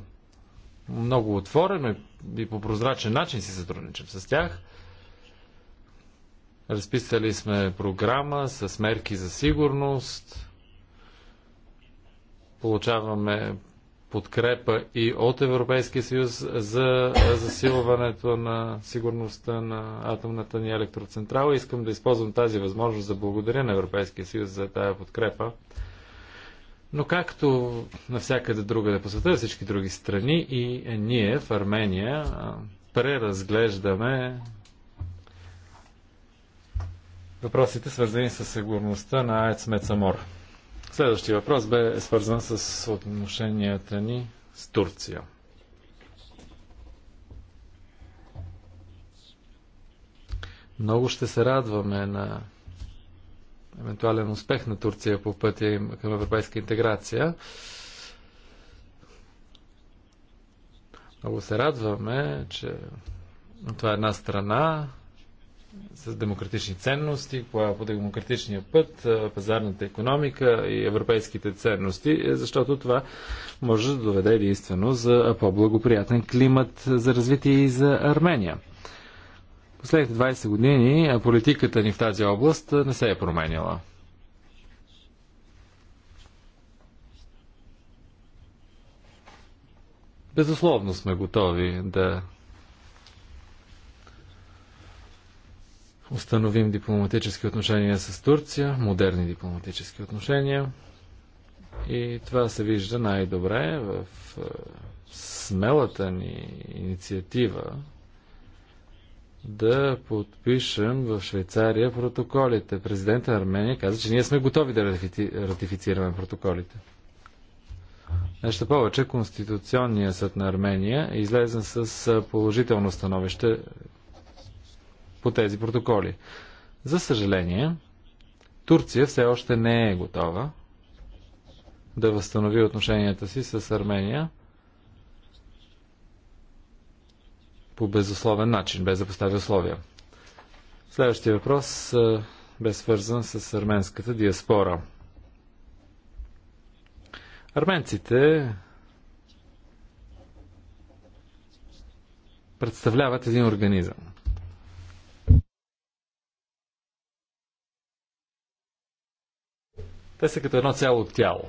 много отворено и по прозрачен начин си сътрудничам с тях. Разписали сме програма с мерки за сигурност. Получаваме подкрепа и от Европейския съюз за засилването на сигурността на атомната ни електроцентрала. Искам да използвам тази възможност да благодаря на Европейския съюз за тази подкрепа. Но както навсякъде друга да света, всички други страни и ние в Армения преразглеждаме въпросите свързани с сигурността на АЕЦ Следващия въпрос бе свързан с отношенията ни с Турция. Много ще се радваме на евентуален успех на Турция по пътя им към европейска интеграция. Много се радваме, че това е една страна, с демократични ценности, е по демократичния път, пазарната економика и европейските ценности, е, защото това може да доведе единствено за по-благоприятен климат за развитие и за Армения. Последните 20 години политиката ни в тази област не се е променяла. Безусловно сме готови да установим дипломатически отношения с Турция, модерни дипломатически отношения. И това се вижда най-добре в смелата ни инициатива да подпишем в Швейцария протоколите. Президента на Армения каза, че ние сме готови да ратифицираме протоколите. Нещо повече, Конституционният съд на Армения е излезен с положително становище по тези протоколи. За съжаление, Турция все още не е готова да възстанови отношенията си с Армения по безусловен начин, без да постави условия. Следващия въпрос бе свързан с арменската диаспора. Арменците представляват един организъм. Те са като едно цяло тяло.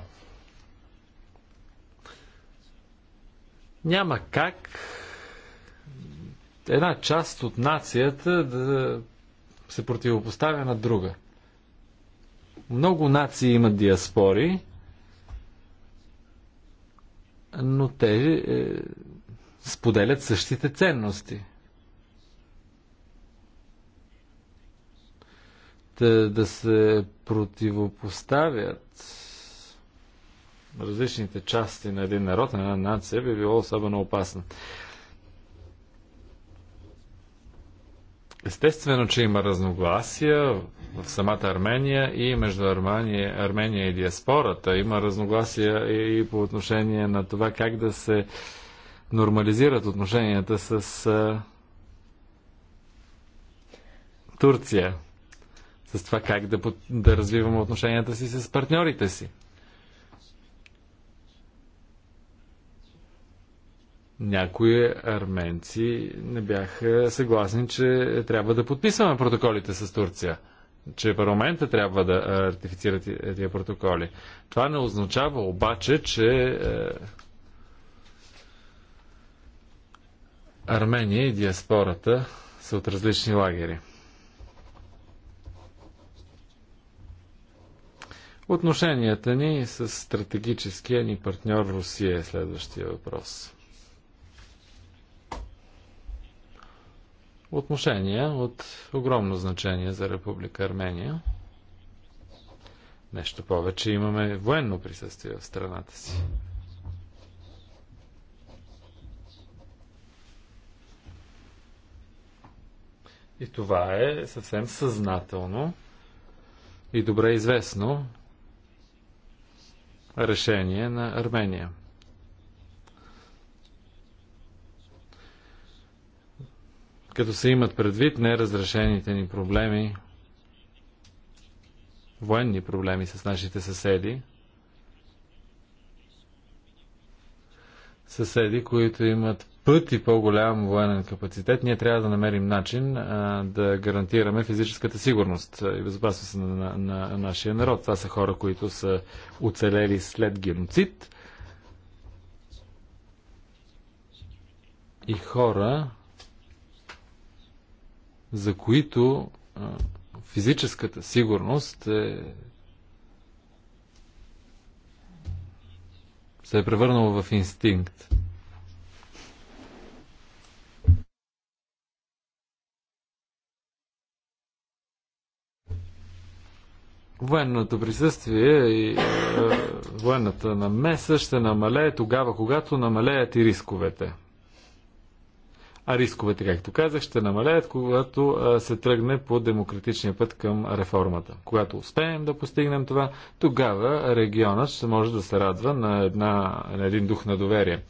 Няма как една част от нацията да се противопоставя на друга. Много нации имат диаспори, но те е, споделят същите ценности. Е, да се противопоставят различните части на един народ, на една нация, би било особено опасно. Естествено, че има разногласия в самата Армения и между Армения, Армения и диаспората. Има разногласия и по отношение на това как да се нормализират отношенията с е, Турция с това как да, да развиваме отношенията си с партньорите си. Някои арменци не бяха съгласни, че трябва да подписваме протоколите с Турция че парламента трябва да ратифицира тия протоколи. Това не означава обаче, че е, Армения и диаспората са от различни лагери. Отношенията ни с стратегическия ни партньор Русия е следващия въпрос. Отношения от огромно значение за Република Армения. Нещо повече, имаме военно присъствие в страната си. И това е съвсем съзнателно и добре известно решение на Армения. Като се имат предвид неразрешените ни проблеми, военни проблеми с нашите съседи, съседи, които имат пъти по-голям военен капацитет, ние трябва да намерим начин а, да гарантираме физическата сигурност и безопасност на, на, на нашия народ. Това са хора, които са оцелели след геноцид и хора, за които а, физическата сигурност е се е превърнало в инстинкт. военното присъствие и е, военната намеса ще намалее тогава, когато намалеят и рисковете. А рисковете, както казах, ще намалеят, когато е, се тръгне по демократичния път към реформата. Когато успеем да постигнем това, тогава регионът ще може да се радва на, една, на един дух на доверие.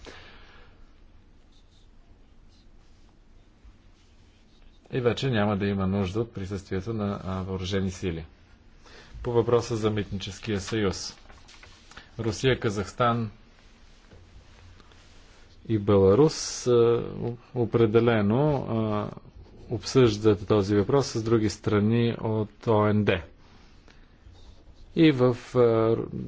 И вече няма да има нужда от присъствието на въоръжени сили по въпроса за митническия съюз. Русия, Казахстан и Беларус определено обсъждат този въпрос с други страни от ОНД. И в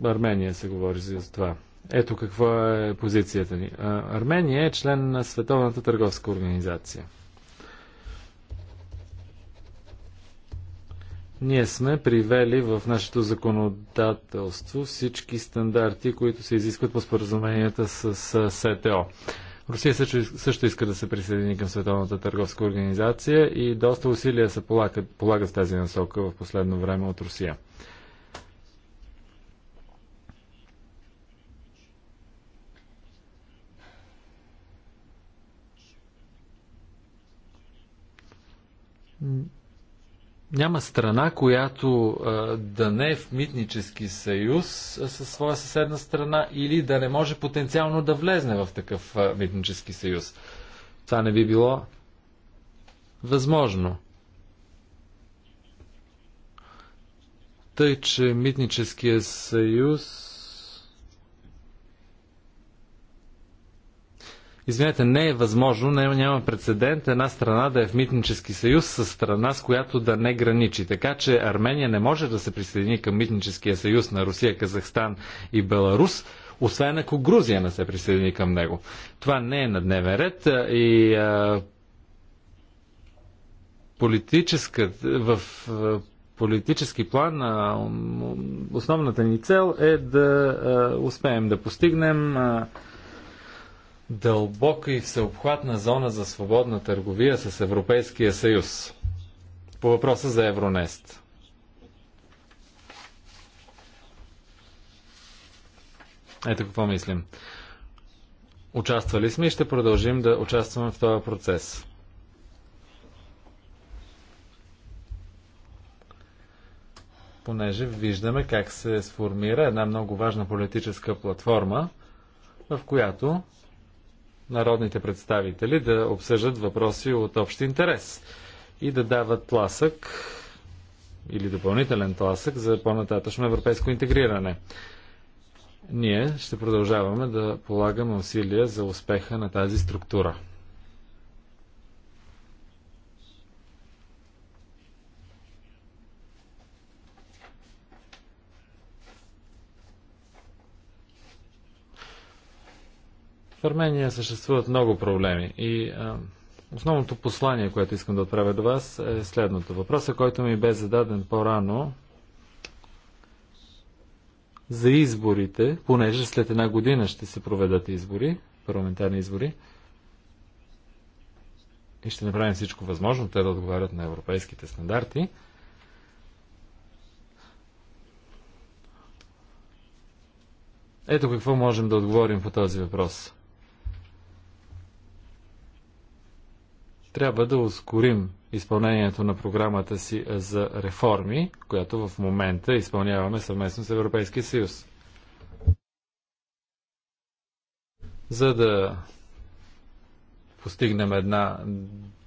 Армения се говори за това. Ето какво е позицията ни. Армения е член на Световната търговска организация. Ние сме привели в нашето законодателство всички стандарти, които се изискват по споразуменията с, с СТО. Русия също, също иска да се присъедини към Световната търговска организация и доста усилия се полагат, полагат в тази насока в последно време от Русия. Mm няма страна, която да не е в митнически съюз със своя съседна страна или да не може потенциално да влезне в такъв митнически съюз. Това не би било възможно. Тъй, че митническия съюз Извинете, не е възможно, не, няма прецедент една страна да е в митнически съюз с страна, с която да не граничи. Така че Армения не може да се присъедини към митническия съюз на Русия, Казахстан и Беларус, освен ако Грузия не се присъедини към него. Това не е на дневен ред и а, политическа, в а, политически план а, основната ни цел е да а, успеем да постигнем а, дълбока и всеобхватна зона за свободна търговия с Европейския съюз. По въпроса за Евронест. Ето какво мислим. Участвали сме и ще продължим да участваме в този процес. Понеже виждаме как се сформира една много важна политическа платформа, в която народните представители да обсъждат въпроси от общ интерес и да дават тласък или допълнителен тласък за по-нататъчно европейско интегриране. Ние ще продължаваме да полагаме усилия за успеха на тази структура. В Армения съществуват много проблеми и а, основното послание, което искам да отправя до вас е следното. Въпросът, който ми бе зададен по-рано за изборите, понеже след една година ще се проведат избори, парламентарни избори, и ще направим всичко възможно те да отговарят на европейските стандарти. Ето какво можем да отговорим по този въпрос. Трябва да ускорим изпълнението на програмата си за реформи, която в момента изпълняваме съвместно с Европейския съюз. За да постигнем една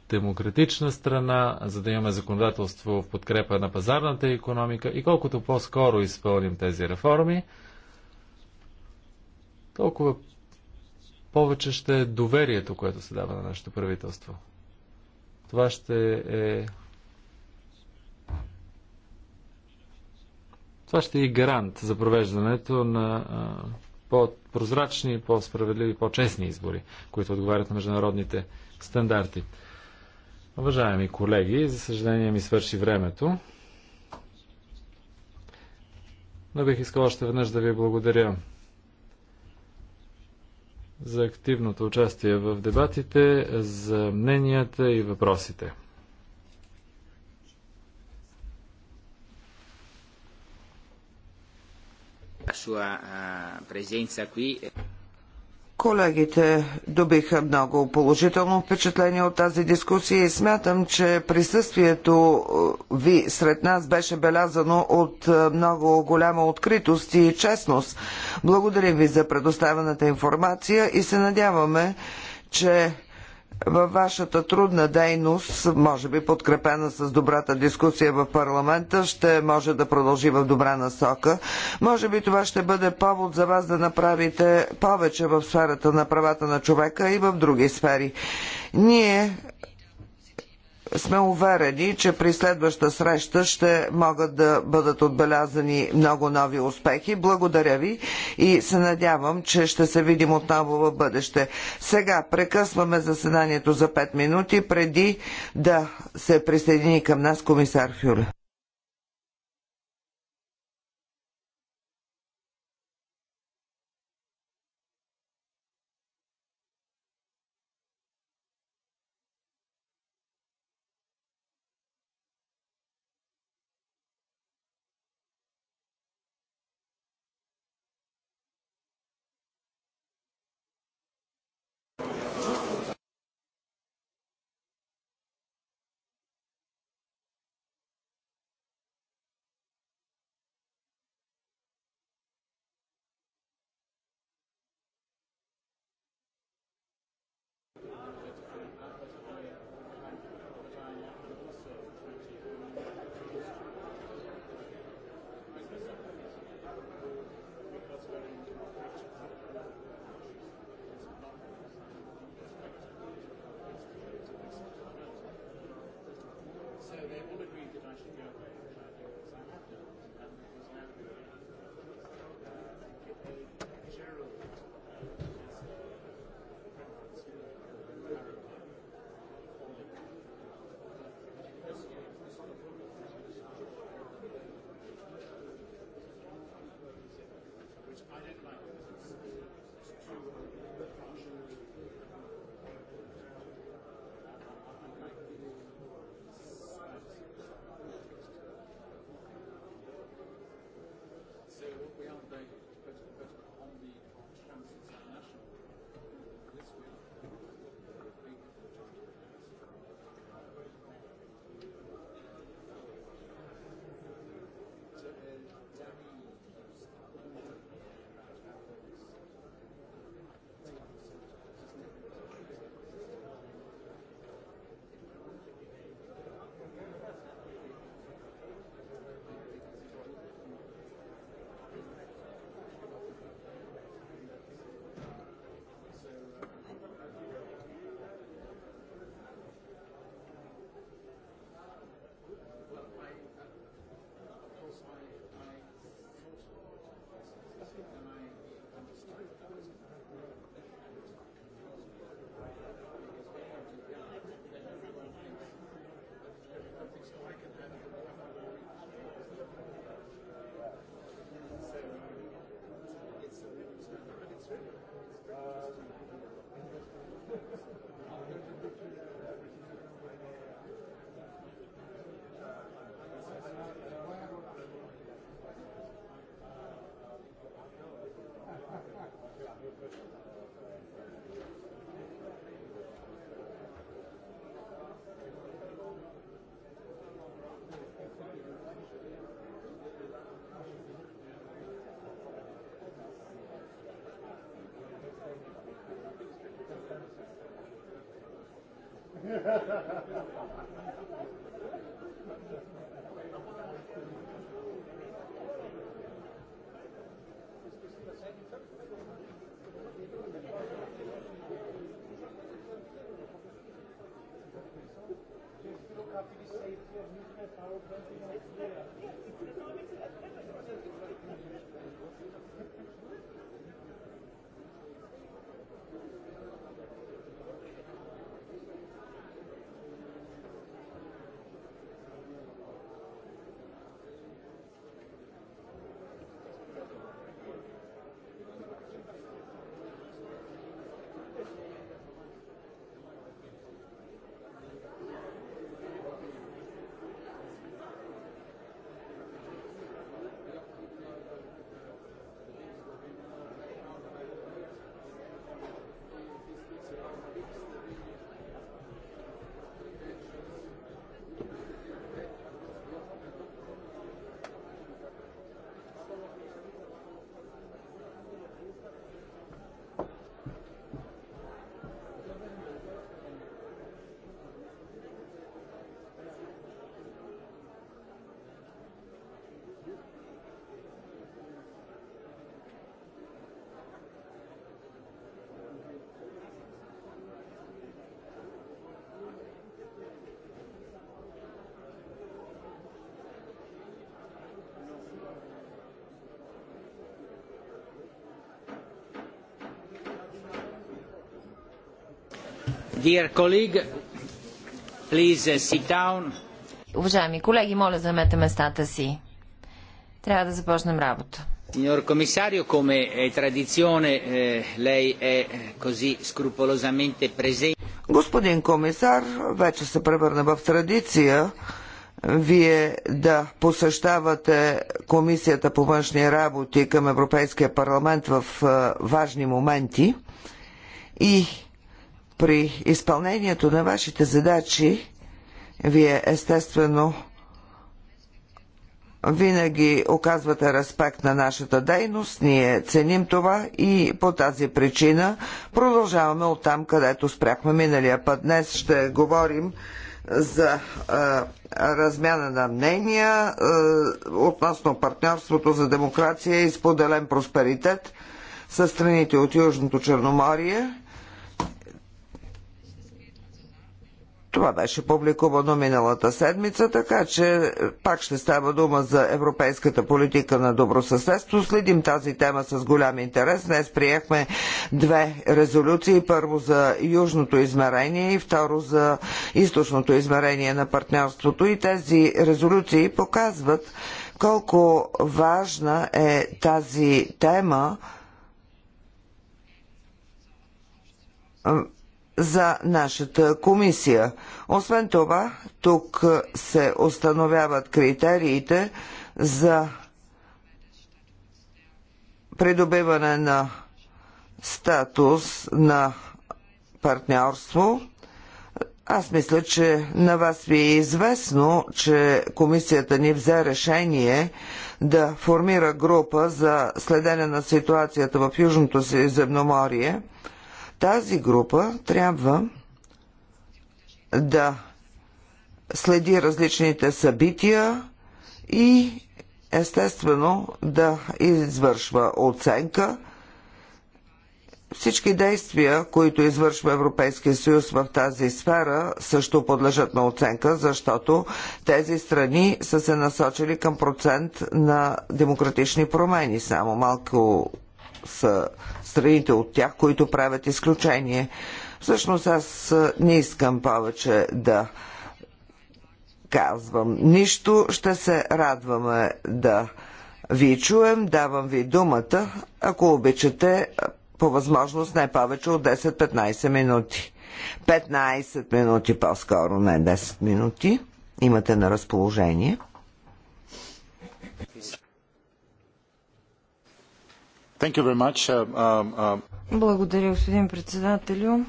демократична страна, за да имаме законодателство в подкрепа на пазарната економика и колкото по-скоро изпълним тези реформи, толкова повече ще е доверието, което се дава на нашето правителство. Това ще е. Това ще е и гарант за провеждането на по-прозрачни, по-справедливи, по-честни избори, които отговарят на международните стандарти. Уважаеми колеги, за съжаление ми свърши времето. Но бих искал още веднъж да ви благодаря за активното участие в дебатите, за мненията и въпросите. sua presenza qui. Колегите добиха много положително впечатление от тази дискусия и смятам, че присъствието е, ви сред нас беше белязано от е, много голяма откритост и честност. Благодарим ви за предоставената информация и се надяваме, че във вашата трудна дейност, може би подкрепена с добрата дискусия в парламента, ще може да продължи в добра насока. Може би това ще бъде повод за вас да направите повече в сферата на правата на човека и в други сфери. Ние сме уверени, че при следваща среща ще могат да бъдат отбелязани много нови успехи. Благодаря ви и се надявам, че ще се видим отново в бъдеще. Сега прекъсваме заседанието за 5 минути преди да се присъедини към нас комисар Фюле. Uh, Уважаеми колеги, моля заемете местата си. Трябва да започнем работа. Signor Commissario, come è tradizione, eh, lei è eh, così scrupolosamente presente. Господин комисар, вече се превърна в традиция вие да посещавате Комисията по външни работи към Европейския парламент в е, важни моменти и при изпълнението на вашите задачи, вие естествено винаги оказвате респект на нашата дейност, ние ценим това и по тази причина продължаваме от там, където спряхме миналия път. Днес ще говорим за а, размяна на мнения а, относно партньорството за демокрация и споделен просперитет със страните от Южното Черноморие. Това беше публикувано миналата седмица, така че е, пак ще става дума за европейската политика на добросъседство. Следим тази тема с голям интерес. Днес приехме две резолюции. Първо за южното измерение и второ за източното измерение на партньорството. И тези резолюции показват колко важна е тази тема е, за нашата комисия. Освен това, тук се установяват критериите за придобиване на статус на партньорство. Аз мисля, че на вас ви е известно, че комисията ни взе решение да формира група за следене на ситуацията в Южното си земноморие – тази група трябва да следи различните събития и естествено да извършва оценка всички действия, които извършва Европейския съюз в тази сфера, също подлежат на оценка, защото тези страни са се насочили към процент на демократични промени. Само малко са страните от тях, които правят изключение. Всъщност аз не искам повече да казвам нищо. Ще се радваме да ви чуем. Давам ви думата, ако обичате, по възможност не повече от 10-15 минути. 15 минути по-скоро, не 10 минути. Имате на разположение. Uh, um, um, Благодаря, господин председателю.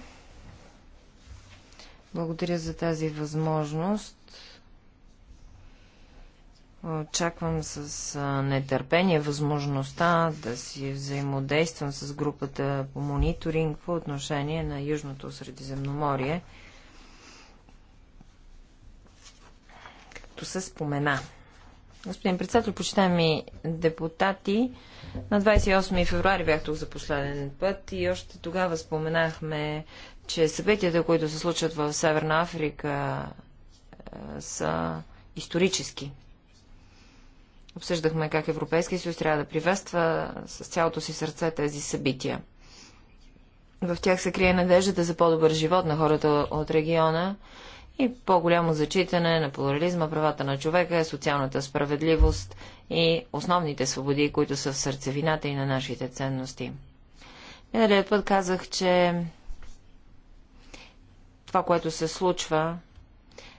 Благодаря за тази възможност. Очаквам с нетърпение възможността да си взаимодействам с групата по мониторинг по отношение на Южното Средиземноморие, както се спомена. Господин председател, почитаеми депутати, на 28 февруари бях тук за последен път и още тогава споменахме, че събитията, които се случват в Северна Африка, е, са исторически. Обсъждахме как Европейския съюз трябва да приветства с цялото си сърце тези събития. В тях се крие надеждата за по-добър живот на хората от региона и по-голямо зачитане на плурализма, правата на човека, социалната справедливост и основните свободи, които са в сърцевината и на нашите ценности. Миналият път казах, че това, което се случва,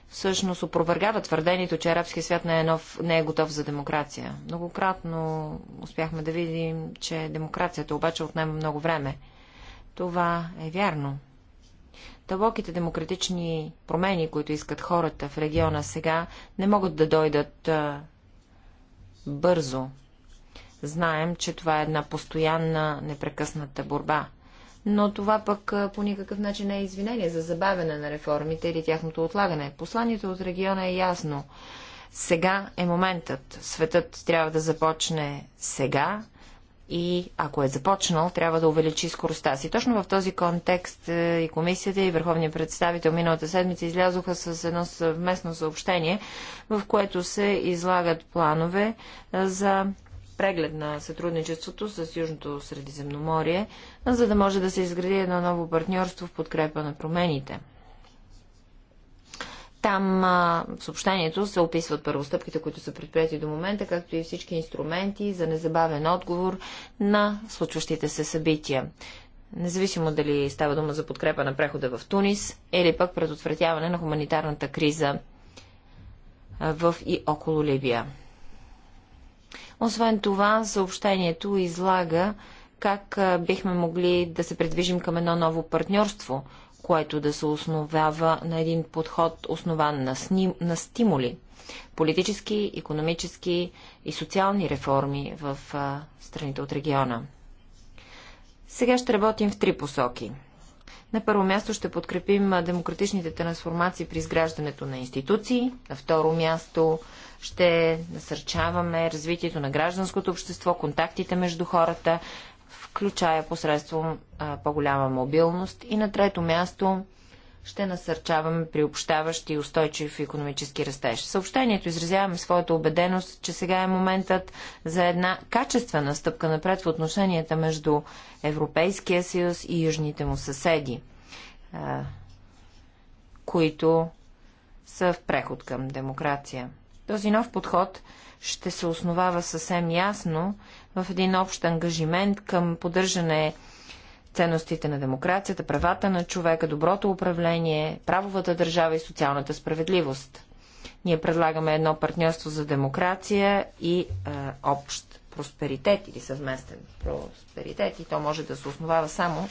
всъщност опровергава твърдението, че арабския свят не е, нов, не е готов за демокрация. Многократно успяхме да видим, че демокрацията обаче отнема много време. Това е вярно. Дълбоките демократични промени, които искат хората в региона сега, не могат да дойдат а, бързо. Знаем, че това е една постоянна, непрекъсната борба. Но това пък а, по никакъв начин не е извинение за забавяне на реформите или тяхното отлагане. Посланието от региона е ясно. Сега е моментът. Светът трябва да започне сега и ако е започнал, трябва да увеличи скоростта си. Точно в този контекст е, и комисията и Върховният представител миналата седмица излязоха с едно съвместно съобщение, в което се излагат планове е, за преглед на сътрудничеството с Южното Средиземноморие, за да може да се изгради едно ново партньорство в подкрепа на промените. Там а, в съобщението се описват първостъпките, които са предприяти до момента, както и всички инструменти за незабавен отговор на случващите се събития. Независимо дали става дума за подкрепа на прехода в Тунис или пък предотвратяване на хуманитарната криза в и около Либия. Освен това, съобщението излага как бихме могли да се придвижим към едно ново партньорство което да се основава на един подход, основан на, сним, на стимули. Политически, економически и социални реформи в а, страните от региона. Сега ще работим в три посоки. На първо място ще подкрепим демократичните трансформации при изграждането на институции. На второ място ще насърчаваме развитието на гражданското общество, контактите между хората, включая посредством по-голяма мобилност. И на трето място ще насърчаваме приобщаващ и устойчив економически растеж. В съобщението изразяваме своята убеденост, че сега е моментът за една качествена стъпка напред в отношенията между Европейския съюз и южните му съседи, които са в преход към демокрация. Този нов подход ще се основава съвсем ясно в един общ ангажимент към поддържане ценностите на демокрацията, правата на човека, доброто управление, правовата държава и социалната справедливост. Ние предлагаме едно партньорство за демокрация и е, общ просперитет или съвместен просперитет и то може да се основава само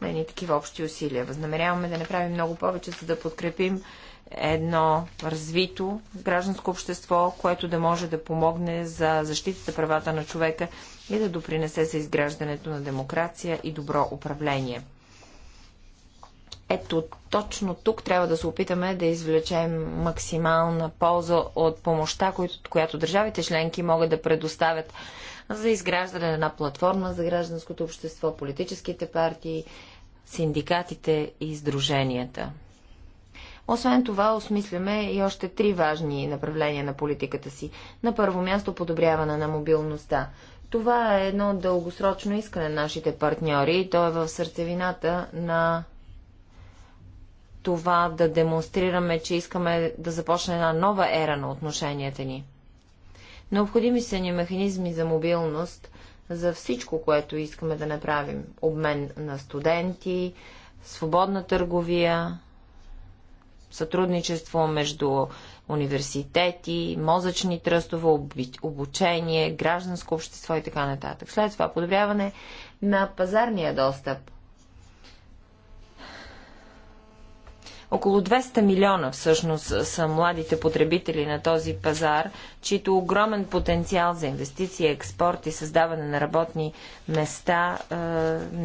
на едни такива общи усилия. Възнамеряваме да направим много повече, за да подкрепим едно развито гражданско общество, което да може да помогне за защитата правата на човека и да допринесе за изграждането на демокрация и добро управление. Ето, точно тук трябва да се опитаме да извлечем максимална полза от помощта, която държавите членки могат да предоставят за изграждане на платформа за гражданското общество, политическите партии, синдикатите и издруженията. Освен това, осмисляме и още три важни направления на политиката си. На първо място подобряване на мобилността. Това е едно дългосрочно искане на нашите партньори и то е в сърцевината на това да демонстрираме, че искаме да започне една нова ера на отношенията ни. Необходими са ни механизми за мобилност за всичко, което искаме да направим. Обмен на студенти, свободна търговия, сътрудничество между университети, мозъчни тръстове, обучение, гражданско общество и така нататък. След това подобряване на пазарния достъп. Около 200 милиона всъщност са младите потребители на този пазар, чието огромен потенциал за инвестиции, експорт и създаване на работни места е,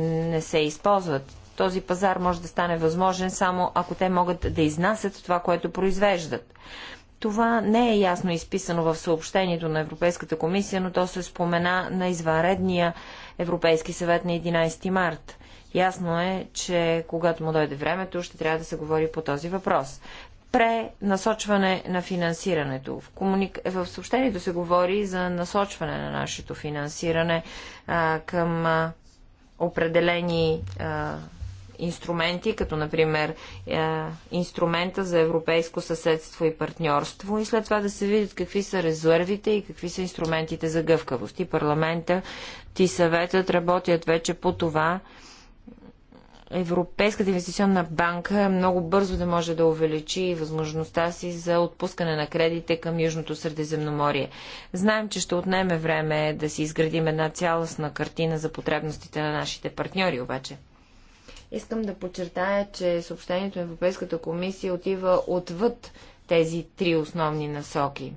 не се използват. Този пазар може да стане възможен само ако те могат да изнасят това, което произвеждат. Това не е ясно изписано в съобщението на Европейската комисия, но то се спомена на извънредния Европейски съвет на 11 март. Ясно е, че когато му дойде времето, ще трябва да се говори по този въпрос. Пренасочване на финансирането. В, комуни... в съобщението се говори за насочване на нашето финансиране а, към а, определени а, инструменти, като например е, инструмента за европейско съседство и партньорство и след това да се видят какви са резервите и какви са инструментите за гъвкавост. И парламента, ти съветът работят вече по това Европейската инвестиционна банка много бързо да може да увеличи възможността си за отпускане на кредите към Южното Средиземноморие. Знаем, че ще отнеме време да си изградим една цялостна картина за потребностите на нашите партньори, обаче. Искам да подчертая, че съобщението на Европейската комисия отива отвъд тези три основни насоки.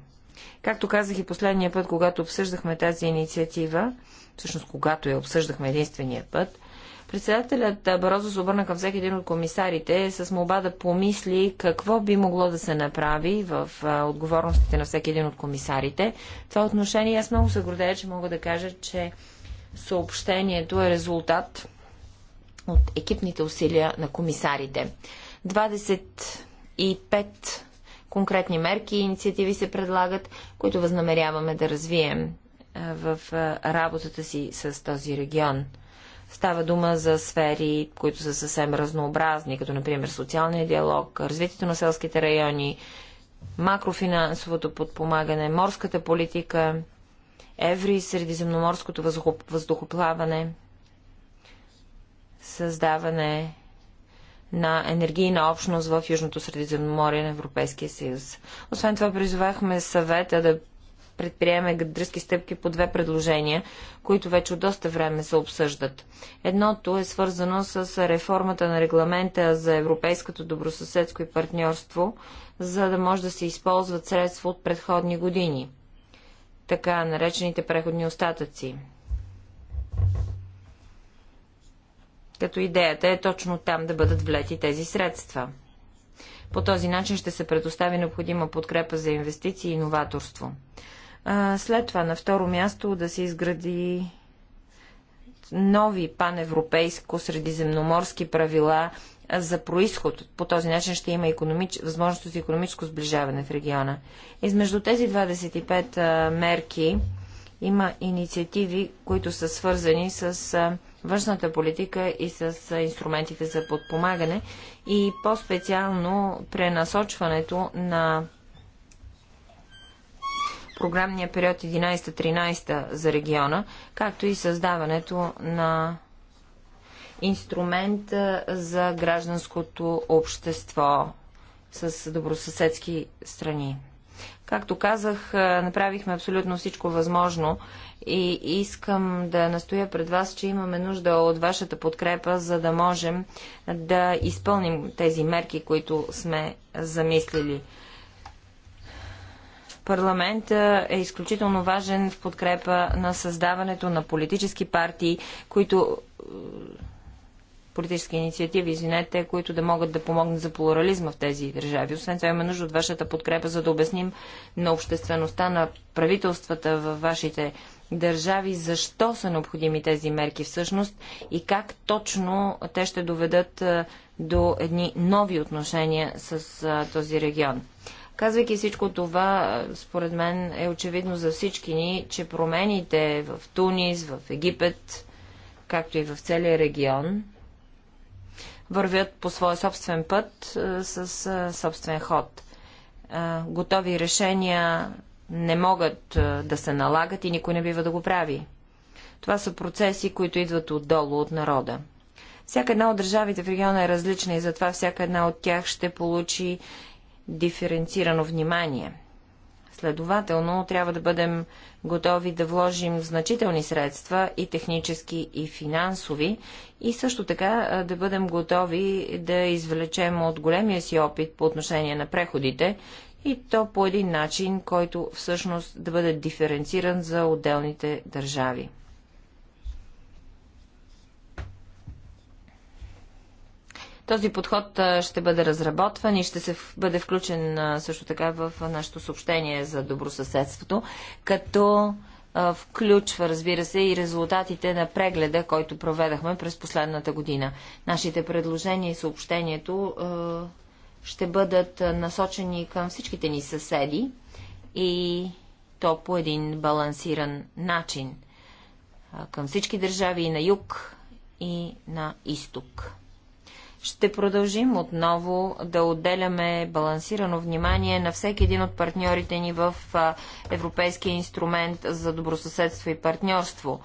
Както казах и последния път, когато обсъждахме тази инициатива, всъщност когато я обсъждахме единствения път, председателят Барозо се обърна към всеки един от комисарите с молба да помисли какво би могло да се направи в отговорностите на всеки един от комисарите. това отношение аз много се гордея, че мога да кажа, че съобщението е резултат от екипните усилия на комисарите. 25 конкретни мерки и инициативи се предлагат, които възнамеряваме да развием е, в е, работата си с този регион. Става дума за сфери, които са съвсем разнообразни, като например социалния диалог, развитието на селските райони, макрофинансовото подпомагане, морската политика, еври, средиземноморското въздухоплаване, създаване на енергийна общност в Южното Средиземноморие на Европейския съюз. Освен това призовахме съвета да предприеме дръзки стъпки по две предложения, които вече от доста време се обсъждат. Едното е свързано с реформата на регламента за европейското добросъседско и партньорство, за да може да се използват средства от предходни години, така наречените преходни остатъци като идеята е точно там да бъдат влети тези средства. По този начин ще се предостави необходима подкрепа за инвестиции и новаторство. След това на второ място да се изгради нови паневропейско-средиземноморски правила за происход. По този начин ще има економич... възможност за економическо сближаване в региона. Измежду тези 25 мерки има инициативи, които са свързани с външната политика и с инструментите за подпомагане и по-специално пренасочването на програмния период 11-13 за региона, както и създаването на инструмент за гражданското общество с добросъседски страни. Както казах, направихме абсолютно всичко възможно и искам да настоя пред вас, че имаме нужда от вашата подкрепа, за да можем да изпълним тези мерки, които сме замислили. Парламента е, е изключително важен в подкрепа на създаването на политически партии, които е, политически инициативи, извинете, които да могат да помогнат за плурализма в тези държави. Освен това имаме нужда от вашата подкрепа, за да обясним на обществеността, на правителствата във вашите държави защо са необходими тези мерки всъщност и как точно те ще доведат до едни нови отношения с този регион. Казвайки всичко това, според мен е очевидно за всички ни, че промените в Тунис, в Египет, както и в целия регион, вървят по своя собствен път с собствен ход. Готови решения не могат да се налагат и никой не бива да го прави. Това са процеси, които идват отдолу, от народа. Всяка една от държавите в региона е различна и затова всяка една от тях ще получи диференцирано внимание. Следователно, трябва да бъдем готови да вложим значителни средства и технически, и финансови, и също така да бъдем готови да извлечем от големия си опит по отношение на преходите и то по един начин, който всъщност да бъде диференциран за отделните държави. Този подход ще бъде разработван и ще се бъде включен също така в нашето съобщение за добросъседството, като включва, разбира се, и резултатите на прегледа, който проведахме през последната година. Нашите предложения и съобщението ще бъдат насочени към всичките ни съседи и то по един балансиран начин към всички държави и на юг и на изток. Ще продължим отново да отделяме балансирано внимание на всеки един от партньорите ни в Европейския инструмент за добросъседство и партньорство.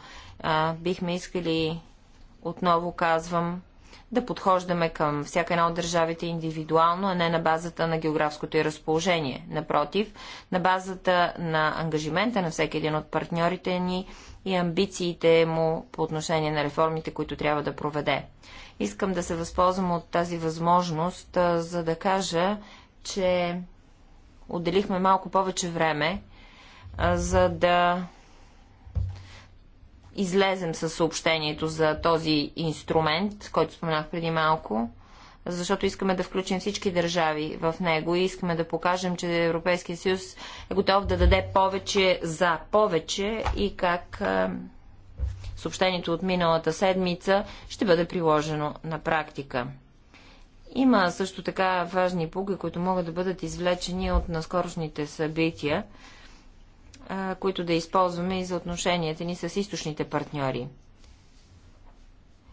Бихме искали, отново казвам, да подхождаме към всяка една от държавите индивидуално, а не на базата на географското и разположение. Напротив, на базата на ангажимента на всеки един от партньорите ни и амбициите му по отношение на реформите, които трябва да проведе. Искам да се възползвам от тази възможност, за да кажа, че отделихме малко повече време, за да излезем с съобщението за този инструмент, който споменах преди малко, защото искаме да включим всички държави в него и искаме да покажем, че Европейския съюз е готов да даде повече за повече и как съобщението от миналата седмица ще бъде приложено на практика. Има също така важни пуги, които могат да бъдат извлечени от наскорошните събития които да използваме и за отношенията ни с източните партньори.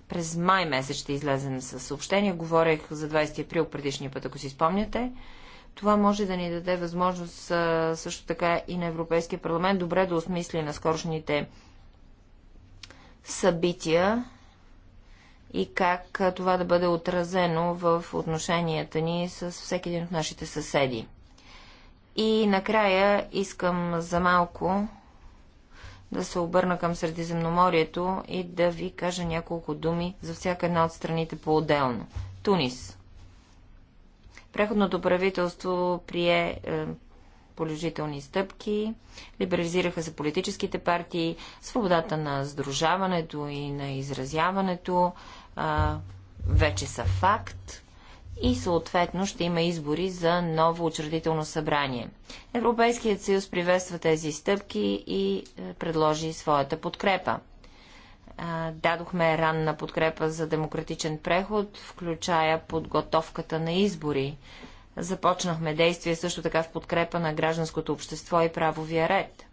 През май месец ще излезем с съобщение. Говорех за 20 април предишния път, ако си спомняте. Това може да ни даде възможност също така и на Европейския парламент добре да осмисли на скорошните събития и как това да бъде отразено в отношенията ни с всеки един от нашите съседи. И накрая искам за малко да се обърна към Средиземноморието и да ви кажа няколко думи за всяка една от страните по-отделно. Тунис. Преходното правителство прие е, положителни стъпки, либерализираха се политическите партии, свободата на сдружаването и на изразяването е, вече са факт и съответно ще има избори за ново учредително събрание. Европейският съюз приветства тези стъпки и е, предложи своята подкрепа. Дадохме ранна подкрепа за демократичен преход, включая подготовката на избори. Започнахме действия също така в подкрепа на гражданското общество и правовия ред.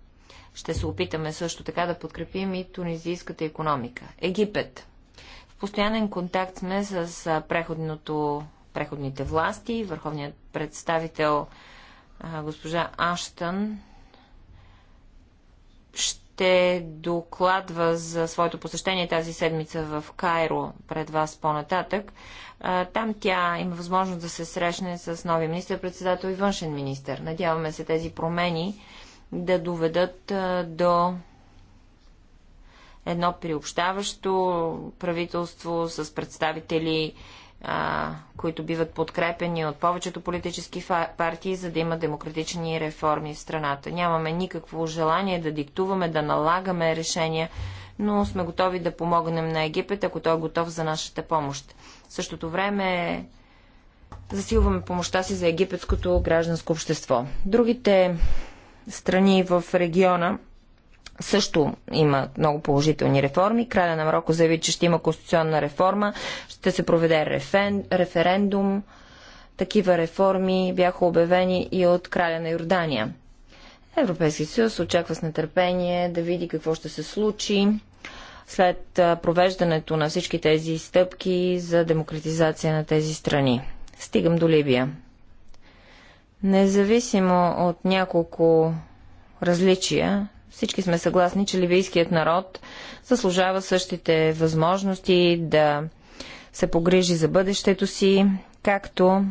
Ще се опитаме също така да подкрепим и тунизийската економика. Египет. В постоянен контакт сме с преходното преходните власти. Върховният представител госпожа Аштън ще докладва за своето посещение тази седмица в Кайро пред вас по-нататък. Там тя има възможност да се срещне с нови министър-председател и външен министър. Надяваме се тези промени да доведат до едно приобщаващо правителство с представители а, които биват подкрепени от повечето политически партии, за да има демократични реформи в страната. Нямаме никакво желание да диктуваме, да налагаме решения, но сме готови да помогнем на Египет, ако той е готов за нашата помощ. В същото време засилваме помощта си за египетското гражданско общество. Другите страни в региона също има много положителни реформи. Краля на Марокко заяви, че ще има конституционна реформа, ще се проведе рефен, референдум. Такива реформи бяха обявени и от краля на Йордания. Европейски съюз очаква с нетърпение да види какво ще се случи след провеждането на всички тези стъпки за демократизация на тези страни. Стигам до Либия. Независимо от няколко различия, всички сме съгласни, че ливийският народ заслужава същите възможности да се погрижи за бъдещето си, както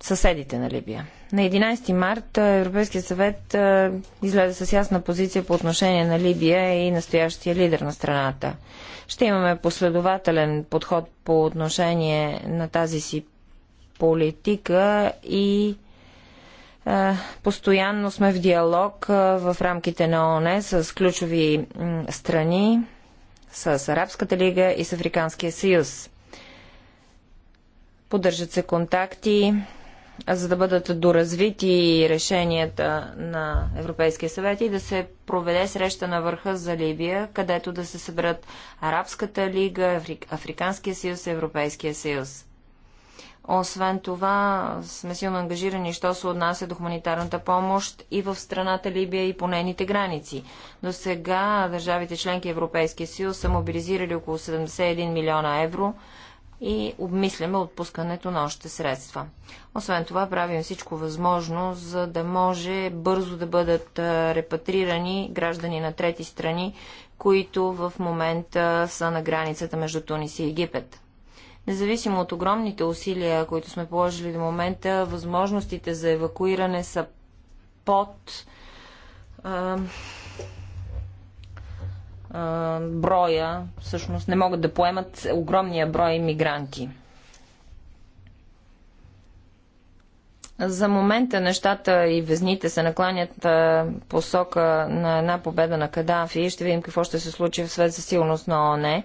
съседите на Либия. На 11 март е, Европейския съвет е, излезе с ясна позиция по отношение на Либия и настоящия лидер на страната. Ще имаме последователен подход по отношение на тази си политика и е, постоянно сме в диалог е, в рамките на ООН с ключови страни, с Арабската лига и с Африканския съюз. Поддържат се контакти, за да бъдат доразвити решенията на Европейския съвет и да се проведе среща на върха за Либия, където да се съберат Арабската лига, Африканския съюз и Европейския съюз. Освен това, сме силно ангажирани, що се отнася до хуманитарната помощ и в страната Либия и по нейните граници. До сега държавите членки Европейския съюз са мобилизирали около 71 милиона евро и обмисляме отпускането на още средства. Освен това, правим всичко възможно, за да може бързо да бъдат репатрирани граждани на трети страни, които в момента са на границата между Тунис и Египет. Независимо от огромните усилия, които сме положили до момента, възможностите за евакуиране са под а, а, броя, всъщност не могат да поемат огромния брой мигранти. За момента нещата и везните се накланят посока на една победа на Кадафи. Ще видим какво ще се случи в свет за силност на ОНЕ.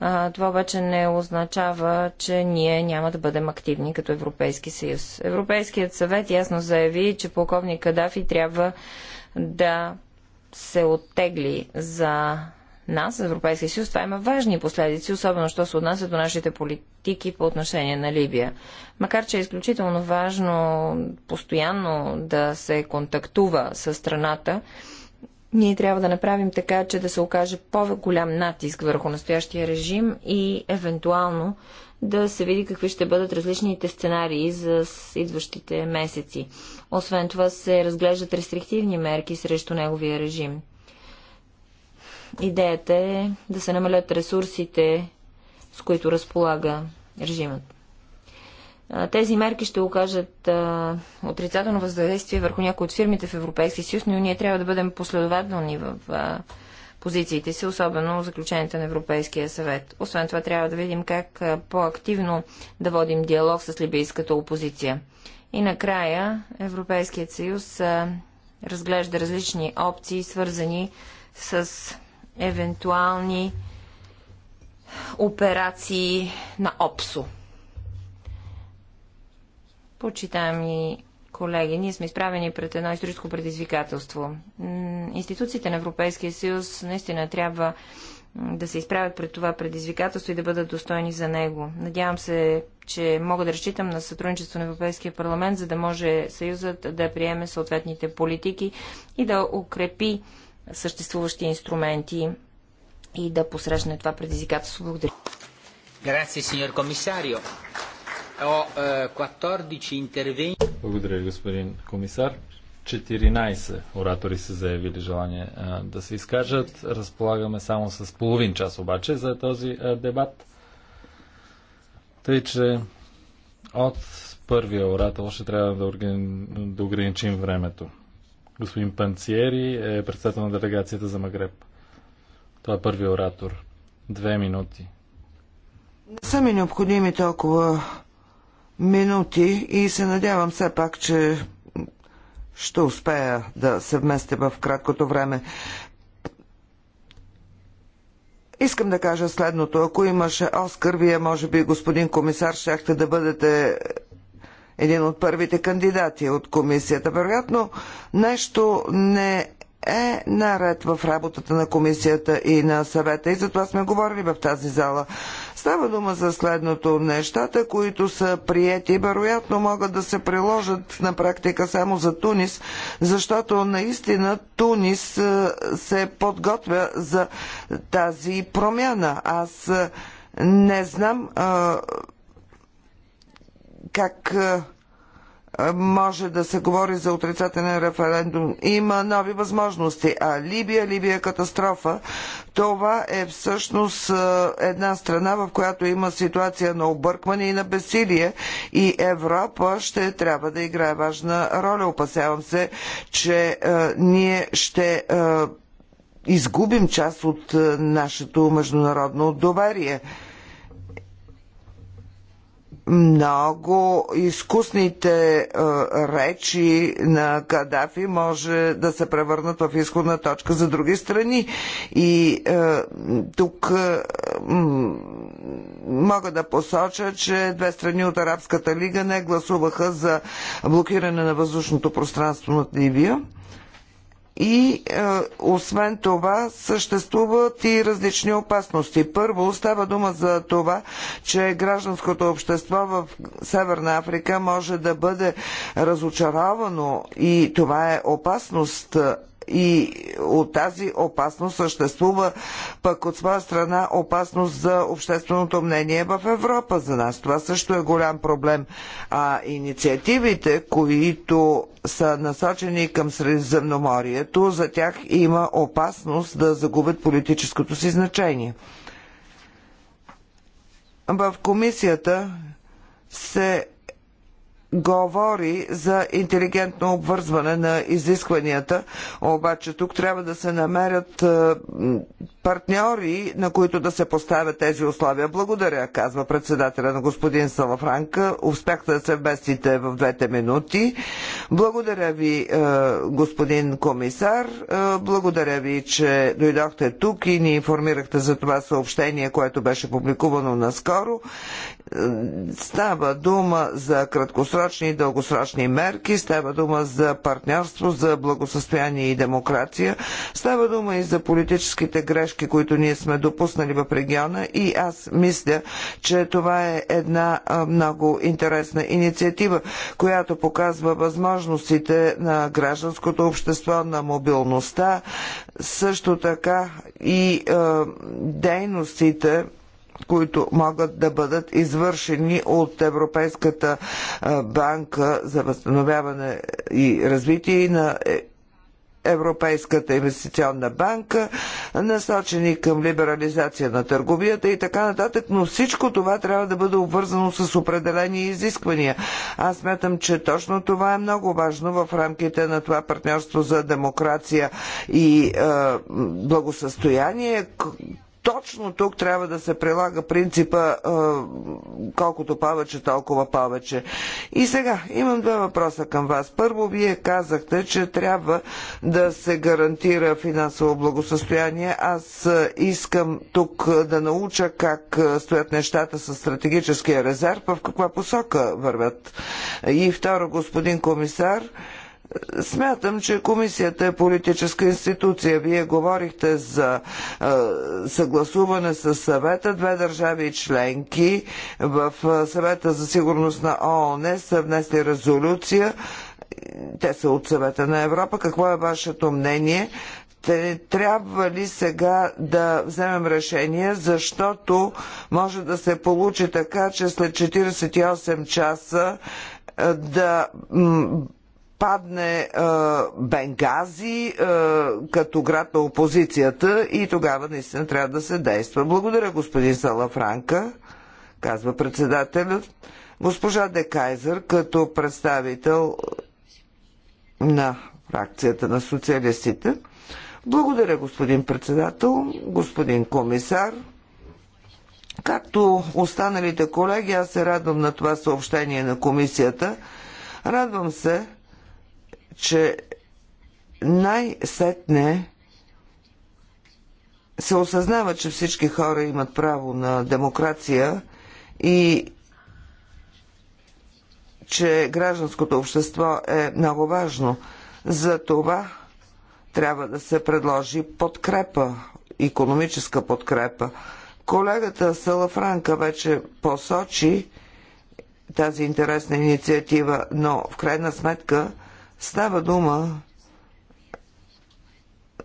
А, това обаче не означава, че ние няма да бъдем активни като Европейски съюз. Европейският съвет ясно заяви, че полковник Кадафи трябва да се оттегли за нас, Европейския съюз, това има важни последици, особено що се отнася до нашите политики по отношение на Либия. Макар, че е изключително важно постоянно да се контактува с страната, ние трябва да направим така, че да се окаже по-голям натиск върху настоящия режим и евентуално да се види какви ще бъдат различните сценарии за идващите месеци. Освен това се разглеждат рестриктивни мерки срещу неговия режим. Идеята е да се намалят ресурсите, с които разполага режимът. Тези мерки ще окажат отрицателно въздействие върху някои от фирмите в Европейския съюз, но ние трябва да бъдем последователни в позициите си, особено заключенията на Европейския съвет. Освен това трябва да видим как по-активно да водим диалог с либийската опозиция. И накрая Европейският съюз разглежда различни опции, свързани с евентуални операции на ОПСО – Почитаеми колеги, ние сме изправени пред едно историческо предизвикателство. Институциите на Европейския съюз наистина трябва да се изправят пред това предизвикателство и да бъдат достойни за него. Надявам се, че мога да разчитам на сътрудничество на Европейския парламент, за да може Съюзът да приеме съответните политики и да укрепи съществуващи инструменти и да посрещне това предизвикателство. Благодаря. Grazie, signor commissario. Eh, Благодаря, господин комисар. 14 оратори са заявили желание да се изкажат. Разполагаме само с половин час обаче за този дебат. Тъй, че от първия оратор ще трябва да, орг... да ограничим времето. Господин Панциери е председател на делегацията за Магреб. Това е първият оратор. Две минути. Не са ми необходими толкова минути и се надявам все пак, че ще успея да се вместя в краткото време. Искам да кажа следното. Ако имаше Оскар, вие, може би, господин комисар, щяхте да бъдете един от първите кандидати от комисията. Вероятно, нещо не е наред в работата на комисията и на съвета и затова сме говорили в тази зала. Става дума за следното. Нещата, които са приети, вероятно могат да се приложат на практика само за Тунис, защото наистина Тунис е, се подготвя за тази промяна. Аз е, не знам е, как може да се говори за отрицателен референдум. Има нови възможности. А Либия, Либия е катастрофа. Това е всъщност една страна, в която има ситуация на объркване и на бесилие. И Европа ще трябва да играе важна роля. Опасявам се, че е, ние ще е, изгубим част от нашето международно доверие много изкусните е, речи на Кадафи може да се превърнат в изходна точка за други страни. И е, тук е, мога да посоча, че две страни от Арабската лига не гласуваха за блокиране на въздушното пространство над Ливия. И е, освен това съществуват и различни опасности. Първо става дума за това, че гражданското общество в Северна Африка може да бъде разочаровано и това е опасност и от тази опасност съществува пък от своя страна опасност за общественото мнение в Европа за нас. Това също е голям проблем. А инициативите, които са насочени към Средиземноморието, за тях има опасност да загубят политическото си значение. В комисията се говори за интелигентно обвързване на изискванията, обаче тук трябва да се намерят е, партньори, на които да се поставят тези условия. Благодаря, казва председателя на господин Салафранка. Успяхте да се вместите в двете минути. Благодаря ви, е, господин комисар. Е, благодаря ви, че дойдохте тук и ни информирахте за това съобщение, което беше публикувано наскоро. Става дума за краткосрочни и дългосрочни мерки, става дума за партньорство, за благосъстояние и демокрация, става дума и за политическите грешки, които ние сме допуснали в региона и аз мисля, че това е една много интересна инициатива, която показва възможностите на гражданското общество, на мобилността, също така и е, дейностите, които могат да бъдат извършени от Европейската банка за възстановяване и развитие на е, Европейската инвестиционна банка, насочени към либерализация на търговията и така нататък, но всичко това трябва да бъде обвързано с определени изисквания. Аз смятам, че точно това е много важно в рамките на това партньорство за демокрация и е, благосъстояние, точно тук трябва да се прилага принципа колкото повече, толкова повече. И сега имам два въпроса към вас. Първо, вие казахте, че трябва да се гарантира финансово благосъстояние. Аз искам тук да науча как стоят нещата с стратегическия резерв, в каква посока вървят. И второ, господин комисар, Смятам, че комисията е политическа институция. Вие говорихте за е, съгласуване с съвета. Две държави членки в съвета за сигурност на ООН са внесли резолюция. Те са от съвета на Европа. Какво е вашето мнение? трябва ли сега да вземем решение, защото може да се получи така, че след 48 часа да падне а, е, Бенгази а, е, като град на опозицията и тогава наистина трябва да се действа. Благодаря, господин Салафранка, казва председателят. Госпожа Декайзер като представител на фракцията на социалистите. Благодаря, господин председател, господин комисар. Както останалите колеги, аз се радвам на това съобщение на комисията. Радвам се, че най-сетне се осъзнава, че всички хора имат право на демокрация и че гражданското общество е много важно. За това трябва да се предложи подкрепа, економическа подкрепа. Колегата Салафранка вече посочи тази интересна инициатива, но в крайна сметка – Става дума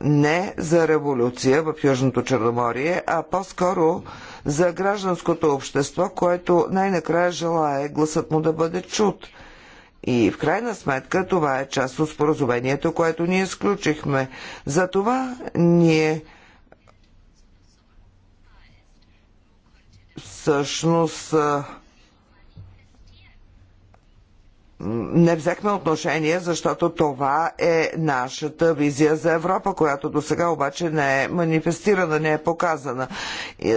не за революция в Южното Черноморие, а по-скоро за гражданското общество, което най-накрая желае гласът му да бъде чут. И в крайна сметка това е част от споразумението, което ние сключихме. Затова ние всъщност не взехме отношение, защото това е нашата визия за Европа, която до сега обаче не е манифестирана, не е показана. Е,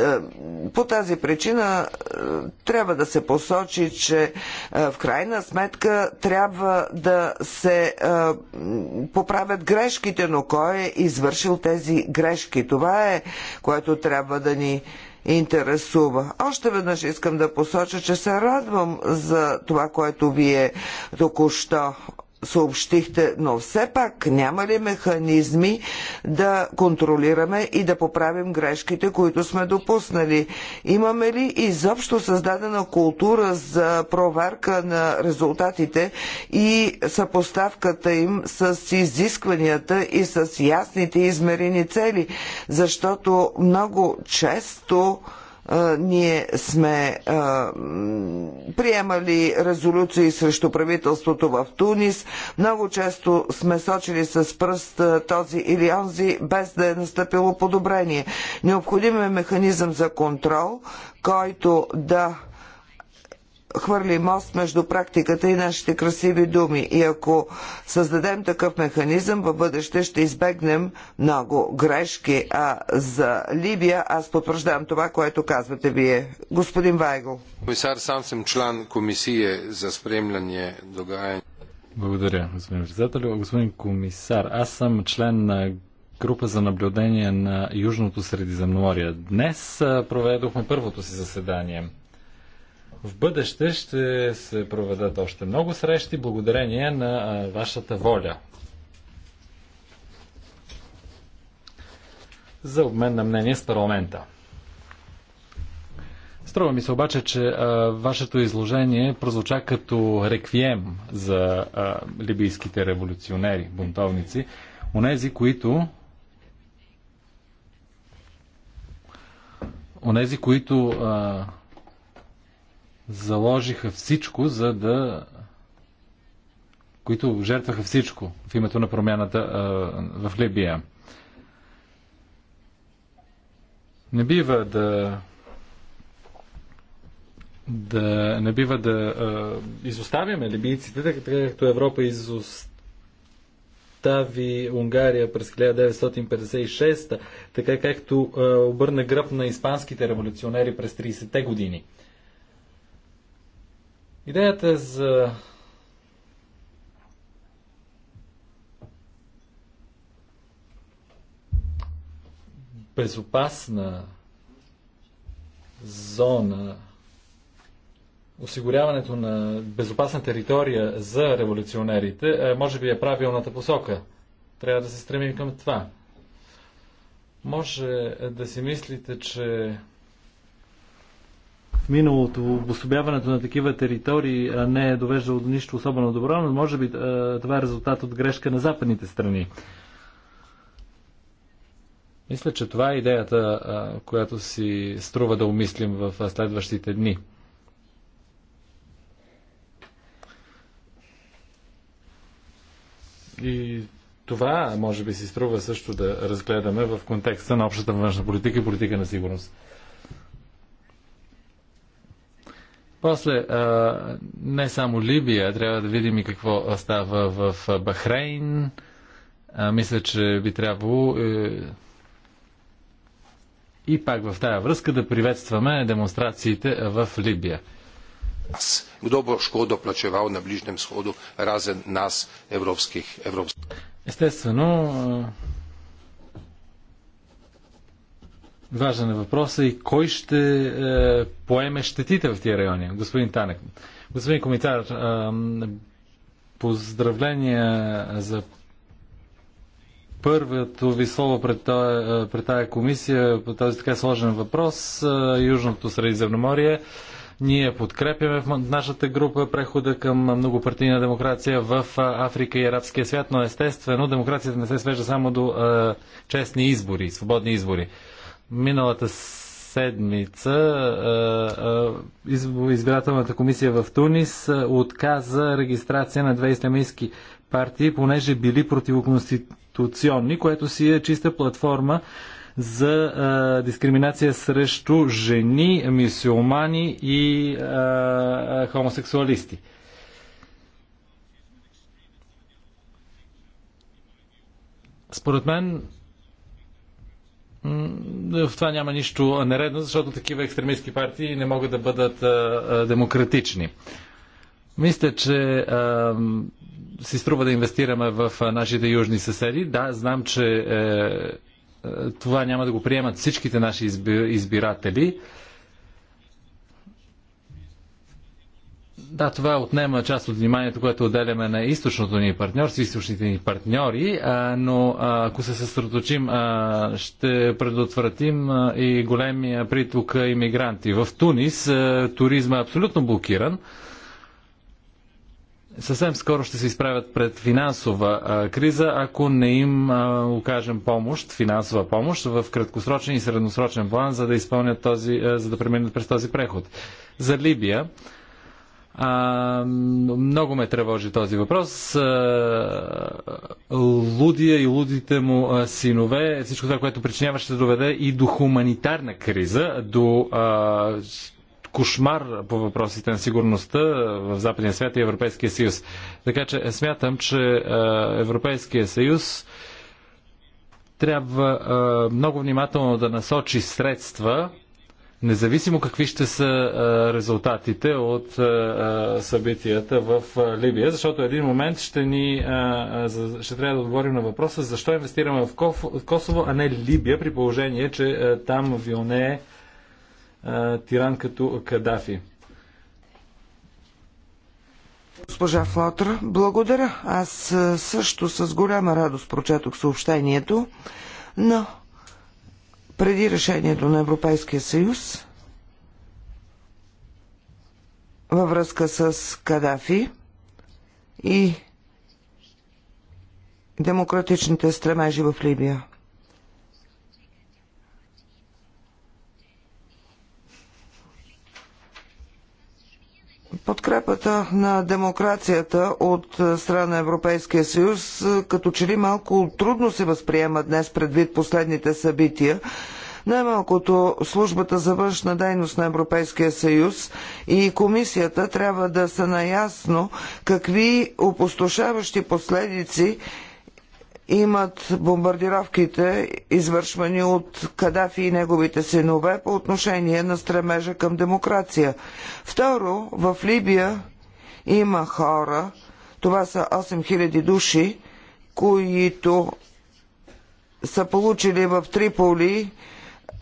по тази причина е, трябва да се посочи, че е, в крайна сметка трябва да се поправят грешките, но кой е извършил тези грешки? Това е, което трябва да ни интересува. Още веднъж искам да посоча, че се радвам за това, което вие току-що съобщихте, но все пак няма ли механизми да контролираме и да поправим грешките, които сме допуснали? Имаме ли изобщо създадена култура за проверка на резултатите и съпоставката им с изискванията и с ясните измерени цели? Защото много често ние сме а, приемали резолюции срещу правителството в Тунис. Много често сме сочили с пръст този или онзи, без да е настъпило подобрение. Необходим е механизъм за контрол, който да хвърли мост между практиката и нашите красиви думи. И ако създадем такъв механизъм, в бъдеще ще избегнем много грешки. А за Либия аз потвърждам това, което казвате вие. Господин Вайгл. Комисар, сам съм член комисия за спремляне догаяния. Благодаря, господин председател. Господин комисар, аз съм член на група за наблюдение на Южното Средиземноморие. Днес проведохме първото си заседание в бъдеще ще се проведат още много срещи благодарение на вашата воля. за обмен на мнение с парламента. Струва ми се обаче, че а, вашето изложение прозвуча като реквием за а, либийските революционери, бунтовници, онези, които онези, които а, заложиха всичко, за да които жертваха всичко в името на промяната в Либия. Не бива да да не бива да изоставяме либийците, така както Европа изостави Унгария през 1956, така както обърна гръб на испанските революционери през 30-те години. Идеята е за безопасна зона, осигуряването на безопасна територия за революционерите, е, може би е правилната посока. Трябва да се стремим към това. Може да си мислите, че миналото обособяването на такива територии не е довеждало до нищо особено добро, но може би това е резултат от грешка на западните страни. Мисля, че това е идеята, която си струва да умислим в следващите дни. И това, може би, си струва също да разгледаме в контекста на общата външна политика и политика на сигурност. После, не само Либия, трябва да видим и какво става в Бахрейн. Мисля, че би трябвало е, и пак в тая връзка да приветстваме демонстрациите в Либия. Kdo bo škodo плачевал на Ближнем сходу, разен нас, evropskih evropskih? Естествено, Важен е въпросът и кой ще е, поеме щетите в тия райони. Господин Танек. Господин комитар, е, поздравления за първото ви слово пред, тая, е, пред тая комисия по този така сложен въпрос. Е, Южното Средиземноморие. Ние подкрепяме в нашата група прехода към многопартийна демокрация в е, Африка и арабския свят, но естествено демокрацията не се свежда само до е, честни избори, свободни избори. Миналата седмица избирателната комисия в Тунис отказа регистрация на две ислямистски партии, понеже били противоконституционни, което си е чиста платформа за а, дискриминация срещу жени, мисиомани и а, хомосексуалисти. Според мен в това няма нищо нередно, защото такива екстремистски партии не могат да бъдат демократични. Мисля, че а, си струва да инвестираме в нашите южни съседи. Да, знам, че е, е, това няма да го приемат всичките наши избиратели. Да, това отнема част от вниманието, което отделяме на източното ни партньорство, източните ни партньори, а, но а, ако се съсредоточим, ще предотвратим а, и големия приток иммигранти. В Тунис а, туризма е абсолютно блокиран. Съвсем скоро ще се изправят пред финансова а, криза, ако не им а, окажем помощ, финансова помощ в краткосрочен и средносрочен план, за да изпълнят този, а, за да преминат през този преход. За Либия а, много ме тревожи този въпрос. Лудия и лудите му синове, всичко това, което причинява, ще доведе и до хуманитарна криза, до а, кошмар по въпросите на сигурността в Западния свят и Европейския съюз. Така че е, смятам, че Европейския съюз трябва много внимателно да насочи средства Независимо какви ще са резултатите от събитията в Либия, защото един момент ще, ни, ще трябва да отговорим на въпроса защо инвестираме в Косово, а не Либия, при положение, че там вилне е тиран като Кадафи. Госпожа Флотър, благодаря. Аз също с голяма радост прочетох съобщението, но преди решението на Европейския съюз във връзка с Кадафи и демократичните стремежи в Либия. Подкрепата на демокрацията от страна на Европейския съюз като че ли малко трудно се възприема днес предвид последните събития. Най-малкото службата за външна дейност на Европейския съюз и комисията трябва да са наясно какви опустошаващи последици имат бомбардировките, извършвани от Кадафи и неговите синове по отношение на стремежа към демокрация. Второ, в Либия има хора, това са 8000 души, които са получили в Триполи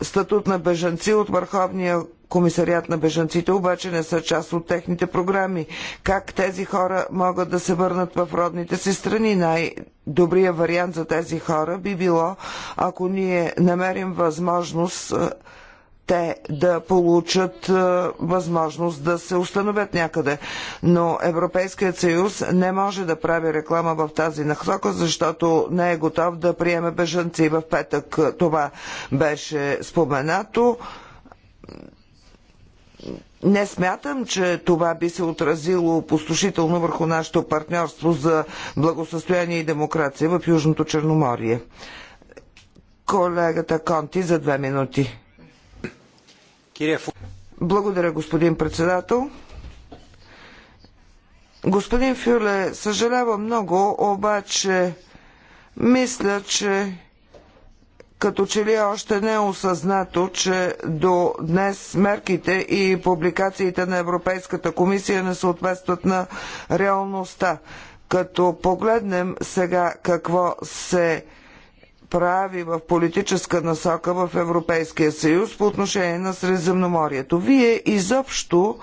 статут на бежанци от Върховния комисариат на бежанците, обаче не са част от техните програми. Как тези хора могат да се върнат в родните си страни? Най-добрият вариант за тези хора би било, ако ние намерим възможност те да получат е, възможност да се установят някъде. Но Европейският съюз не може да прави реклама в тази насока, защото не е готов да приеме бежанци. В петък е, това беше споменато. Не смятам, че това би се отразило опустошително върху нашето партньорство за благосъстояние и демокрация в Южното Черноморие. Колегата Конти за две минути. Благодаря, господин председател. Господин Фюле, съжалявам много, обаче мисля, че като че ли е още не е осъзнато, че до днес мерките и публикациите на Европейската комисия не съответстват на реалността. Като погледнем сега какво се прави в политическа насока в Европейския съюз по отношение на Средиземноморието. Вие изобщо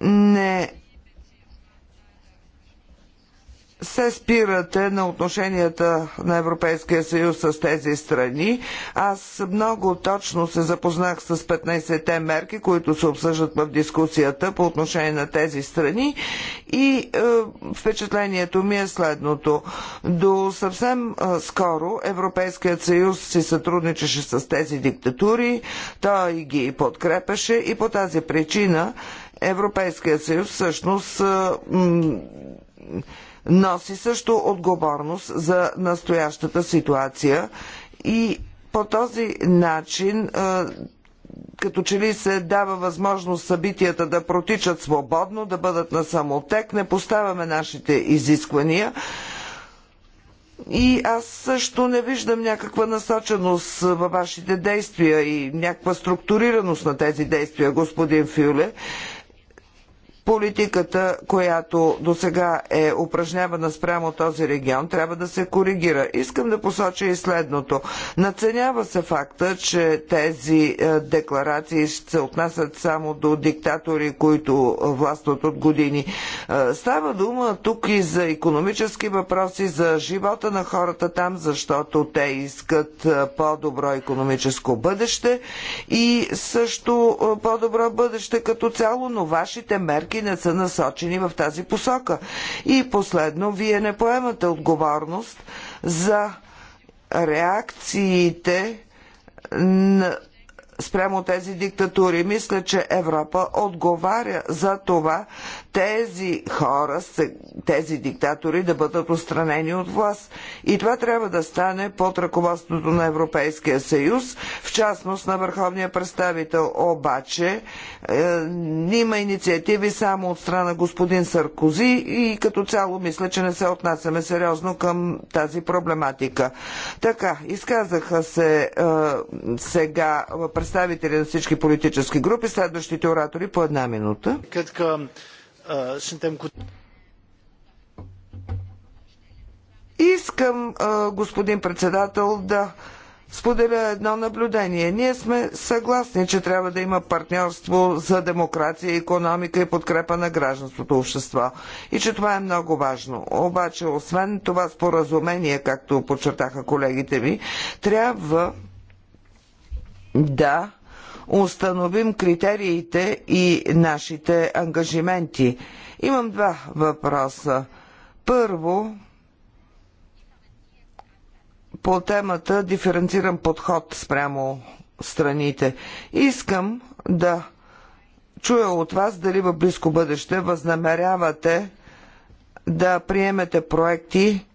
не се спирате на отношенията на Европейския съюз с тези страни. Аз много точно се запознах с 15-те мерки, които се обсъждат в дискусията по отношение на тези страни и е, впечатлението ми е следното. До съвсем е, скоро Европейският съюз си сътрудничеше с тези диктатури, той ги подкрепеше и по тази причина Европейският съюз всъщност е, носи също отговорност за настоящата ситуация и по този начин като че ли се дава възможност събитията да протичат свободно, да бъдат на самотек, не поставяме нашите изисквания. И аз също не виждам някаква насоченост във вашите действия и някаква структурираност на тези действия, господин Фюле политиката, която до сега е упражнявана спрямо този регион, трябва да се коригира. Искам да посоча и следното. Наценява се факта, че тези е, декларации се отнасят само до диктатори, които властват от години. Е, става дума тук и за економически въпроси, за живота на хората там, защото те искат е, по-добро економическо бъдеще и също по-добро бъдеще като цяло, но вашите мерки мерки не са насочени в тази посока. И последно, вие не поемате отговорност за реакциите на спрямо тези диктатури. Мисля, че Европа отговаря за това, тези хора, тези диктатори да бъдат отстранени от власт. И това трябва да стане под ръководството на Европейския съюз, в частност на върховния представител. Обаче е, има инициативи само от страна господин Саркози и като цяло мисля, че не се отнасяме сериозно към тази проблематика. Така, изказаха се е, сега представители на всички политически групи, следващите оратори по една минута suntem cu Искам, господин председател, да споделя едно наблюдение. Ние сме съгласни, че трябва да има партньорство за демокрация, економика и подкрепа на гражданското общество. И че това е много важно. Обаче, освен това споразумение, както подчертаха колегите ми, трябва да установим критериите и нашите ангажименти. Имам два въпроса. Първо, по темата диференциран подход спрямо страните. Искам да чуя от вас дали в близко бъдеще възнамерявате да приемете проекти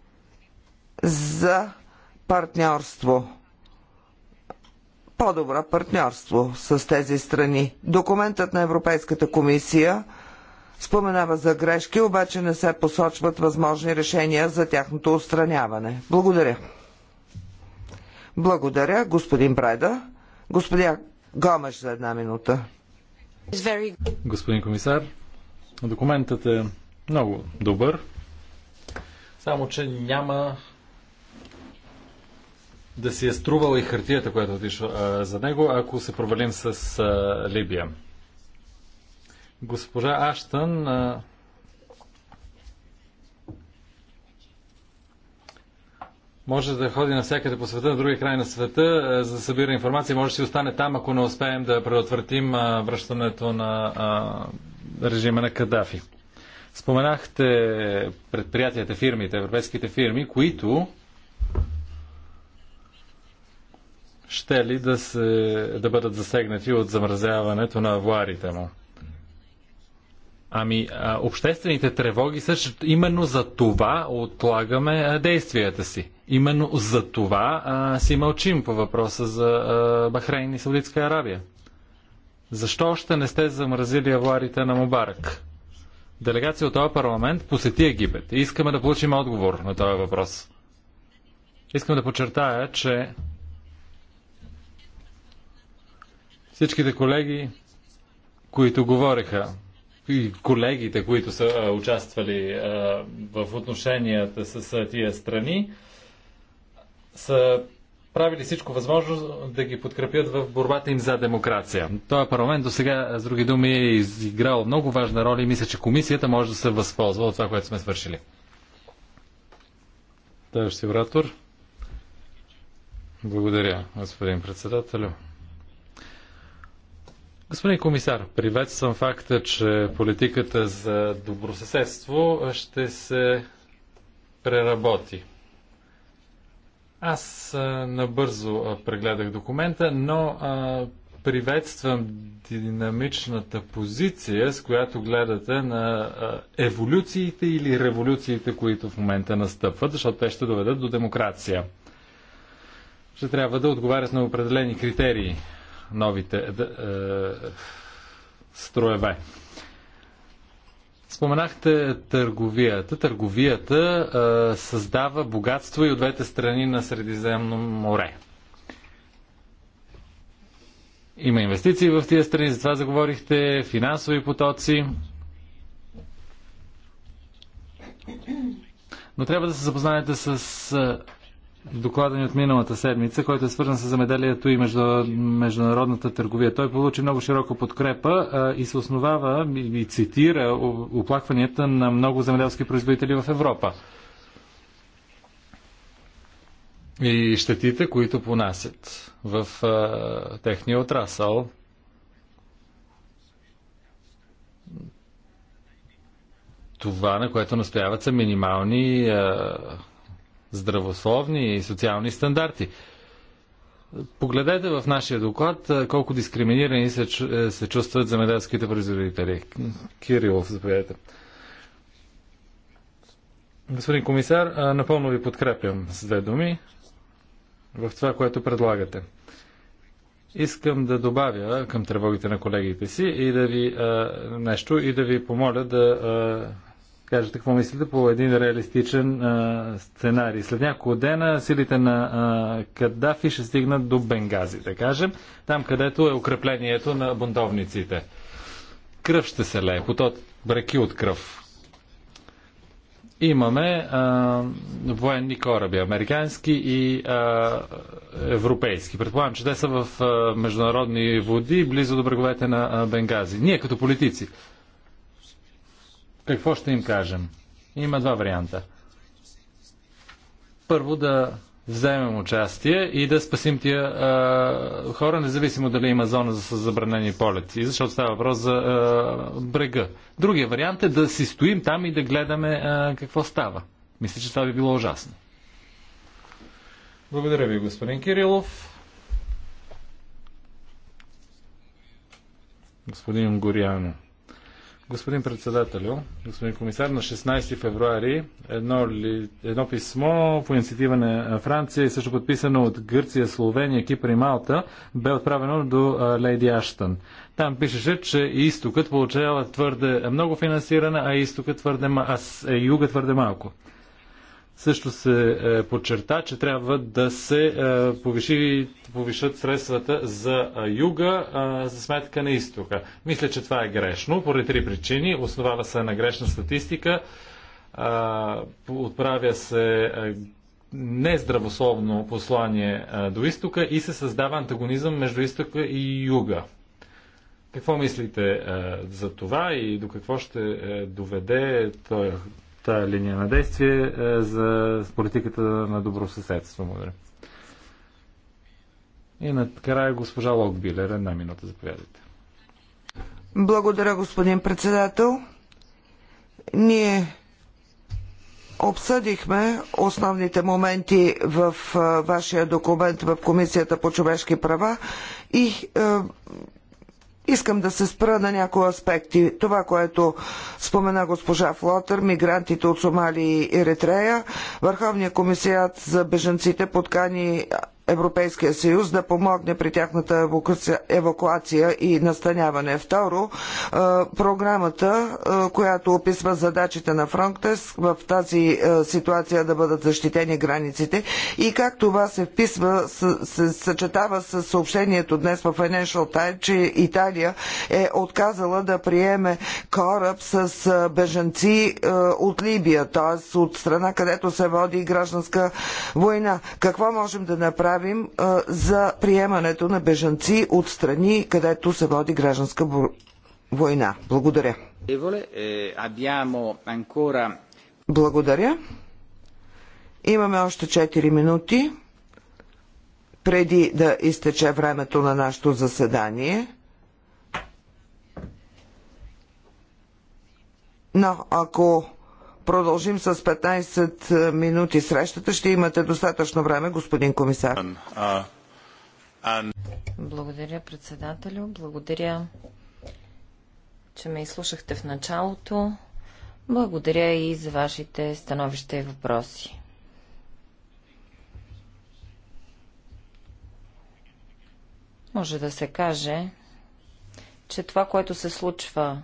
за партньорство по-добро партньорство с тези страни. Документът на Европейската комисия споменава за грешки, обаче не се посочват възможни решения за тяхното устраняване. Благодаря. Благодаря, господин Брайда. Господин Гомеш за една минута. Господин комисар, документът е много добър, само че няма да си е струвала и хартията, която отишла за него, ако се провалим с а, Либия. Госпожа Аштън а, може да ходи навсякъде по света, на другия край на света, а, за да събира информация. Може да си остане там, ако не успеем да предотвратим а, връщането на а, режима на Кадафи. Споменахте предприятията, фирмите, европейските фирми, които ще ли да, се, да бъдат засегнати от замразяването на авуарите му? Ами, обществените тревоги също именно за това отлагаме действията си. Именно за това а, си мълчим по въпроса за а, Бахрейн и Саудитска Арабия. Защо още не сте замразили аварите на Мубарак? Делегация от този парламент посети Египет и искаме да получим отговор на този въпрос. Искам да подчертая, че Всичките колеги, които говореха, и колегите, които са участвали в отношенията с тия страни, са правили всичко възможно да ги подкрепят в борбата им за демокрация. Този парламент до сега, с други думи, е изиграл много важна роля и мисля, че комисията може да се възползва от това, което сме свършили. си оратор. Благодаря, господин председателю. Господин комисар, приветствам факта, че политиката за добросъседство ще се преработи. Аз набързо прегледах документа, но а, приветствам динамичната позиция, с която гледате на еволюциите или революциите, които в момента настъпват, защото те ще доведат до демокрация. Ще трябва да отговарят на определени критерии новите е, е, строеве. Споменахте търговията. Търговията е, създава богатство и от двете страни на Средиземно море. Има инвестиции в тия страни, за това заговорихте, финансови потоци. Но трябва да се запознаете с е, доклада ни от миналата седмица, който е свързан с замеделието и между, международната търговия. Той получи много широка подкрепа а, и се основава и цитира оплакванията на много земеделски производители в Европа. И щетите, които понасят в а, техния отрасъл. Това, на което настояват, са минимални а, здравословни и социални стандарти. Погледайте в нашия доклад колко дискриминирани се, е, се чувстват земеделските производители. Кирилов, заповядайте. Господин комисар, напълно ви подкрепям с две думи в това, което предлагате. Искам да добавя към тревогите на колегите си и да ви а, нещо и да ви помоля да а, кажете какво мислите по един реалистичен а, сценарий. След няколко дена силите на а, Каддафи ще стигнат до Бенгази, да кажем, там където е укреплението на бунтовниците. Кръв ще се лее, от бреки от кръв. Имаме а, военни кораби, американски и а, европейски. Предполагам, че те са в а, международни води, близо до бреговете на а, Бенгази. Ние като политици какво ще им кажем? Има два варианта. Първо да вземем участие и да спасим тия а, хора, независимо дали има зона за забранени полети, защото става въпрос за а, брега. Другия вариант е да си стоим там и да гледаме а, какво става. Мисля, че това би било ужасно. Благодаря ви, господин Кирилов. Господин Горяно. Господин председателю, господин комисар, на 16 февруари едно, ли, едно писмо по инициатива на Франция и е също подписано от Гърция, Словения, Кипър и Малта бе отправено до Лейди Аштън. Там пишеше, че изтокът получава твърде много финансиране, а изтокът твърде, а е, юга твърде малко. Също се е, подчерта, че трябва да се е, повиши, повишат средствата за е, юга е, за сметка на изтока. Мисля, че това е грешно поради три причини. Основава се на грешна статистика. Е, отправя се е, нездравословно послание до изтока и се създава антагонизъм между изтока и юга. Какво мислите за това и до какво ще доведе този Тая линия на действие е, за политиката на добросъседство. Благодаря. И на края госпожа Локбилер, една минута, заповядайте. Благодаря, господин председател. Ние обсъдихме основните моменти в е, вашия документ в Комисията по човешки права и е, Искам да се спра на някои аспекти. Това, което спомена госпожа Флотър, мигрантите от Сомали и Еритрея, Върховният комисият за беженците подкани Европейския съюз да помогне при тяхната евакуация и настаняване. Второ, е, програмата, е, която описва задачите на Фронтекс в тази е, ситуация да бъдат защитени границите и как това се вписва, се съчетава с съобщението днес в Financial Times, че Италия е отказала да приеме кораб с бежанци от Либия, т.е. от страна, където се води гражданска война. Какво можем да направим? правим за приемането на бежанци от страни, където се води гражданска война? Благодаря. Благодаря. Имаме още 4 минути преди да изтече времето на нашето заседание. Но ако продължим с 15 е, минути срещата. Ще имате достатъчно време, господин комисар. Uh, Благодаря, председателю. Благодаря, че ме изслушахте в началото. Благодаря и за вашите становища и въпроси. Може да се каже, че това, което се случва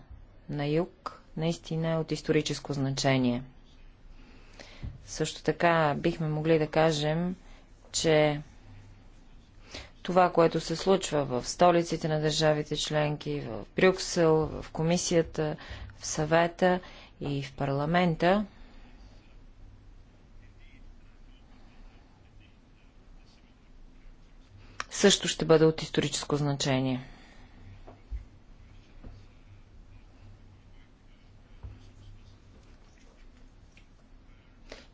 на юг, наистина е от историческо значение. Също така бихме могли да кажем, че това, което се случва в столиците на държавите членки, в Брюксел, в комисията, в съвета и в парламента, също ще бъде от историческо значение.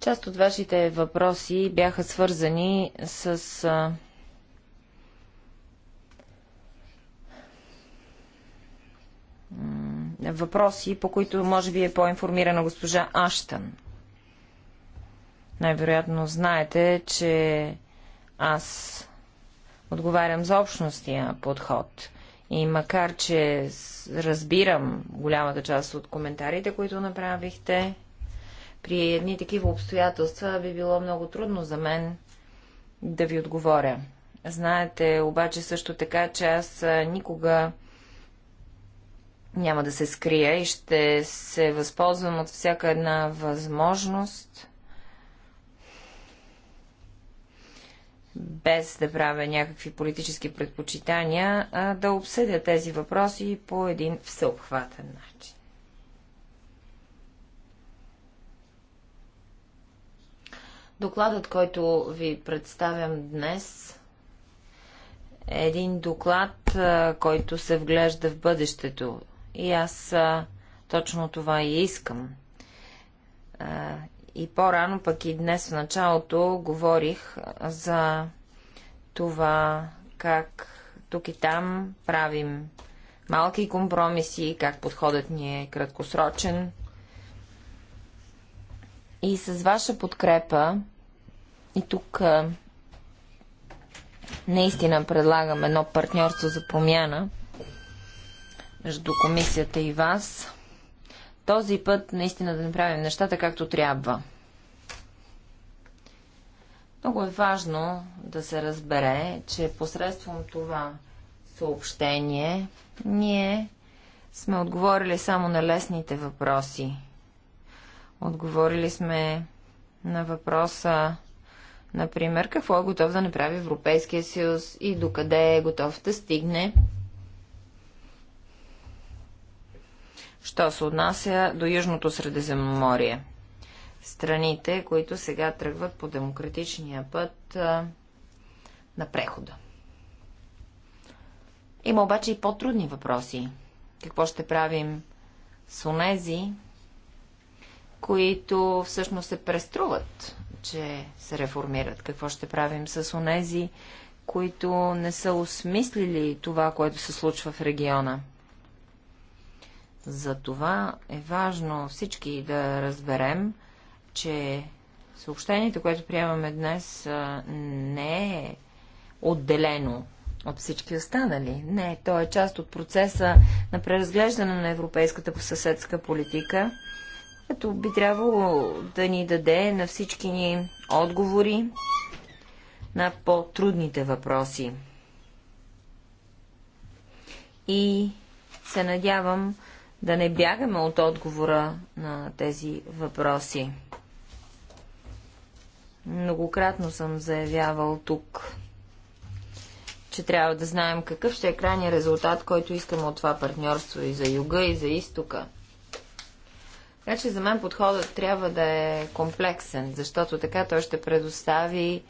Част от вашите въпроси бяха свързани с въпроси, по които може би е по-информирана госпожа Аштън. Най-вероятно знаете, че аз отговарям за общностния подход. И макар, че разбирам голямата част от коментарите, които направихте, при едни такива обстоятелства би било много трудно за мен да ви отговоря. Знаете обаче също така, че аз никога няма да се скрия и ще се възползвам от всяка една възможност, без да правя някакви политически предпочитания, да обсъдя тези въпроси по един всеобхватен начин. Докладът, който ви представям днес, е един доклад, който се вглежда в бъдещето. И аз точно това и искам. И по-рано, пък и днес в началото, говорих за това как тук и там правим малки компромиси, как подходът ни е краткосрочен. И с ваша подкрепа и тук наистина предлагам едно партньорство за промяна между комисията и вас. Този път наистина да направим нещата както трябва. Много е важно да се разбере, че посредством това съобщение ние сме отговорили само на лесните въпроси. Отговорили сме на въпроса Например, какво е готов да направи Европейския съюз и докъде е готов да стигне, що се отнася до Южното Средиземноморие. Страните, които сега тръгват по демократичния път а, на прехода. Има обаче и по-трудни въпроси. Какво ще правим с онези, които всъщност се преструват че се реформират? Какво ще правим с онези, които не са осмислили това, което се случва в региона? Затова е важно всички да разберем, че съобщението, което приемаме днес, не е отделено от всички останали. Не, то е част от процеса на преразглеждане на европейската съседска политика като би трябвало да ни даде на всички ни отговори на по-трудните въпроси. И се надявам да не бягаме от отговора на тези въпроси. Многократно съм заявявал тук, че трябва да знаем какъв ще е крайният резултат, който искаме от това партньорство и за юга, и за изтока – така че за мен подходът трябва да е комплексен, защото така той ще предостави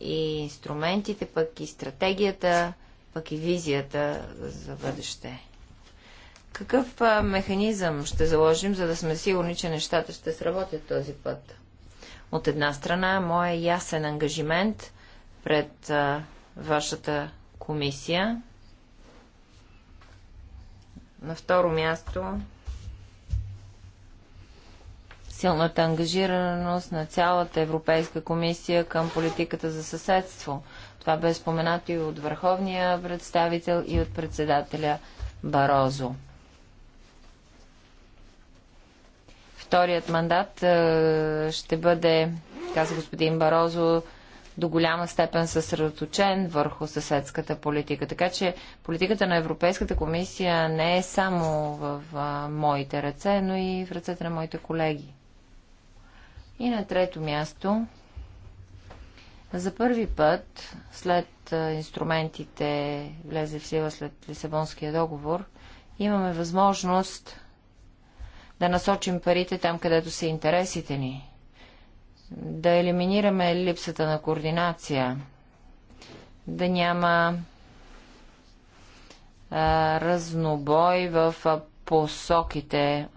и инструментите, пък и стратегията, пък и визията за бъдеще. Какъв механизъм ще заложим, за да сме сигурни, че нещата ще сработят този път? От една страна, моят ясен ангажимент пред а, вашата комисия. На второ място, силната ангажираност на цялата Европейска комисия към политиката за съседство. Това бе споменато и от върховния представител и от председателя Барозо. Вторият мандат е, ще бъде, каза господин Барозо, до голяма степен съсредоточен върху съседската политика. Така че политиката на Европейската комисия не е само в моите ръце, но и в ръцете на моите колеги. И на трето място, за първи път, след инструментите влезе в сила след Лисабонския договор, имаме възможност да насочим парите там, където са интересите ни, да елиминираме липсата на координация, да няма а, разнобой в а, посоките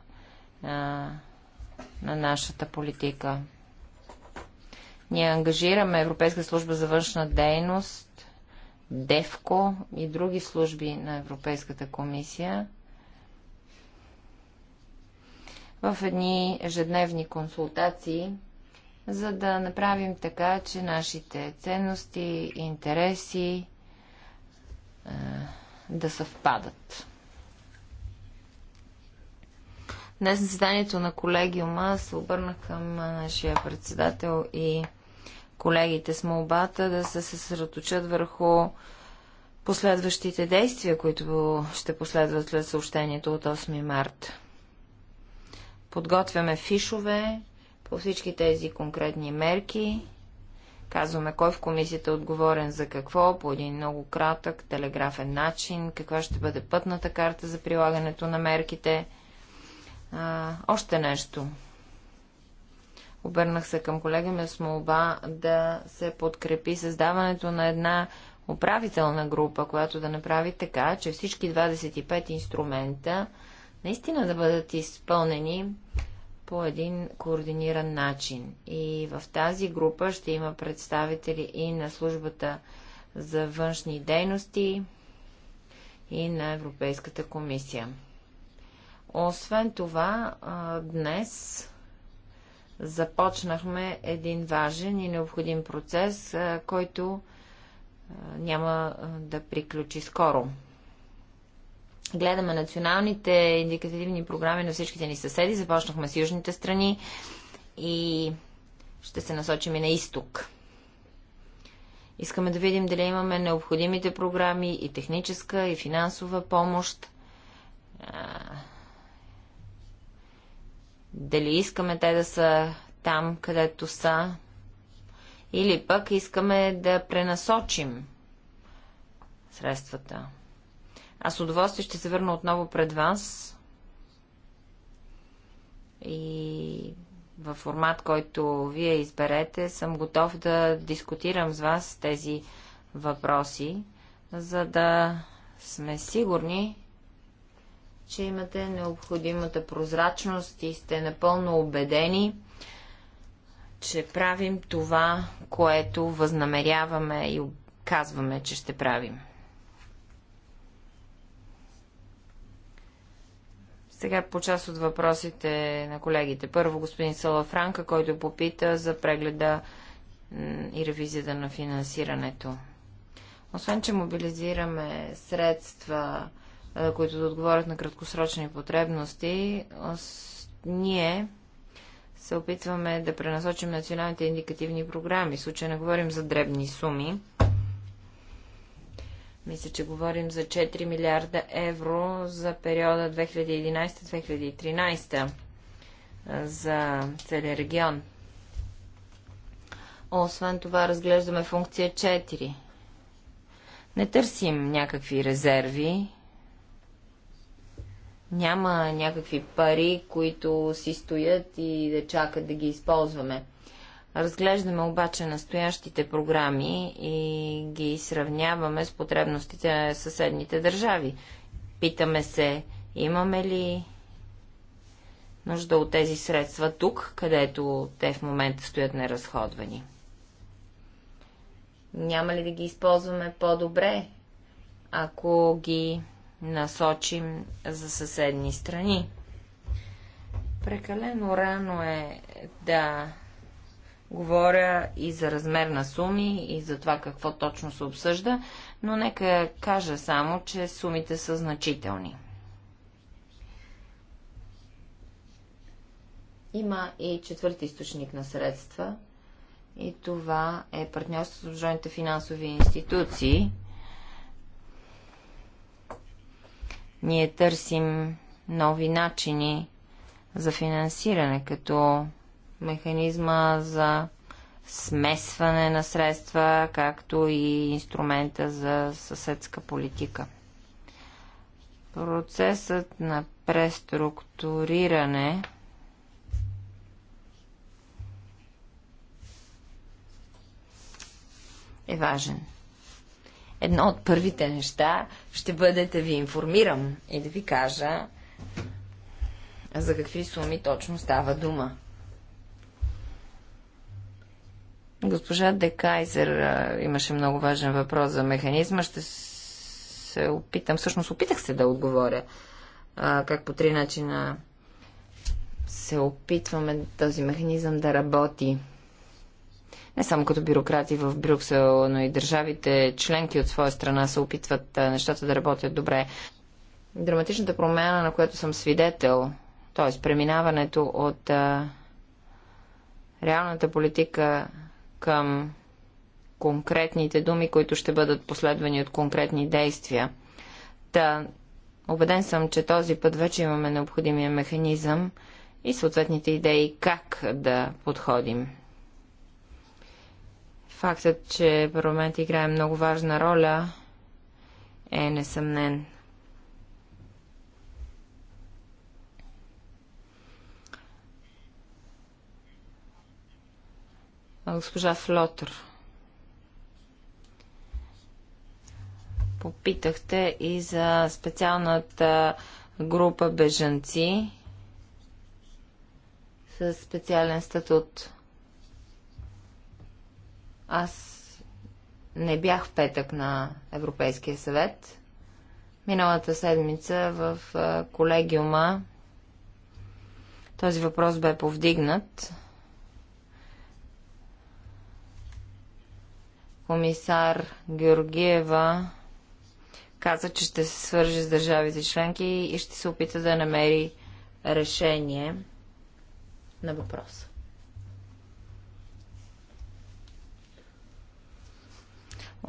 а, на нашата политика. Ние ангажираме Европейска служба за външна дейност, ДЕВКО и други служби на Европейската комисия в едни ежедневни консултации, за да направим така, че нашите ценности и интереси да съвпадат. Днес на заседанието на колегиума се обърна към нашия председател и колегите с молбата да се съсредоточат върху последващите действия, които ще последват след съобщението от 8 март. Подготвяме фишове по всички тези конкретни мерки. Казваме кой в комисията е отговорен за какво, по един много кратък, телеграфен начин, каква ще бъде пътната карта за прилагането на мерките – а, още нещо. Обърнах се към колега ми с молба да се подкрепи създаването на една управителна група, която да направи така, че всички 25 инструмента наистина да бъдат изпълнени по един координиран начин. И в тази група ще има представители и на службата за външни дейности и на Европейската комисия. Освен това, днес започнахме един важен и необходим процес, който няма да приключи скоро. Гледаме националните индикативни програми на всичките ни съседи. Започнахме с южните страни и ще се насочим и на изток. Искаме да видим дали имаме необходимите програми и техническа, и финансова помощ дали искаме те да са там, където са, или пък искаме да пренасочим средствата. Аз с удоволствие ще се върна отново пред вас и във формат, който вие изберете, съм готов да дискутирам с вас тези въпроси, за да сме сигурни, че имате необходимата прозрачност и сте напълно убедени, че правим това, което възнамеряваме и казваме, че ще правим. Сега по част от въпросите на колегите. Първо господин Салафранка, който попита за прегледа и ревизията на финансирането. Освен, че мобилизираме средства които да отговорят на краткосрочни потребности, ние се опитваме да пренасочим националните индикативни програми. В случай не говорим за дребни суми. Мисля, че говорим за 4 милиарда евро за периода 2011-2013 за целия регион. Освен това разглеждаме функция 4. Не търсим някакви резерви, няма някакви пари, които си стоят и да чакат да ги използваме. Разглеждаме обаче настоящите програми и ги сравняваме с потребностите на съседните държави. Питаме се, имаме ли нужда от тези средства тук, където те в момента стоят неразходвани? Няма ли да ги използваме по-добре, ако ги насочим за съседни страни. Прекалено рано е да говоря и за размер на суми, и за това какво точно се обсъжда, но нека кажа само, че сумите са значителни. Има и четвърти източник на средства, и това е партньорството с международните финансови институции – Ние търсим нови начини за финансиране, като механизма за смесване на средства, както и инструмента за съседска политика. Процесът на преструктуриране е важен едно от първите неща ще бъде да ви информирам и да ви кажа за какви суми точно става дума. Госпожа Декайзер имаше много важен въпрос за механизма. Ще се опитам, всъщност опитах се да отговоря как по три начина се опитваме този механизъм да работи не само като бюрократи в Брюксел, но и държавите членки от своя страна се опитват нещата да работят добре. Драматичната промяна, на която съм свидетел, т.е. преминаването от а, реалната политика към конкретните думи, които ще бъдат последвани от конкретни действия. Та, убеден съм, че този път вече имаме необходимия механизъм и съответните идеи как да подходим. Фактът, че парламент играе много важна роля е несъмнен. Госпожа Флотър. Попитахте и за специалната група бежанци със специален статут. Аз не бях в петък на Европейския съвет. Миналата седмица в колегиума този въпрос бе повдигнат. Комисар Георгиева каза, че ще се свържи с държавите членки и ще се опита да намери решение на въпроса.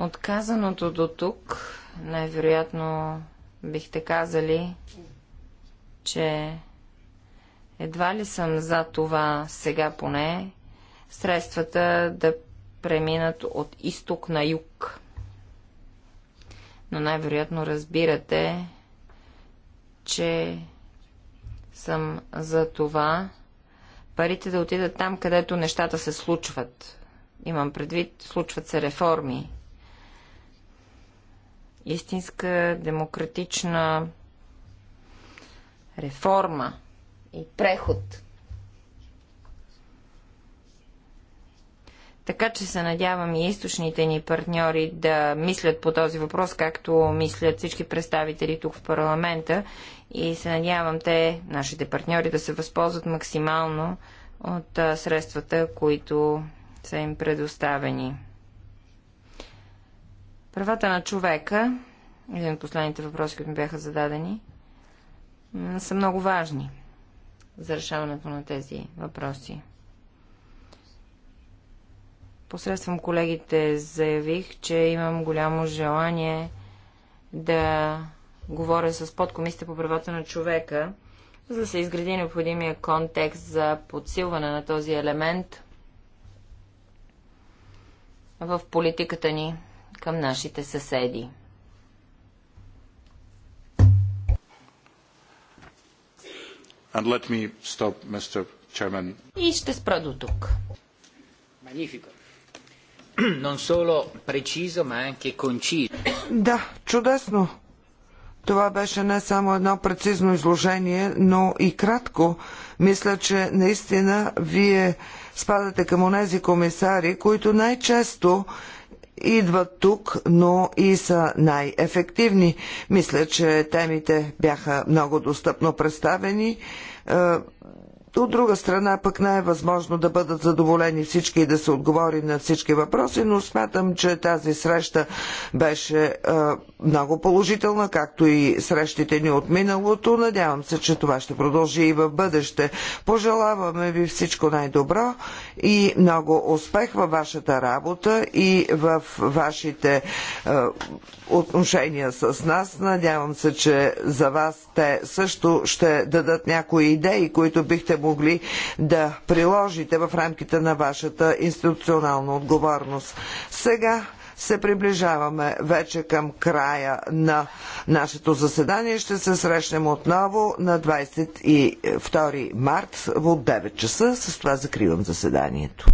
Отказаното до тук, най-вероятно бихте казали, че едва ли съм за това сега поне средствата да преминат от изток на юг. Но най-вероятно разбирате, че съм за това парите да отидат там, където нещата се случват. Имам предвид, случват се реформи истинска демократична реформа и преход. Така че се надявам и източните ни партньори да мислят по този въпрос, както мислят всички представители тук в парламента и се надявам те, нашите партньори, да се възползват максимално от средствата, които са им предоставени. Правата на човека, един от последните въпроси, които ми бяха зададени, са много важни за решаването на тези въпроси. Посредством колегите заявих, че имам голямо желание да говоря с подкомисията по правата на човека, за да се изгради необходимия контекст за подсилване на този елемент в политиката ни към нашите съседи. And let me stop, Mr. Chairman. И ще спра до тук. Non solo preciso, ma anche conciso. Да, чудесно. Това беше не само едно прецизно изложение, но и кратко. Мисля, че наистина вие спадате към онези комисари, които най-често идват тук, но и са най-ефективни. Мисля, че темите бяха много достъпно представени е, от друга страна пък не е възможно да бъдат задоволени всички и да се отговори на всички въпроси, но смятам, че тази среща беше е, много положителна, както и срещите ни от миналото. Надявам се, че това ще продължи и в бъдеще. Пожелаваме ви всичко най-добро и много успех във вашата работа и в вашите е, отношения с нас. Надявам се, че за вас те също ще дадат някои идеи, които бихте могли да приложите в рамките на вашата институционална отговорност. Сега се приближаваме вече към края на нашето заседание. Ще се срещнем отново на 22 март в 9 часа. С това закривам заседанието.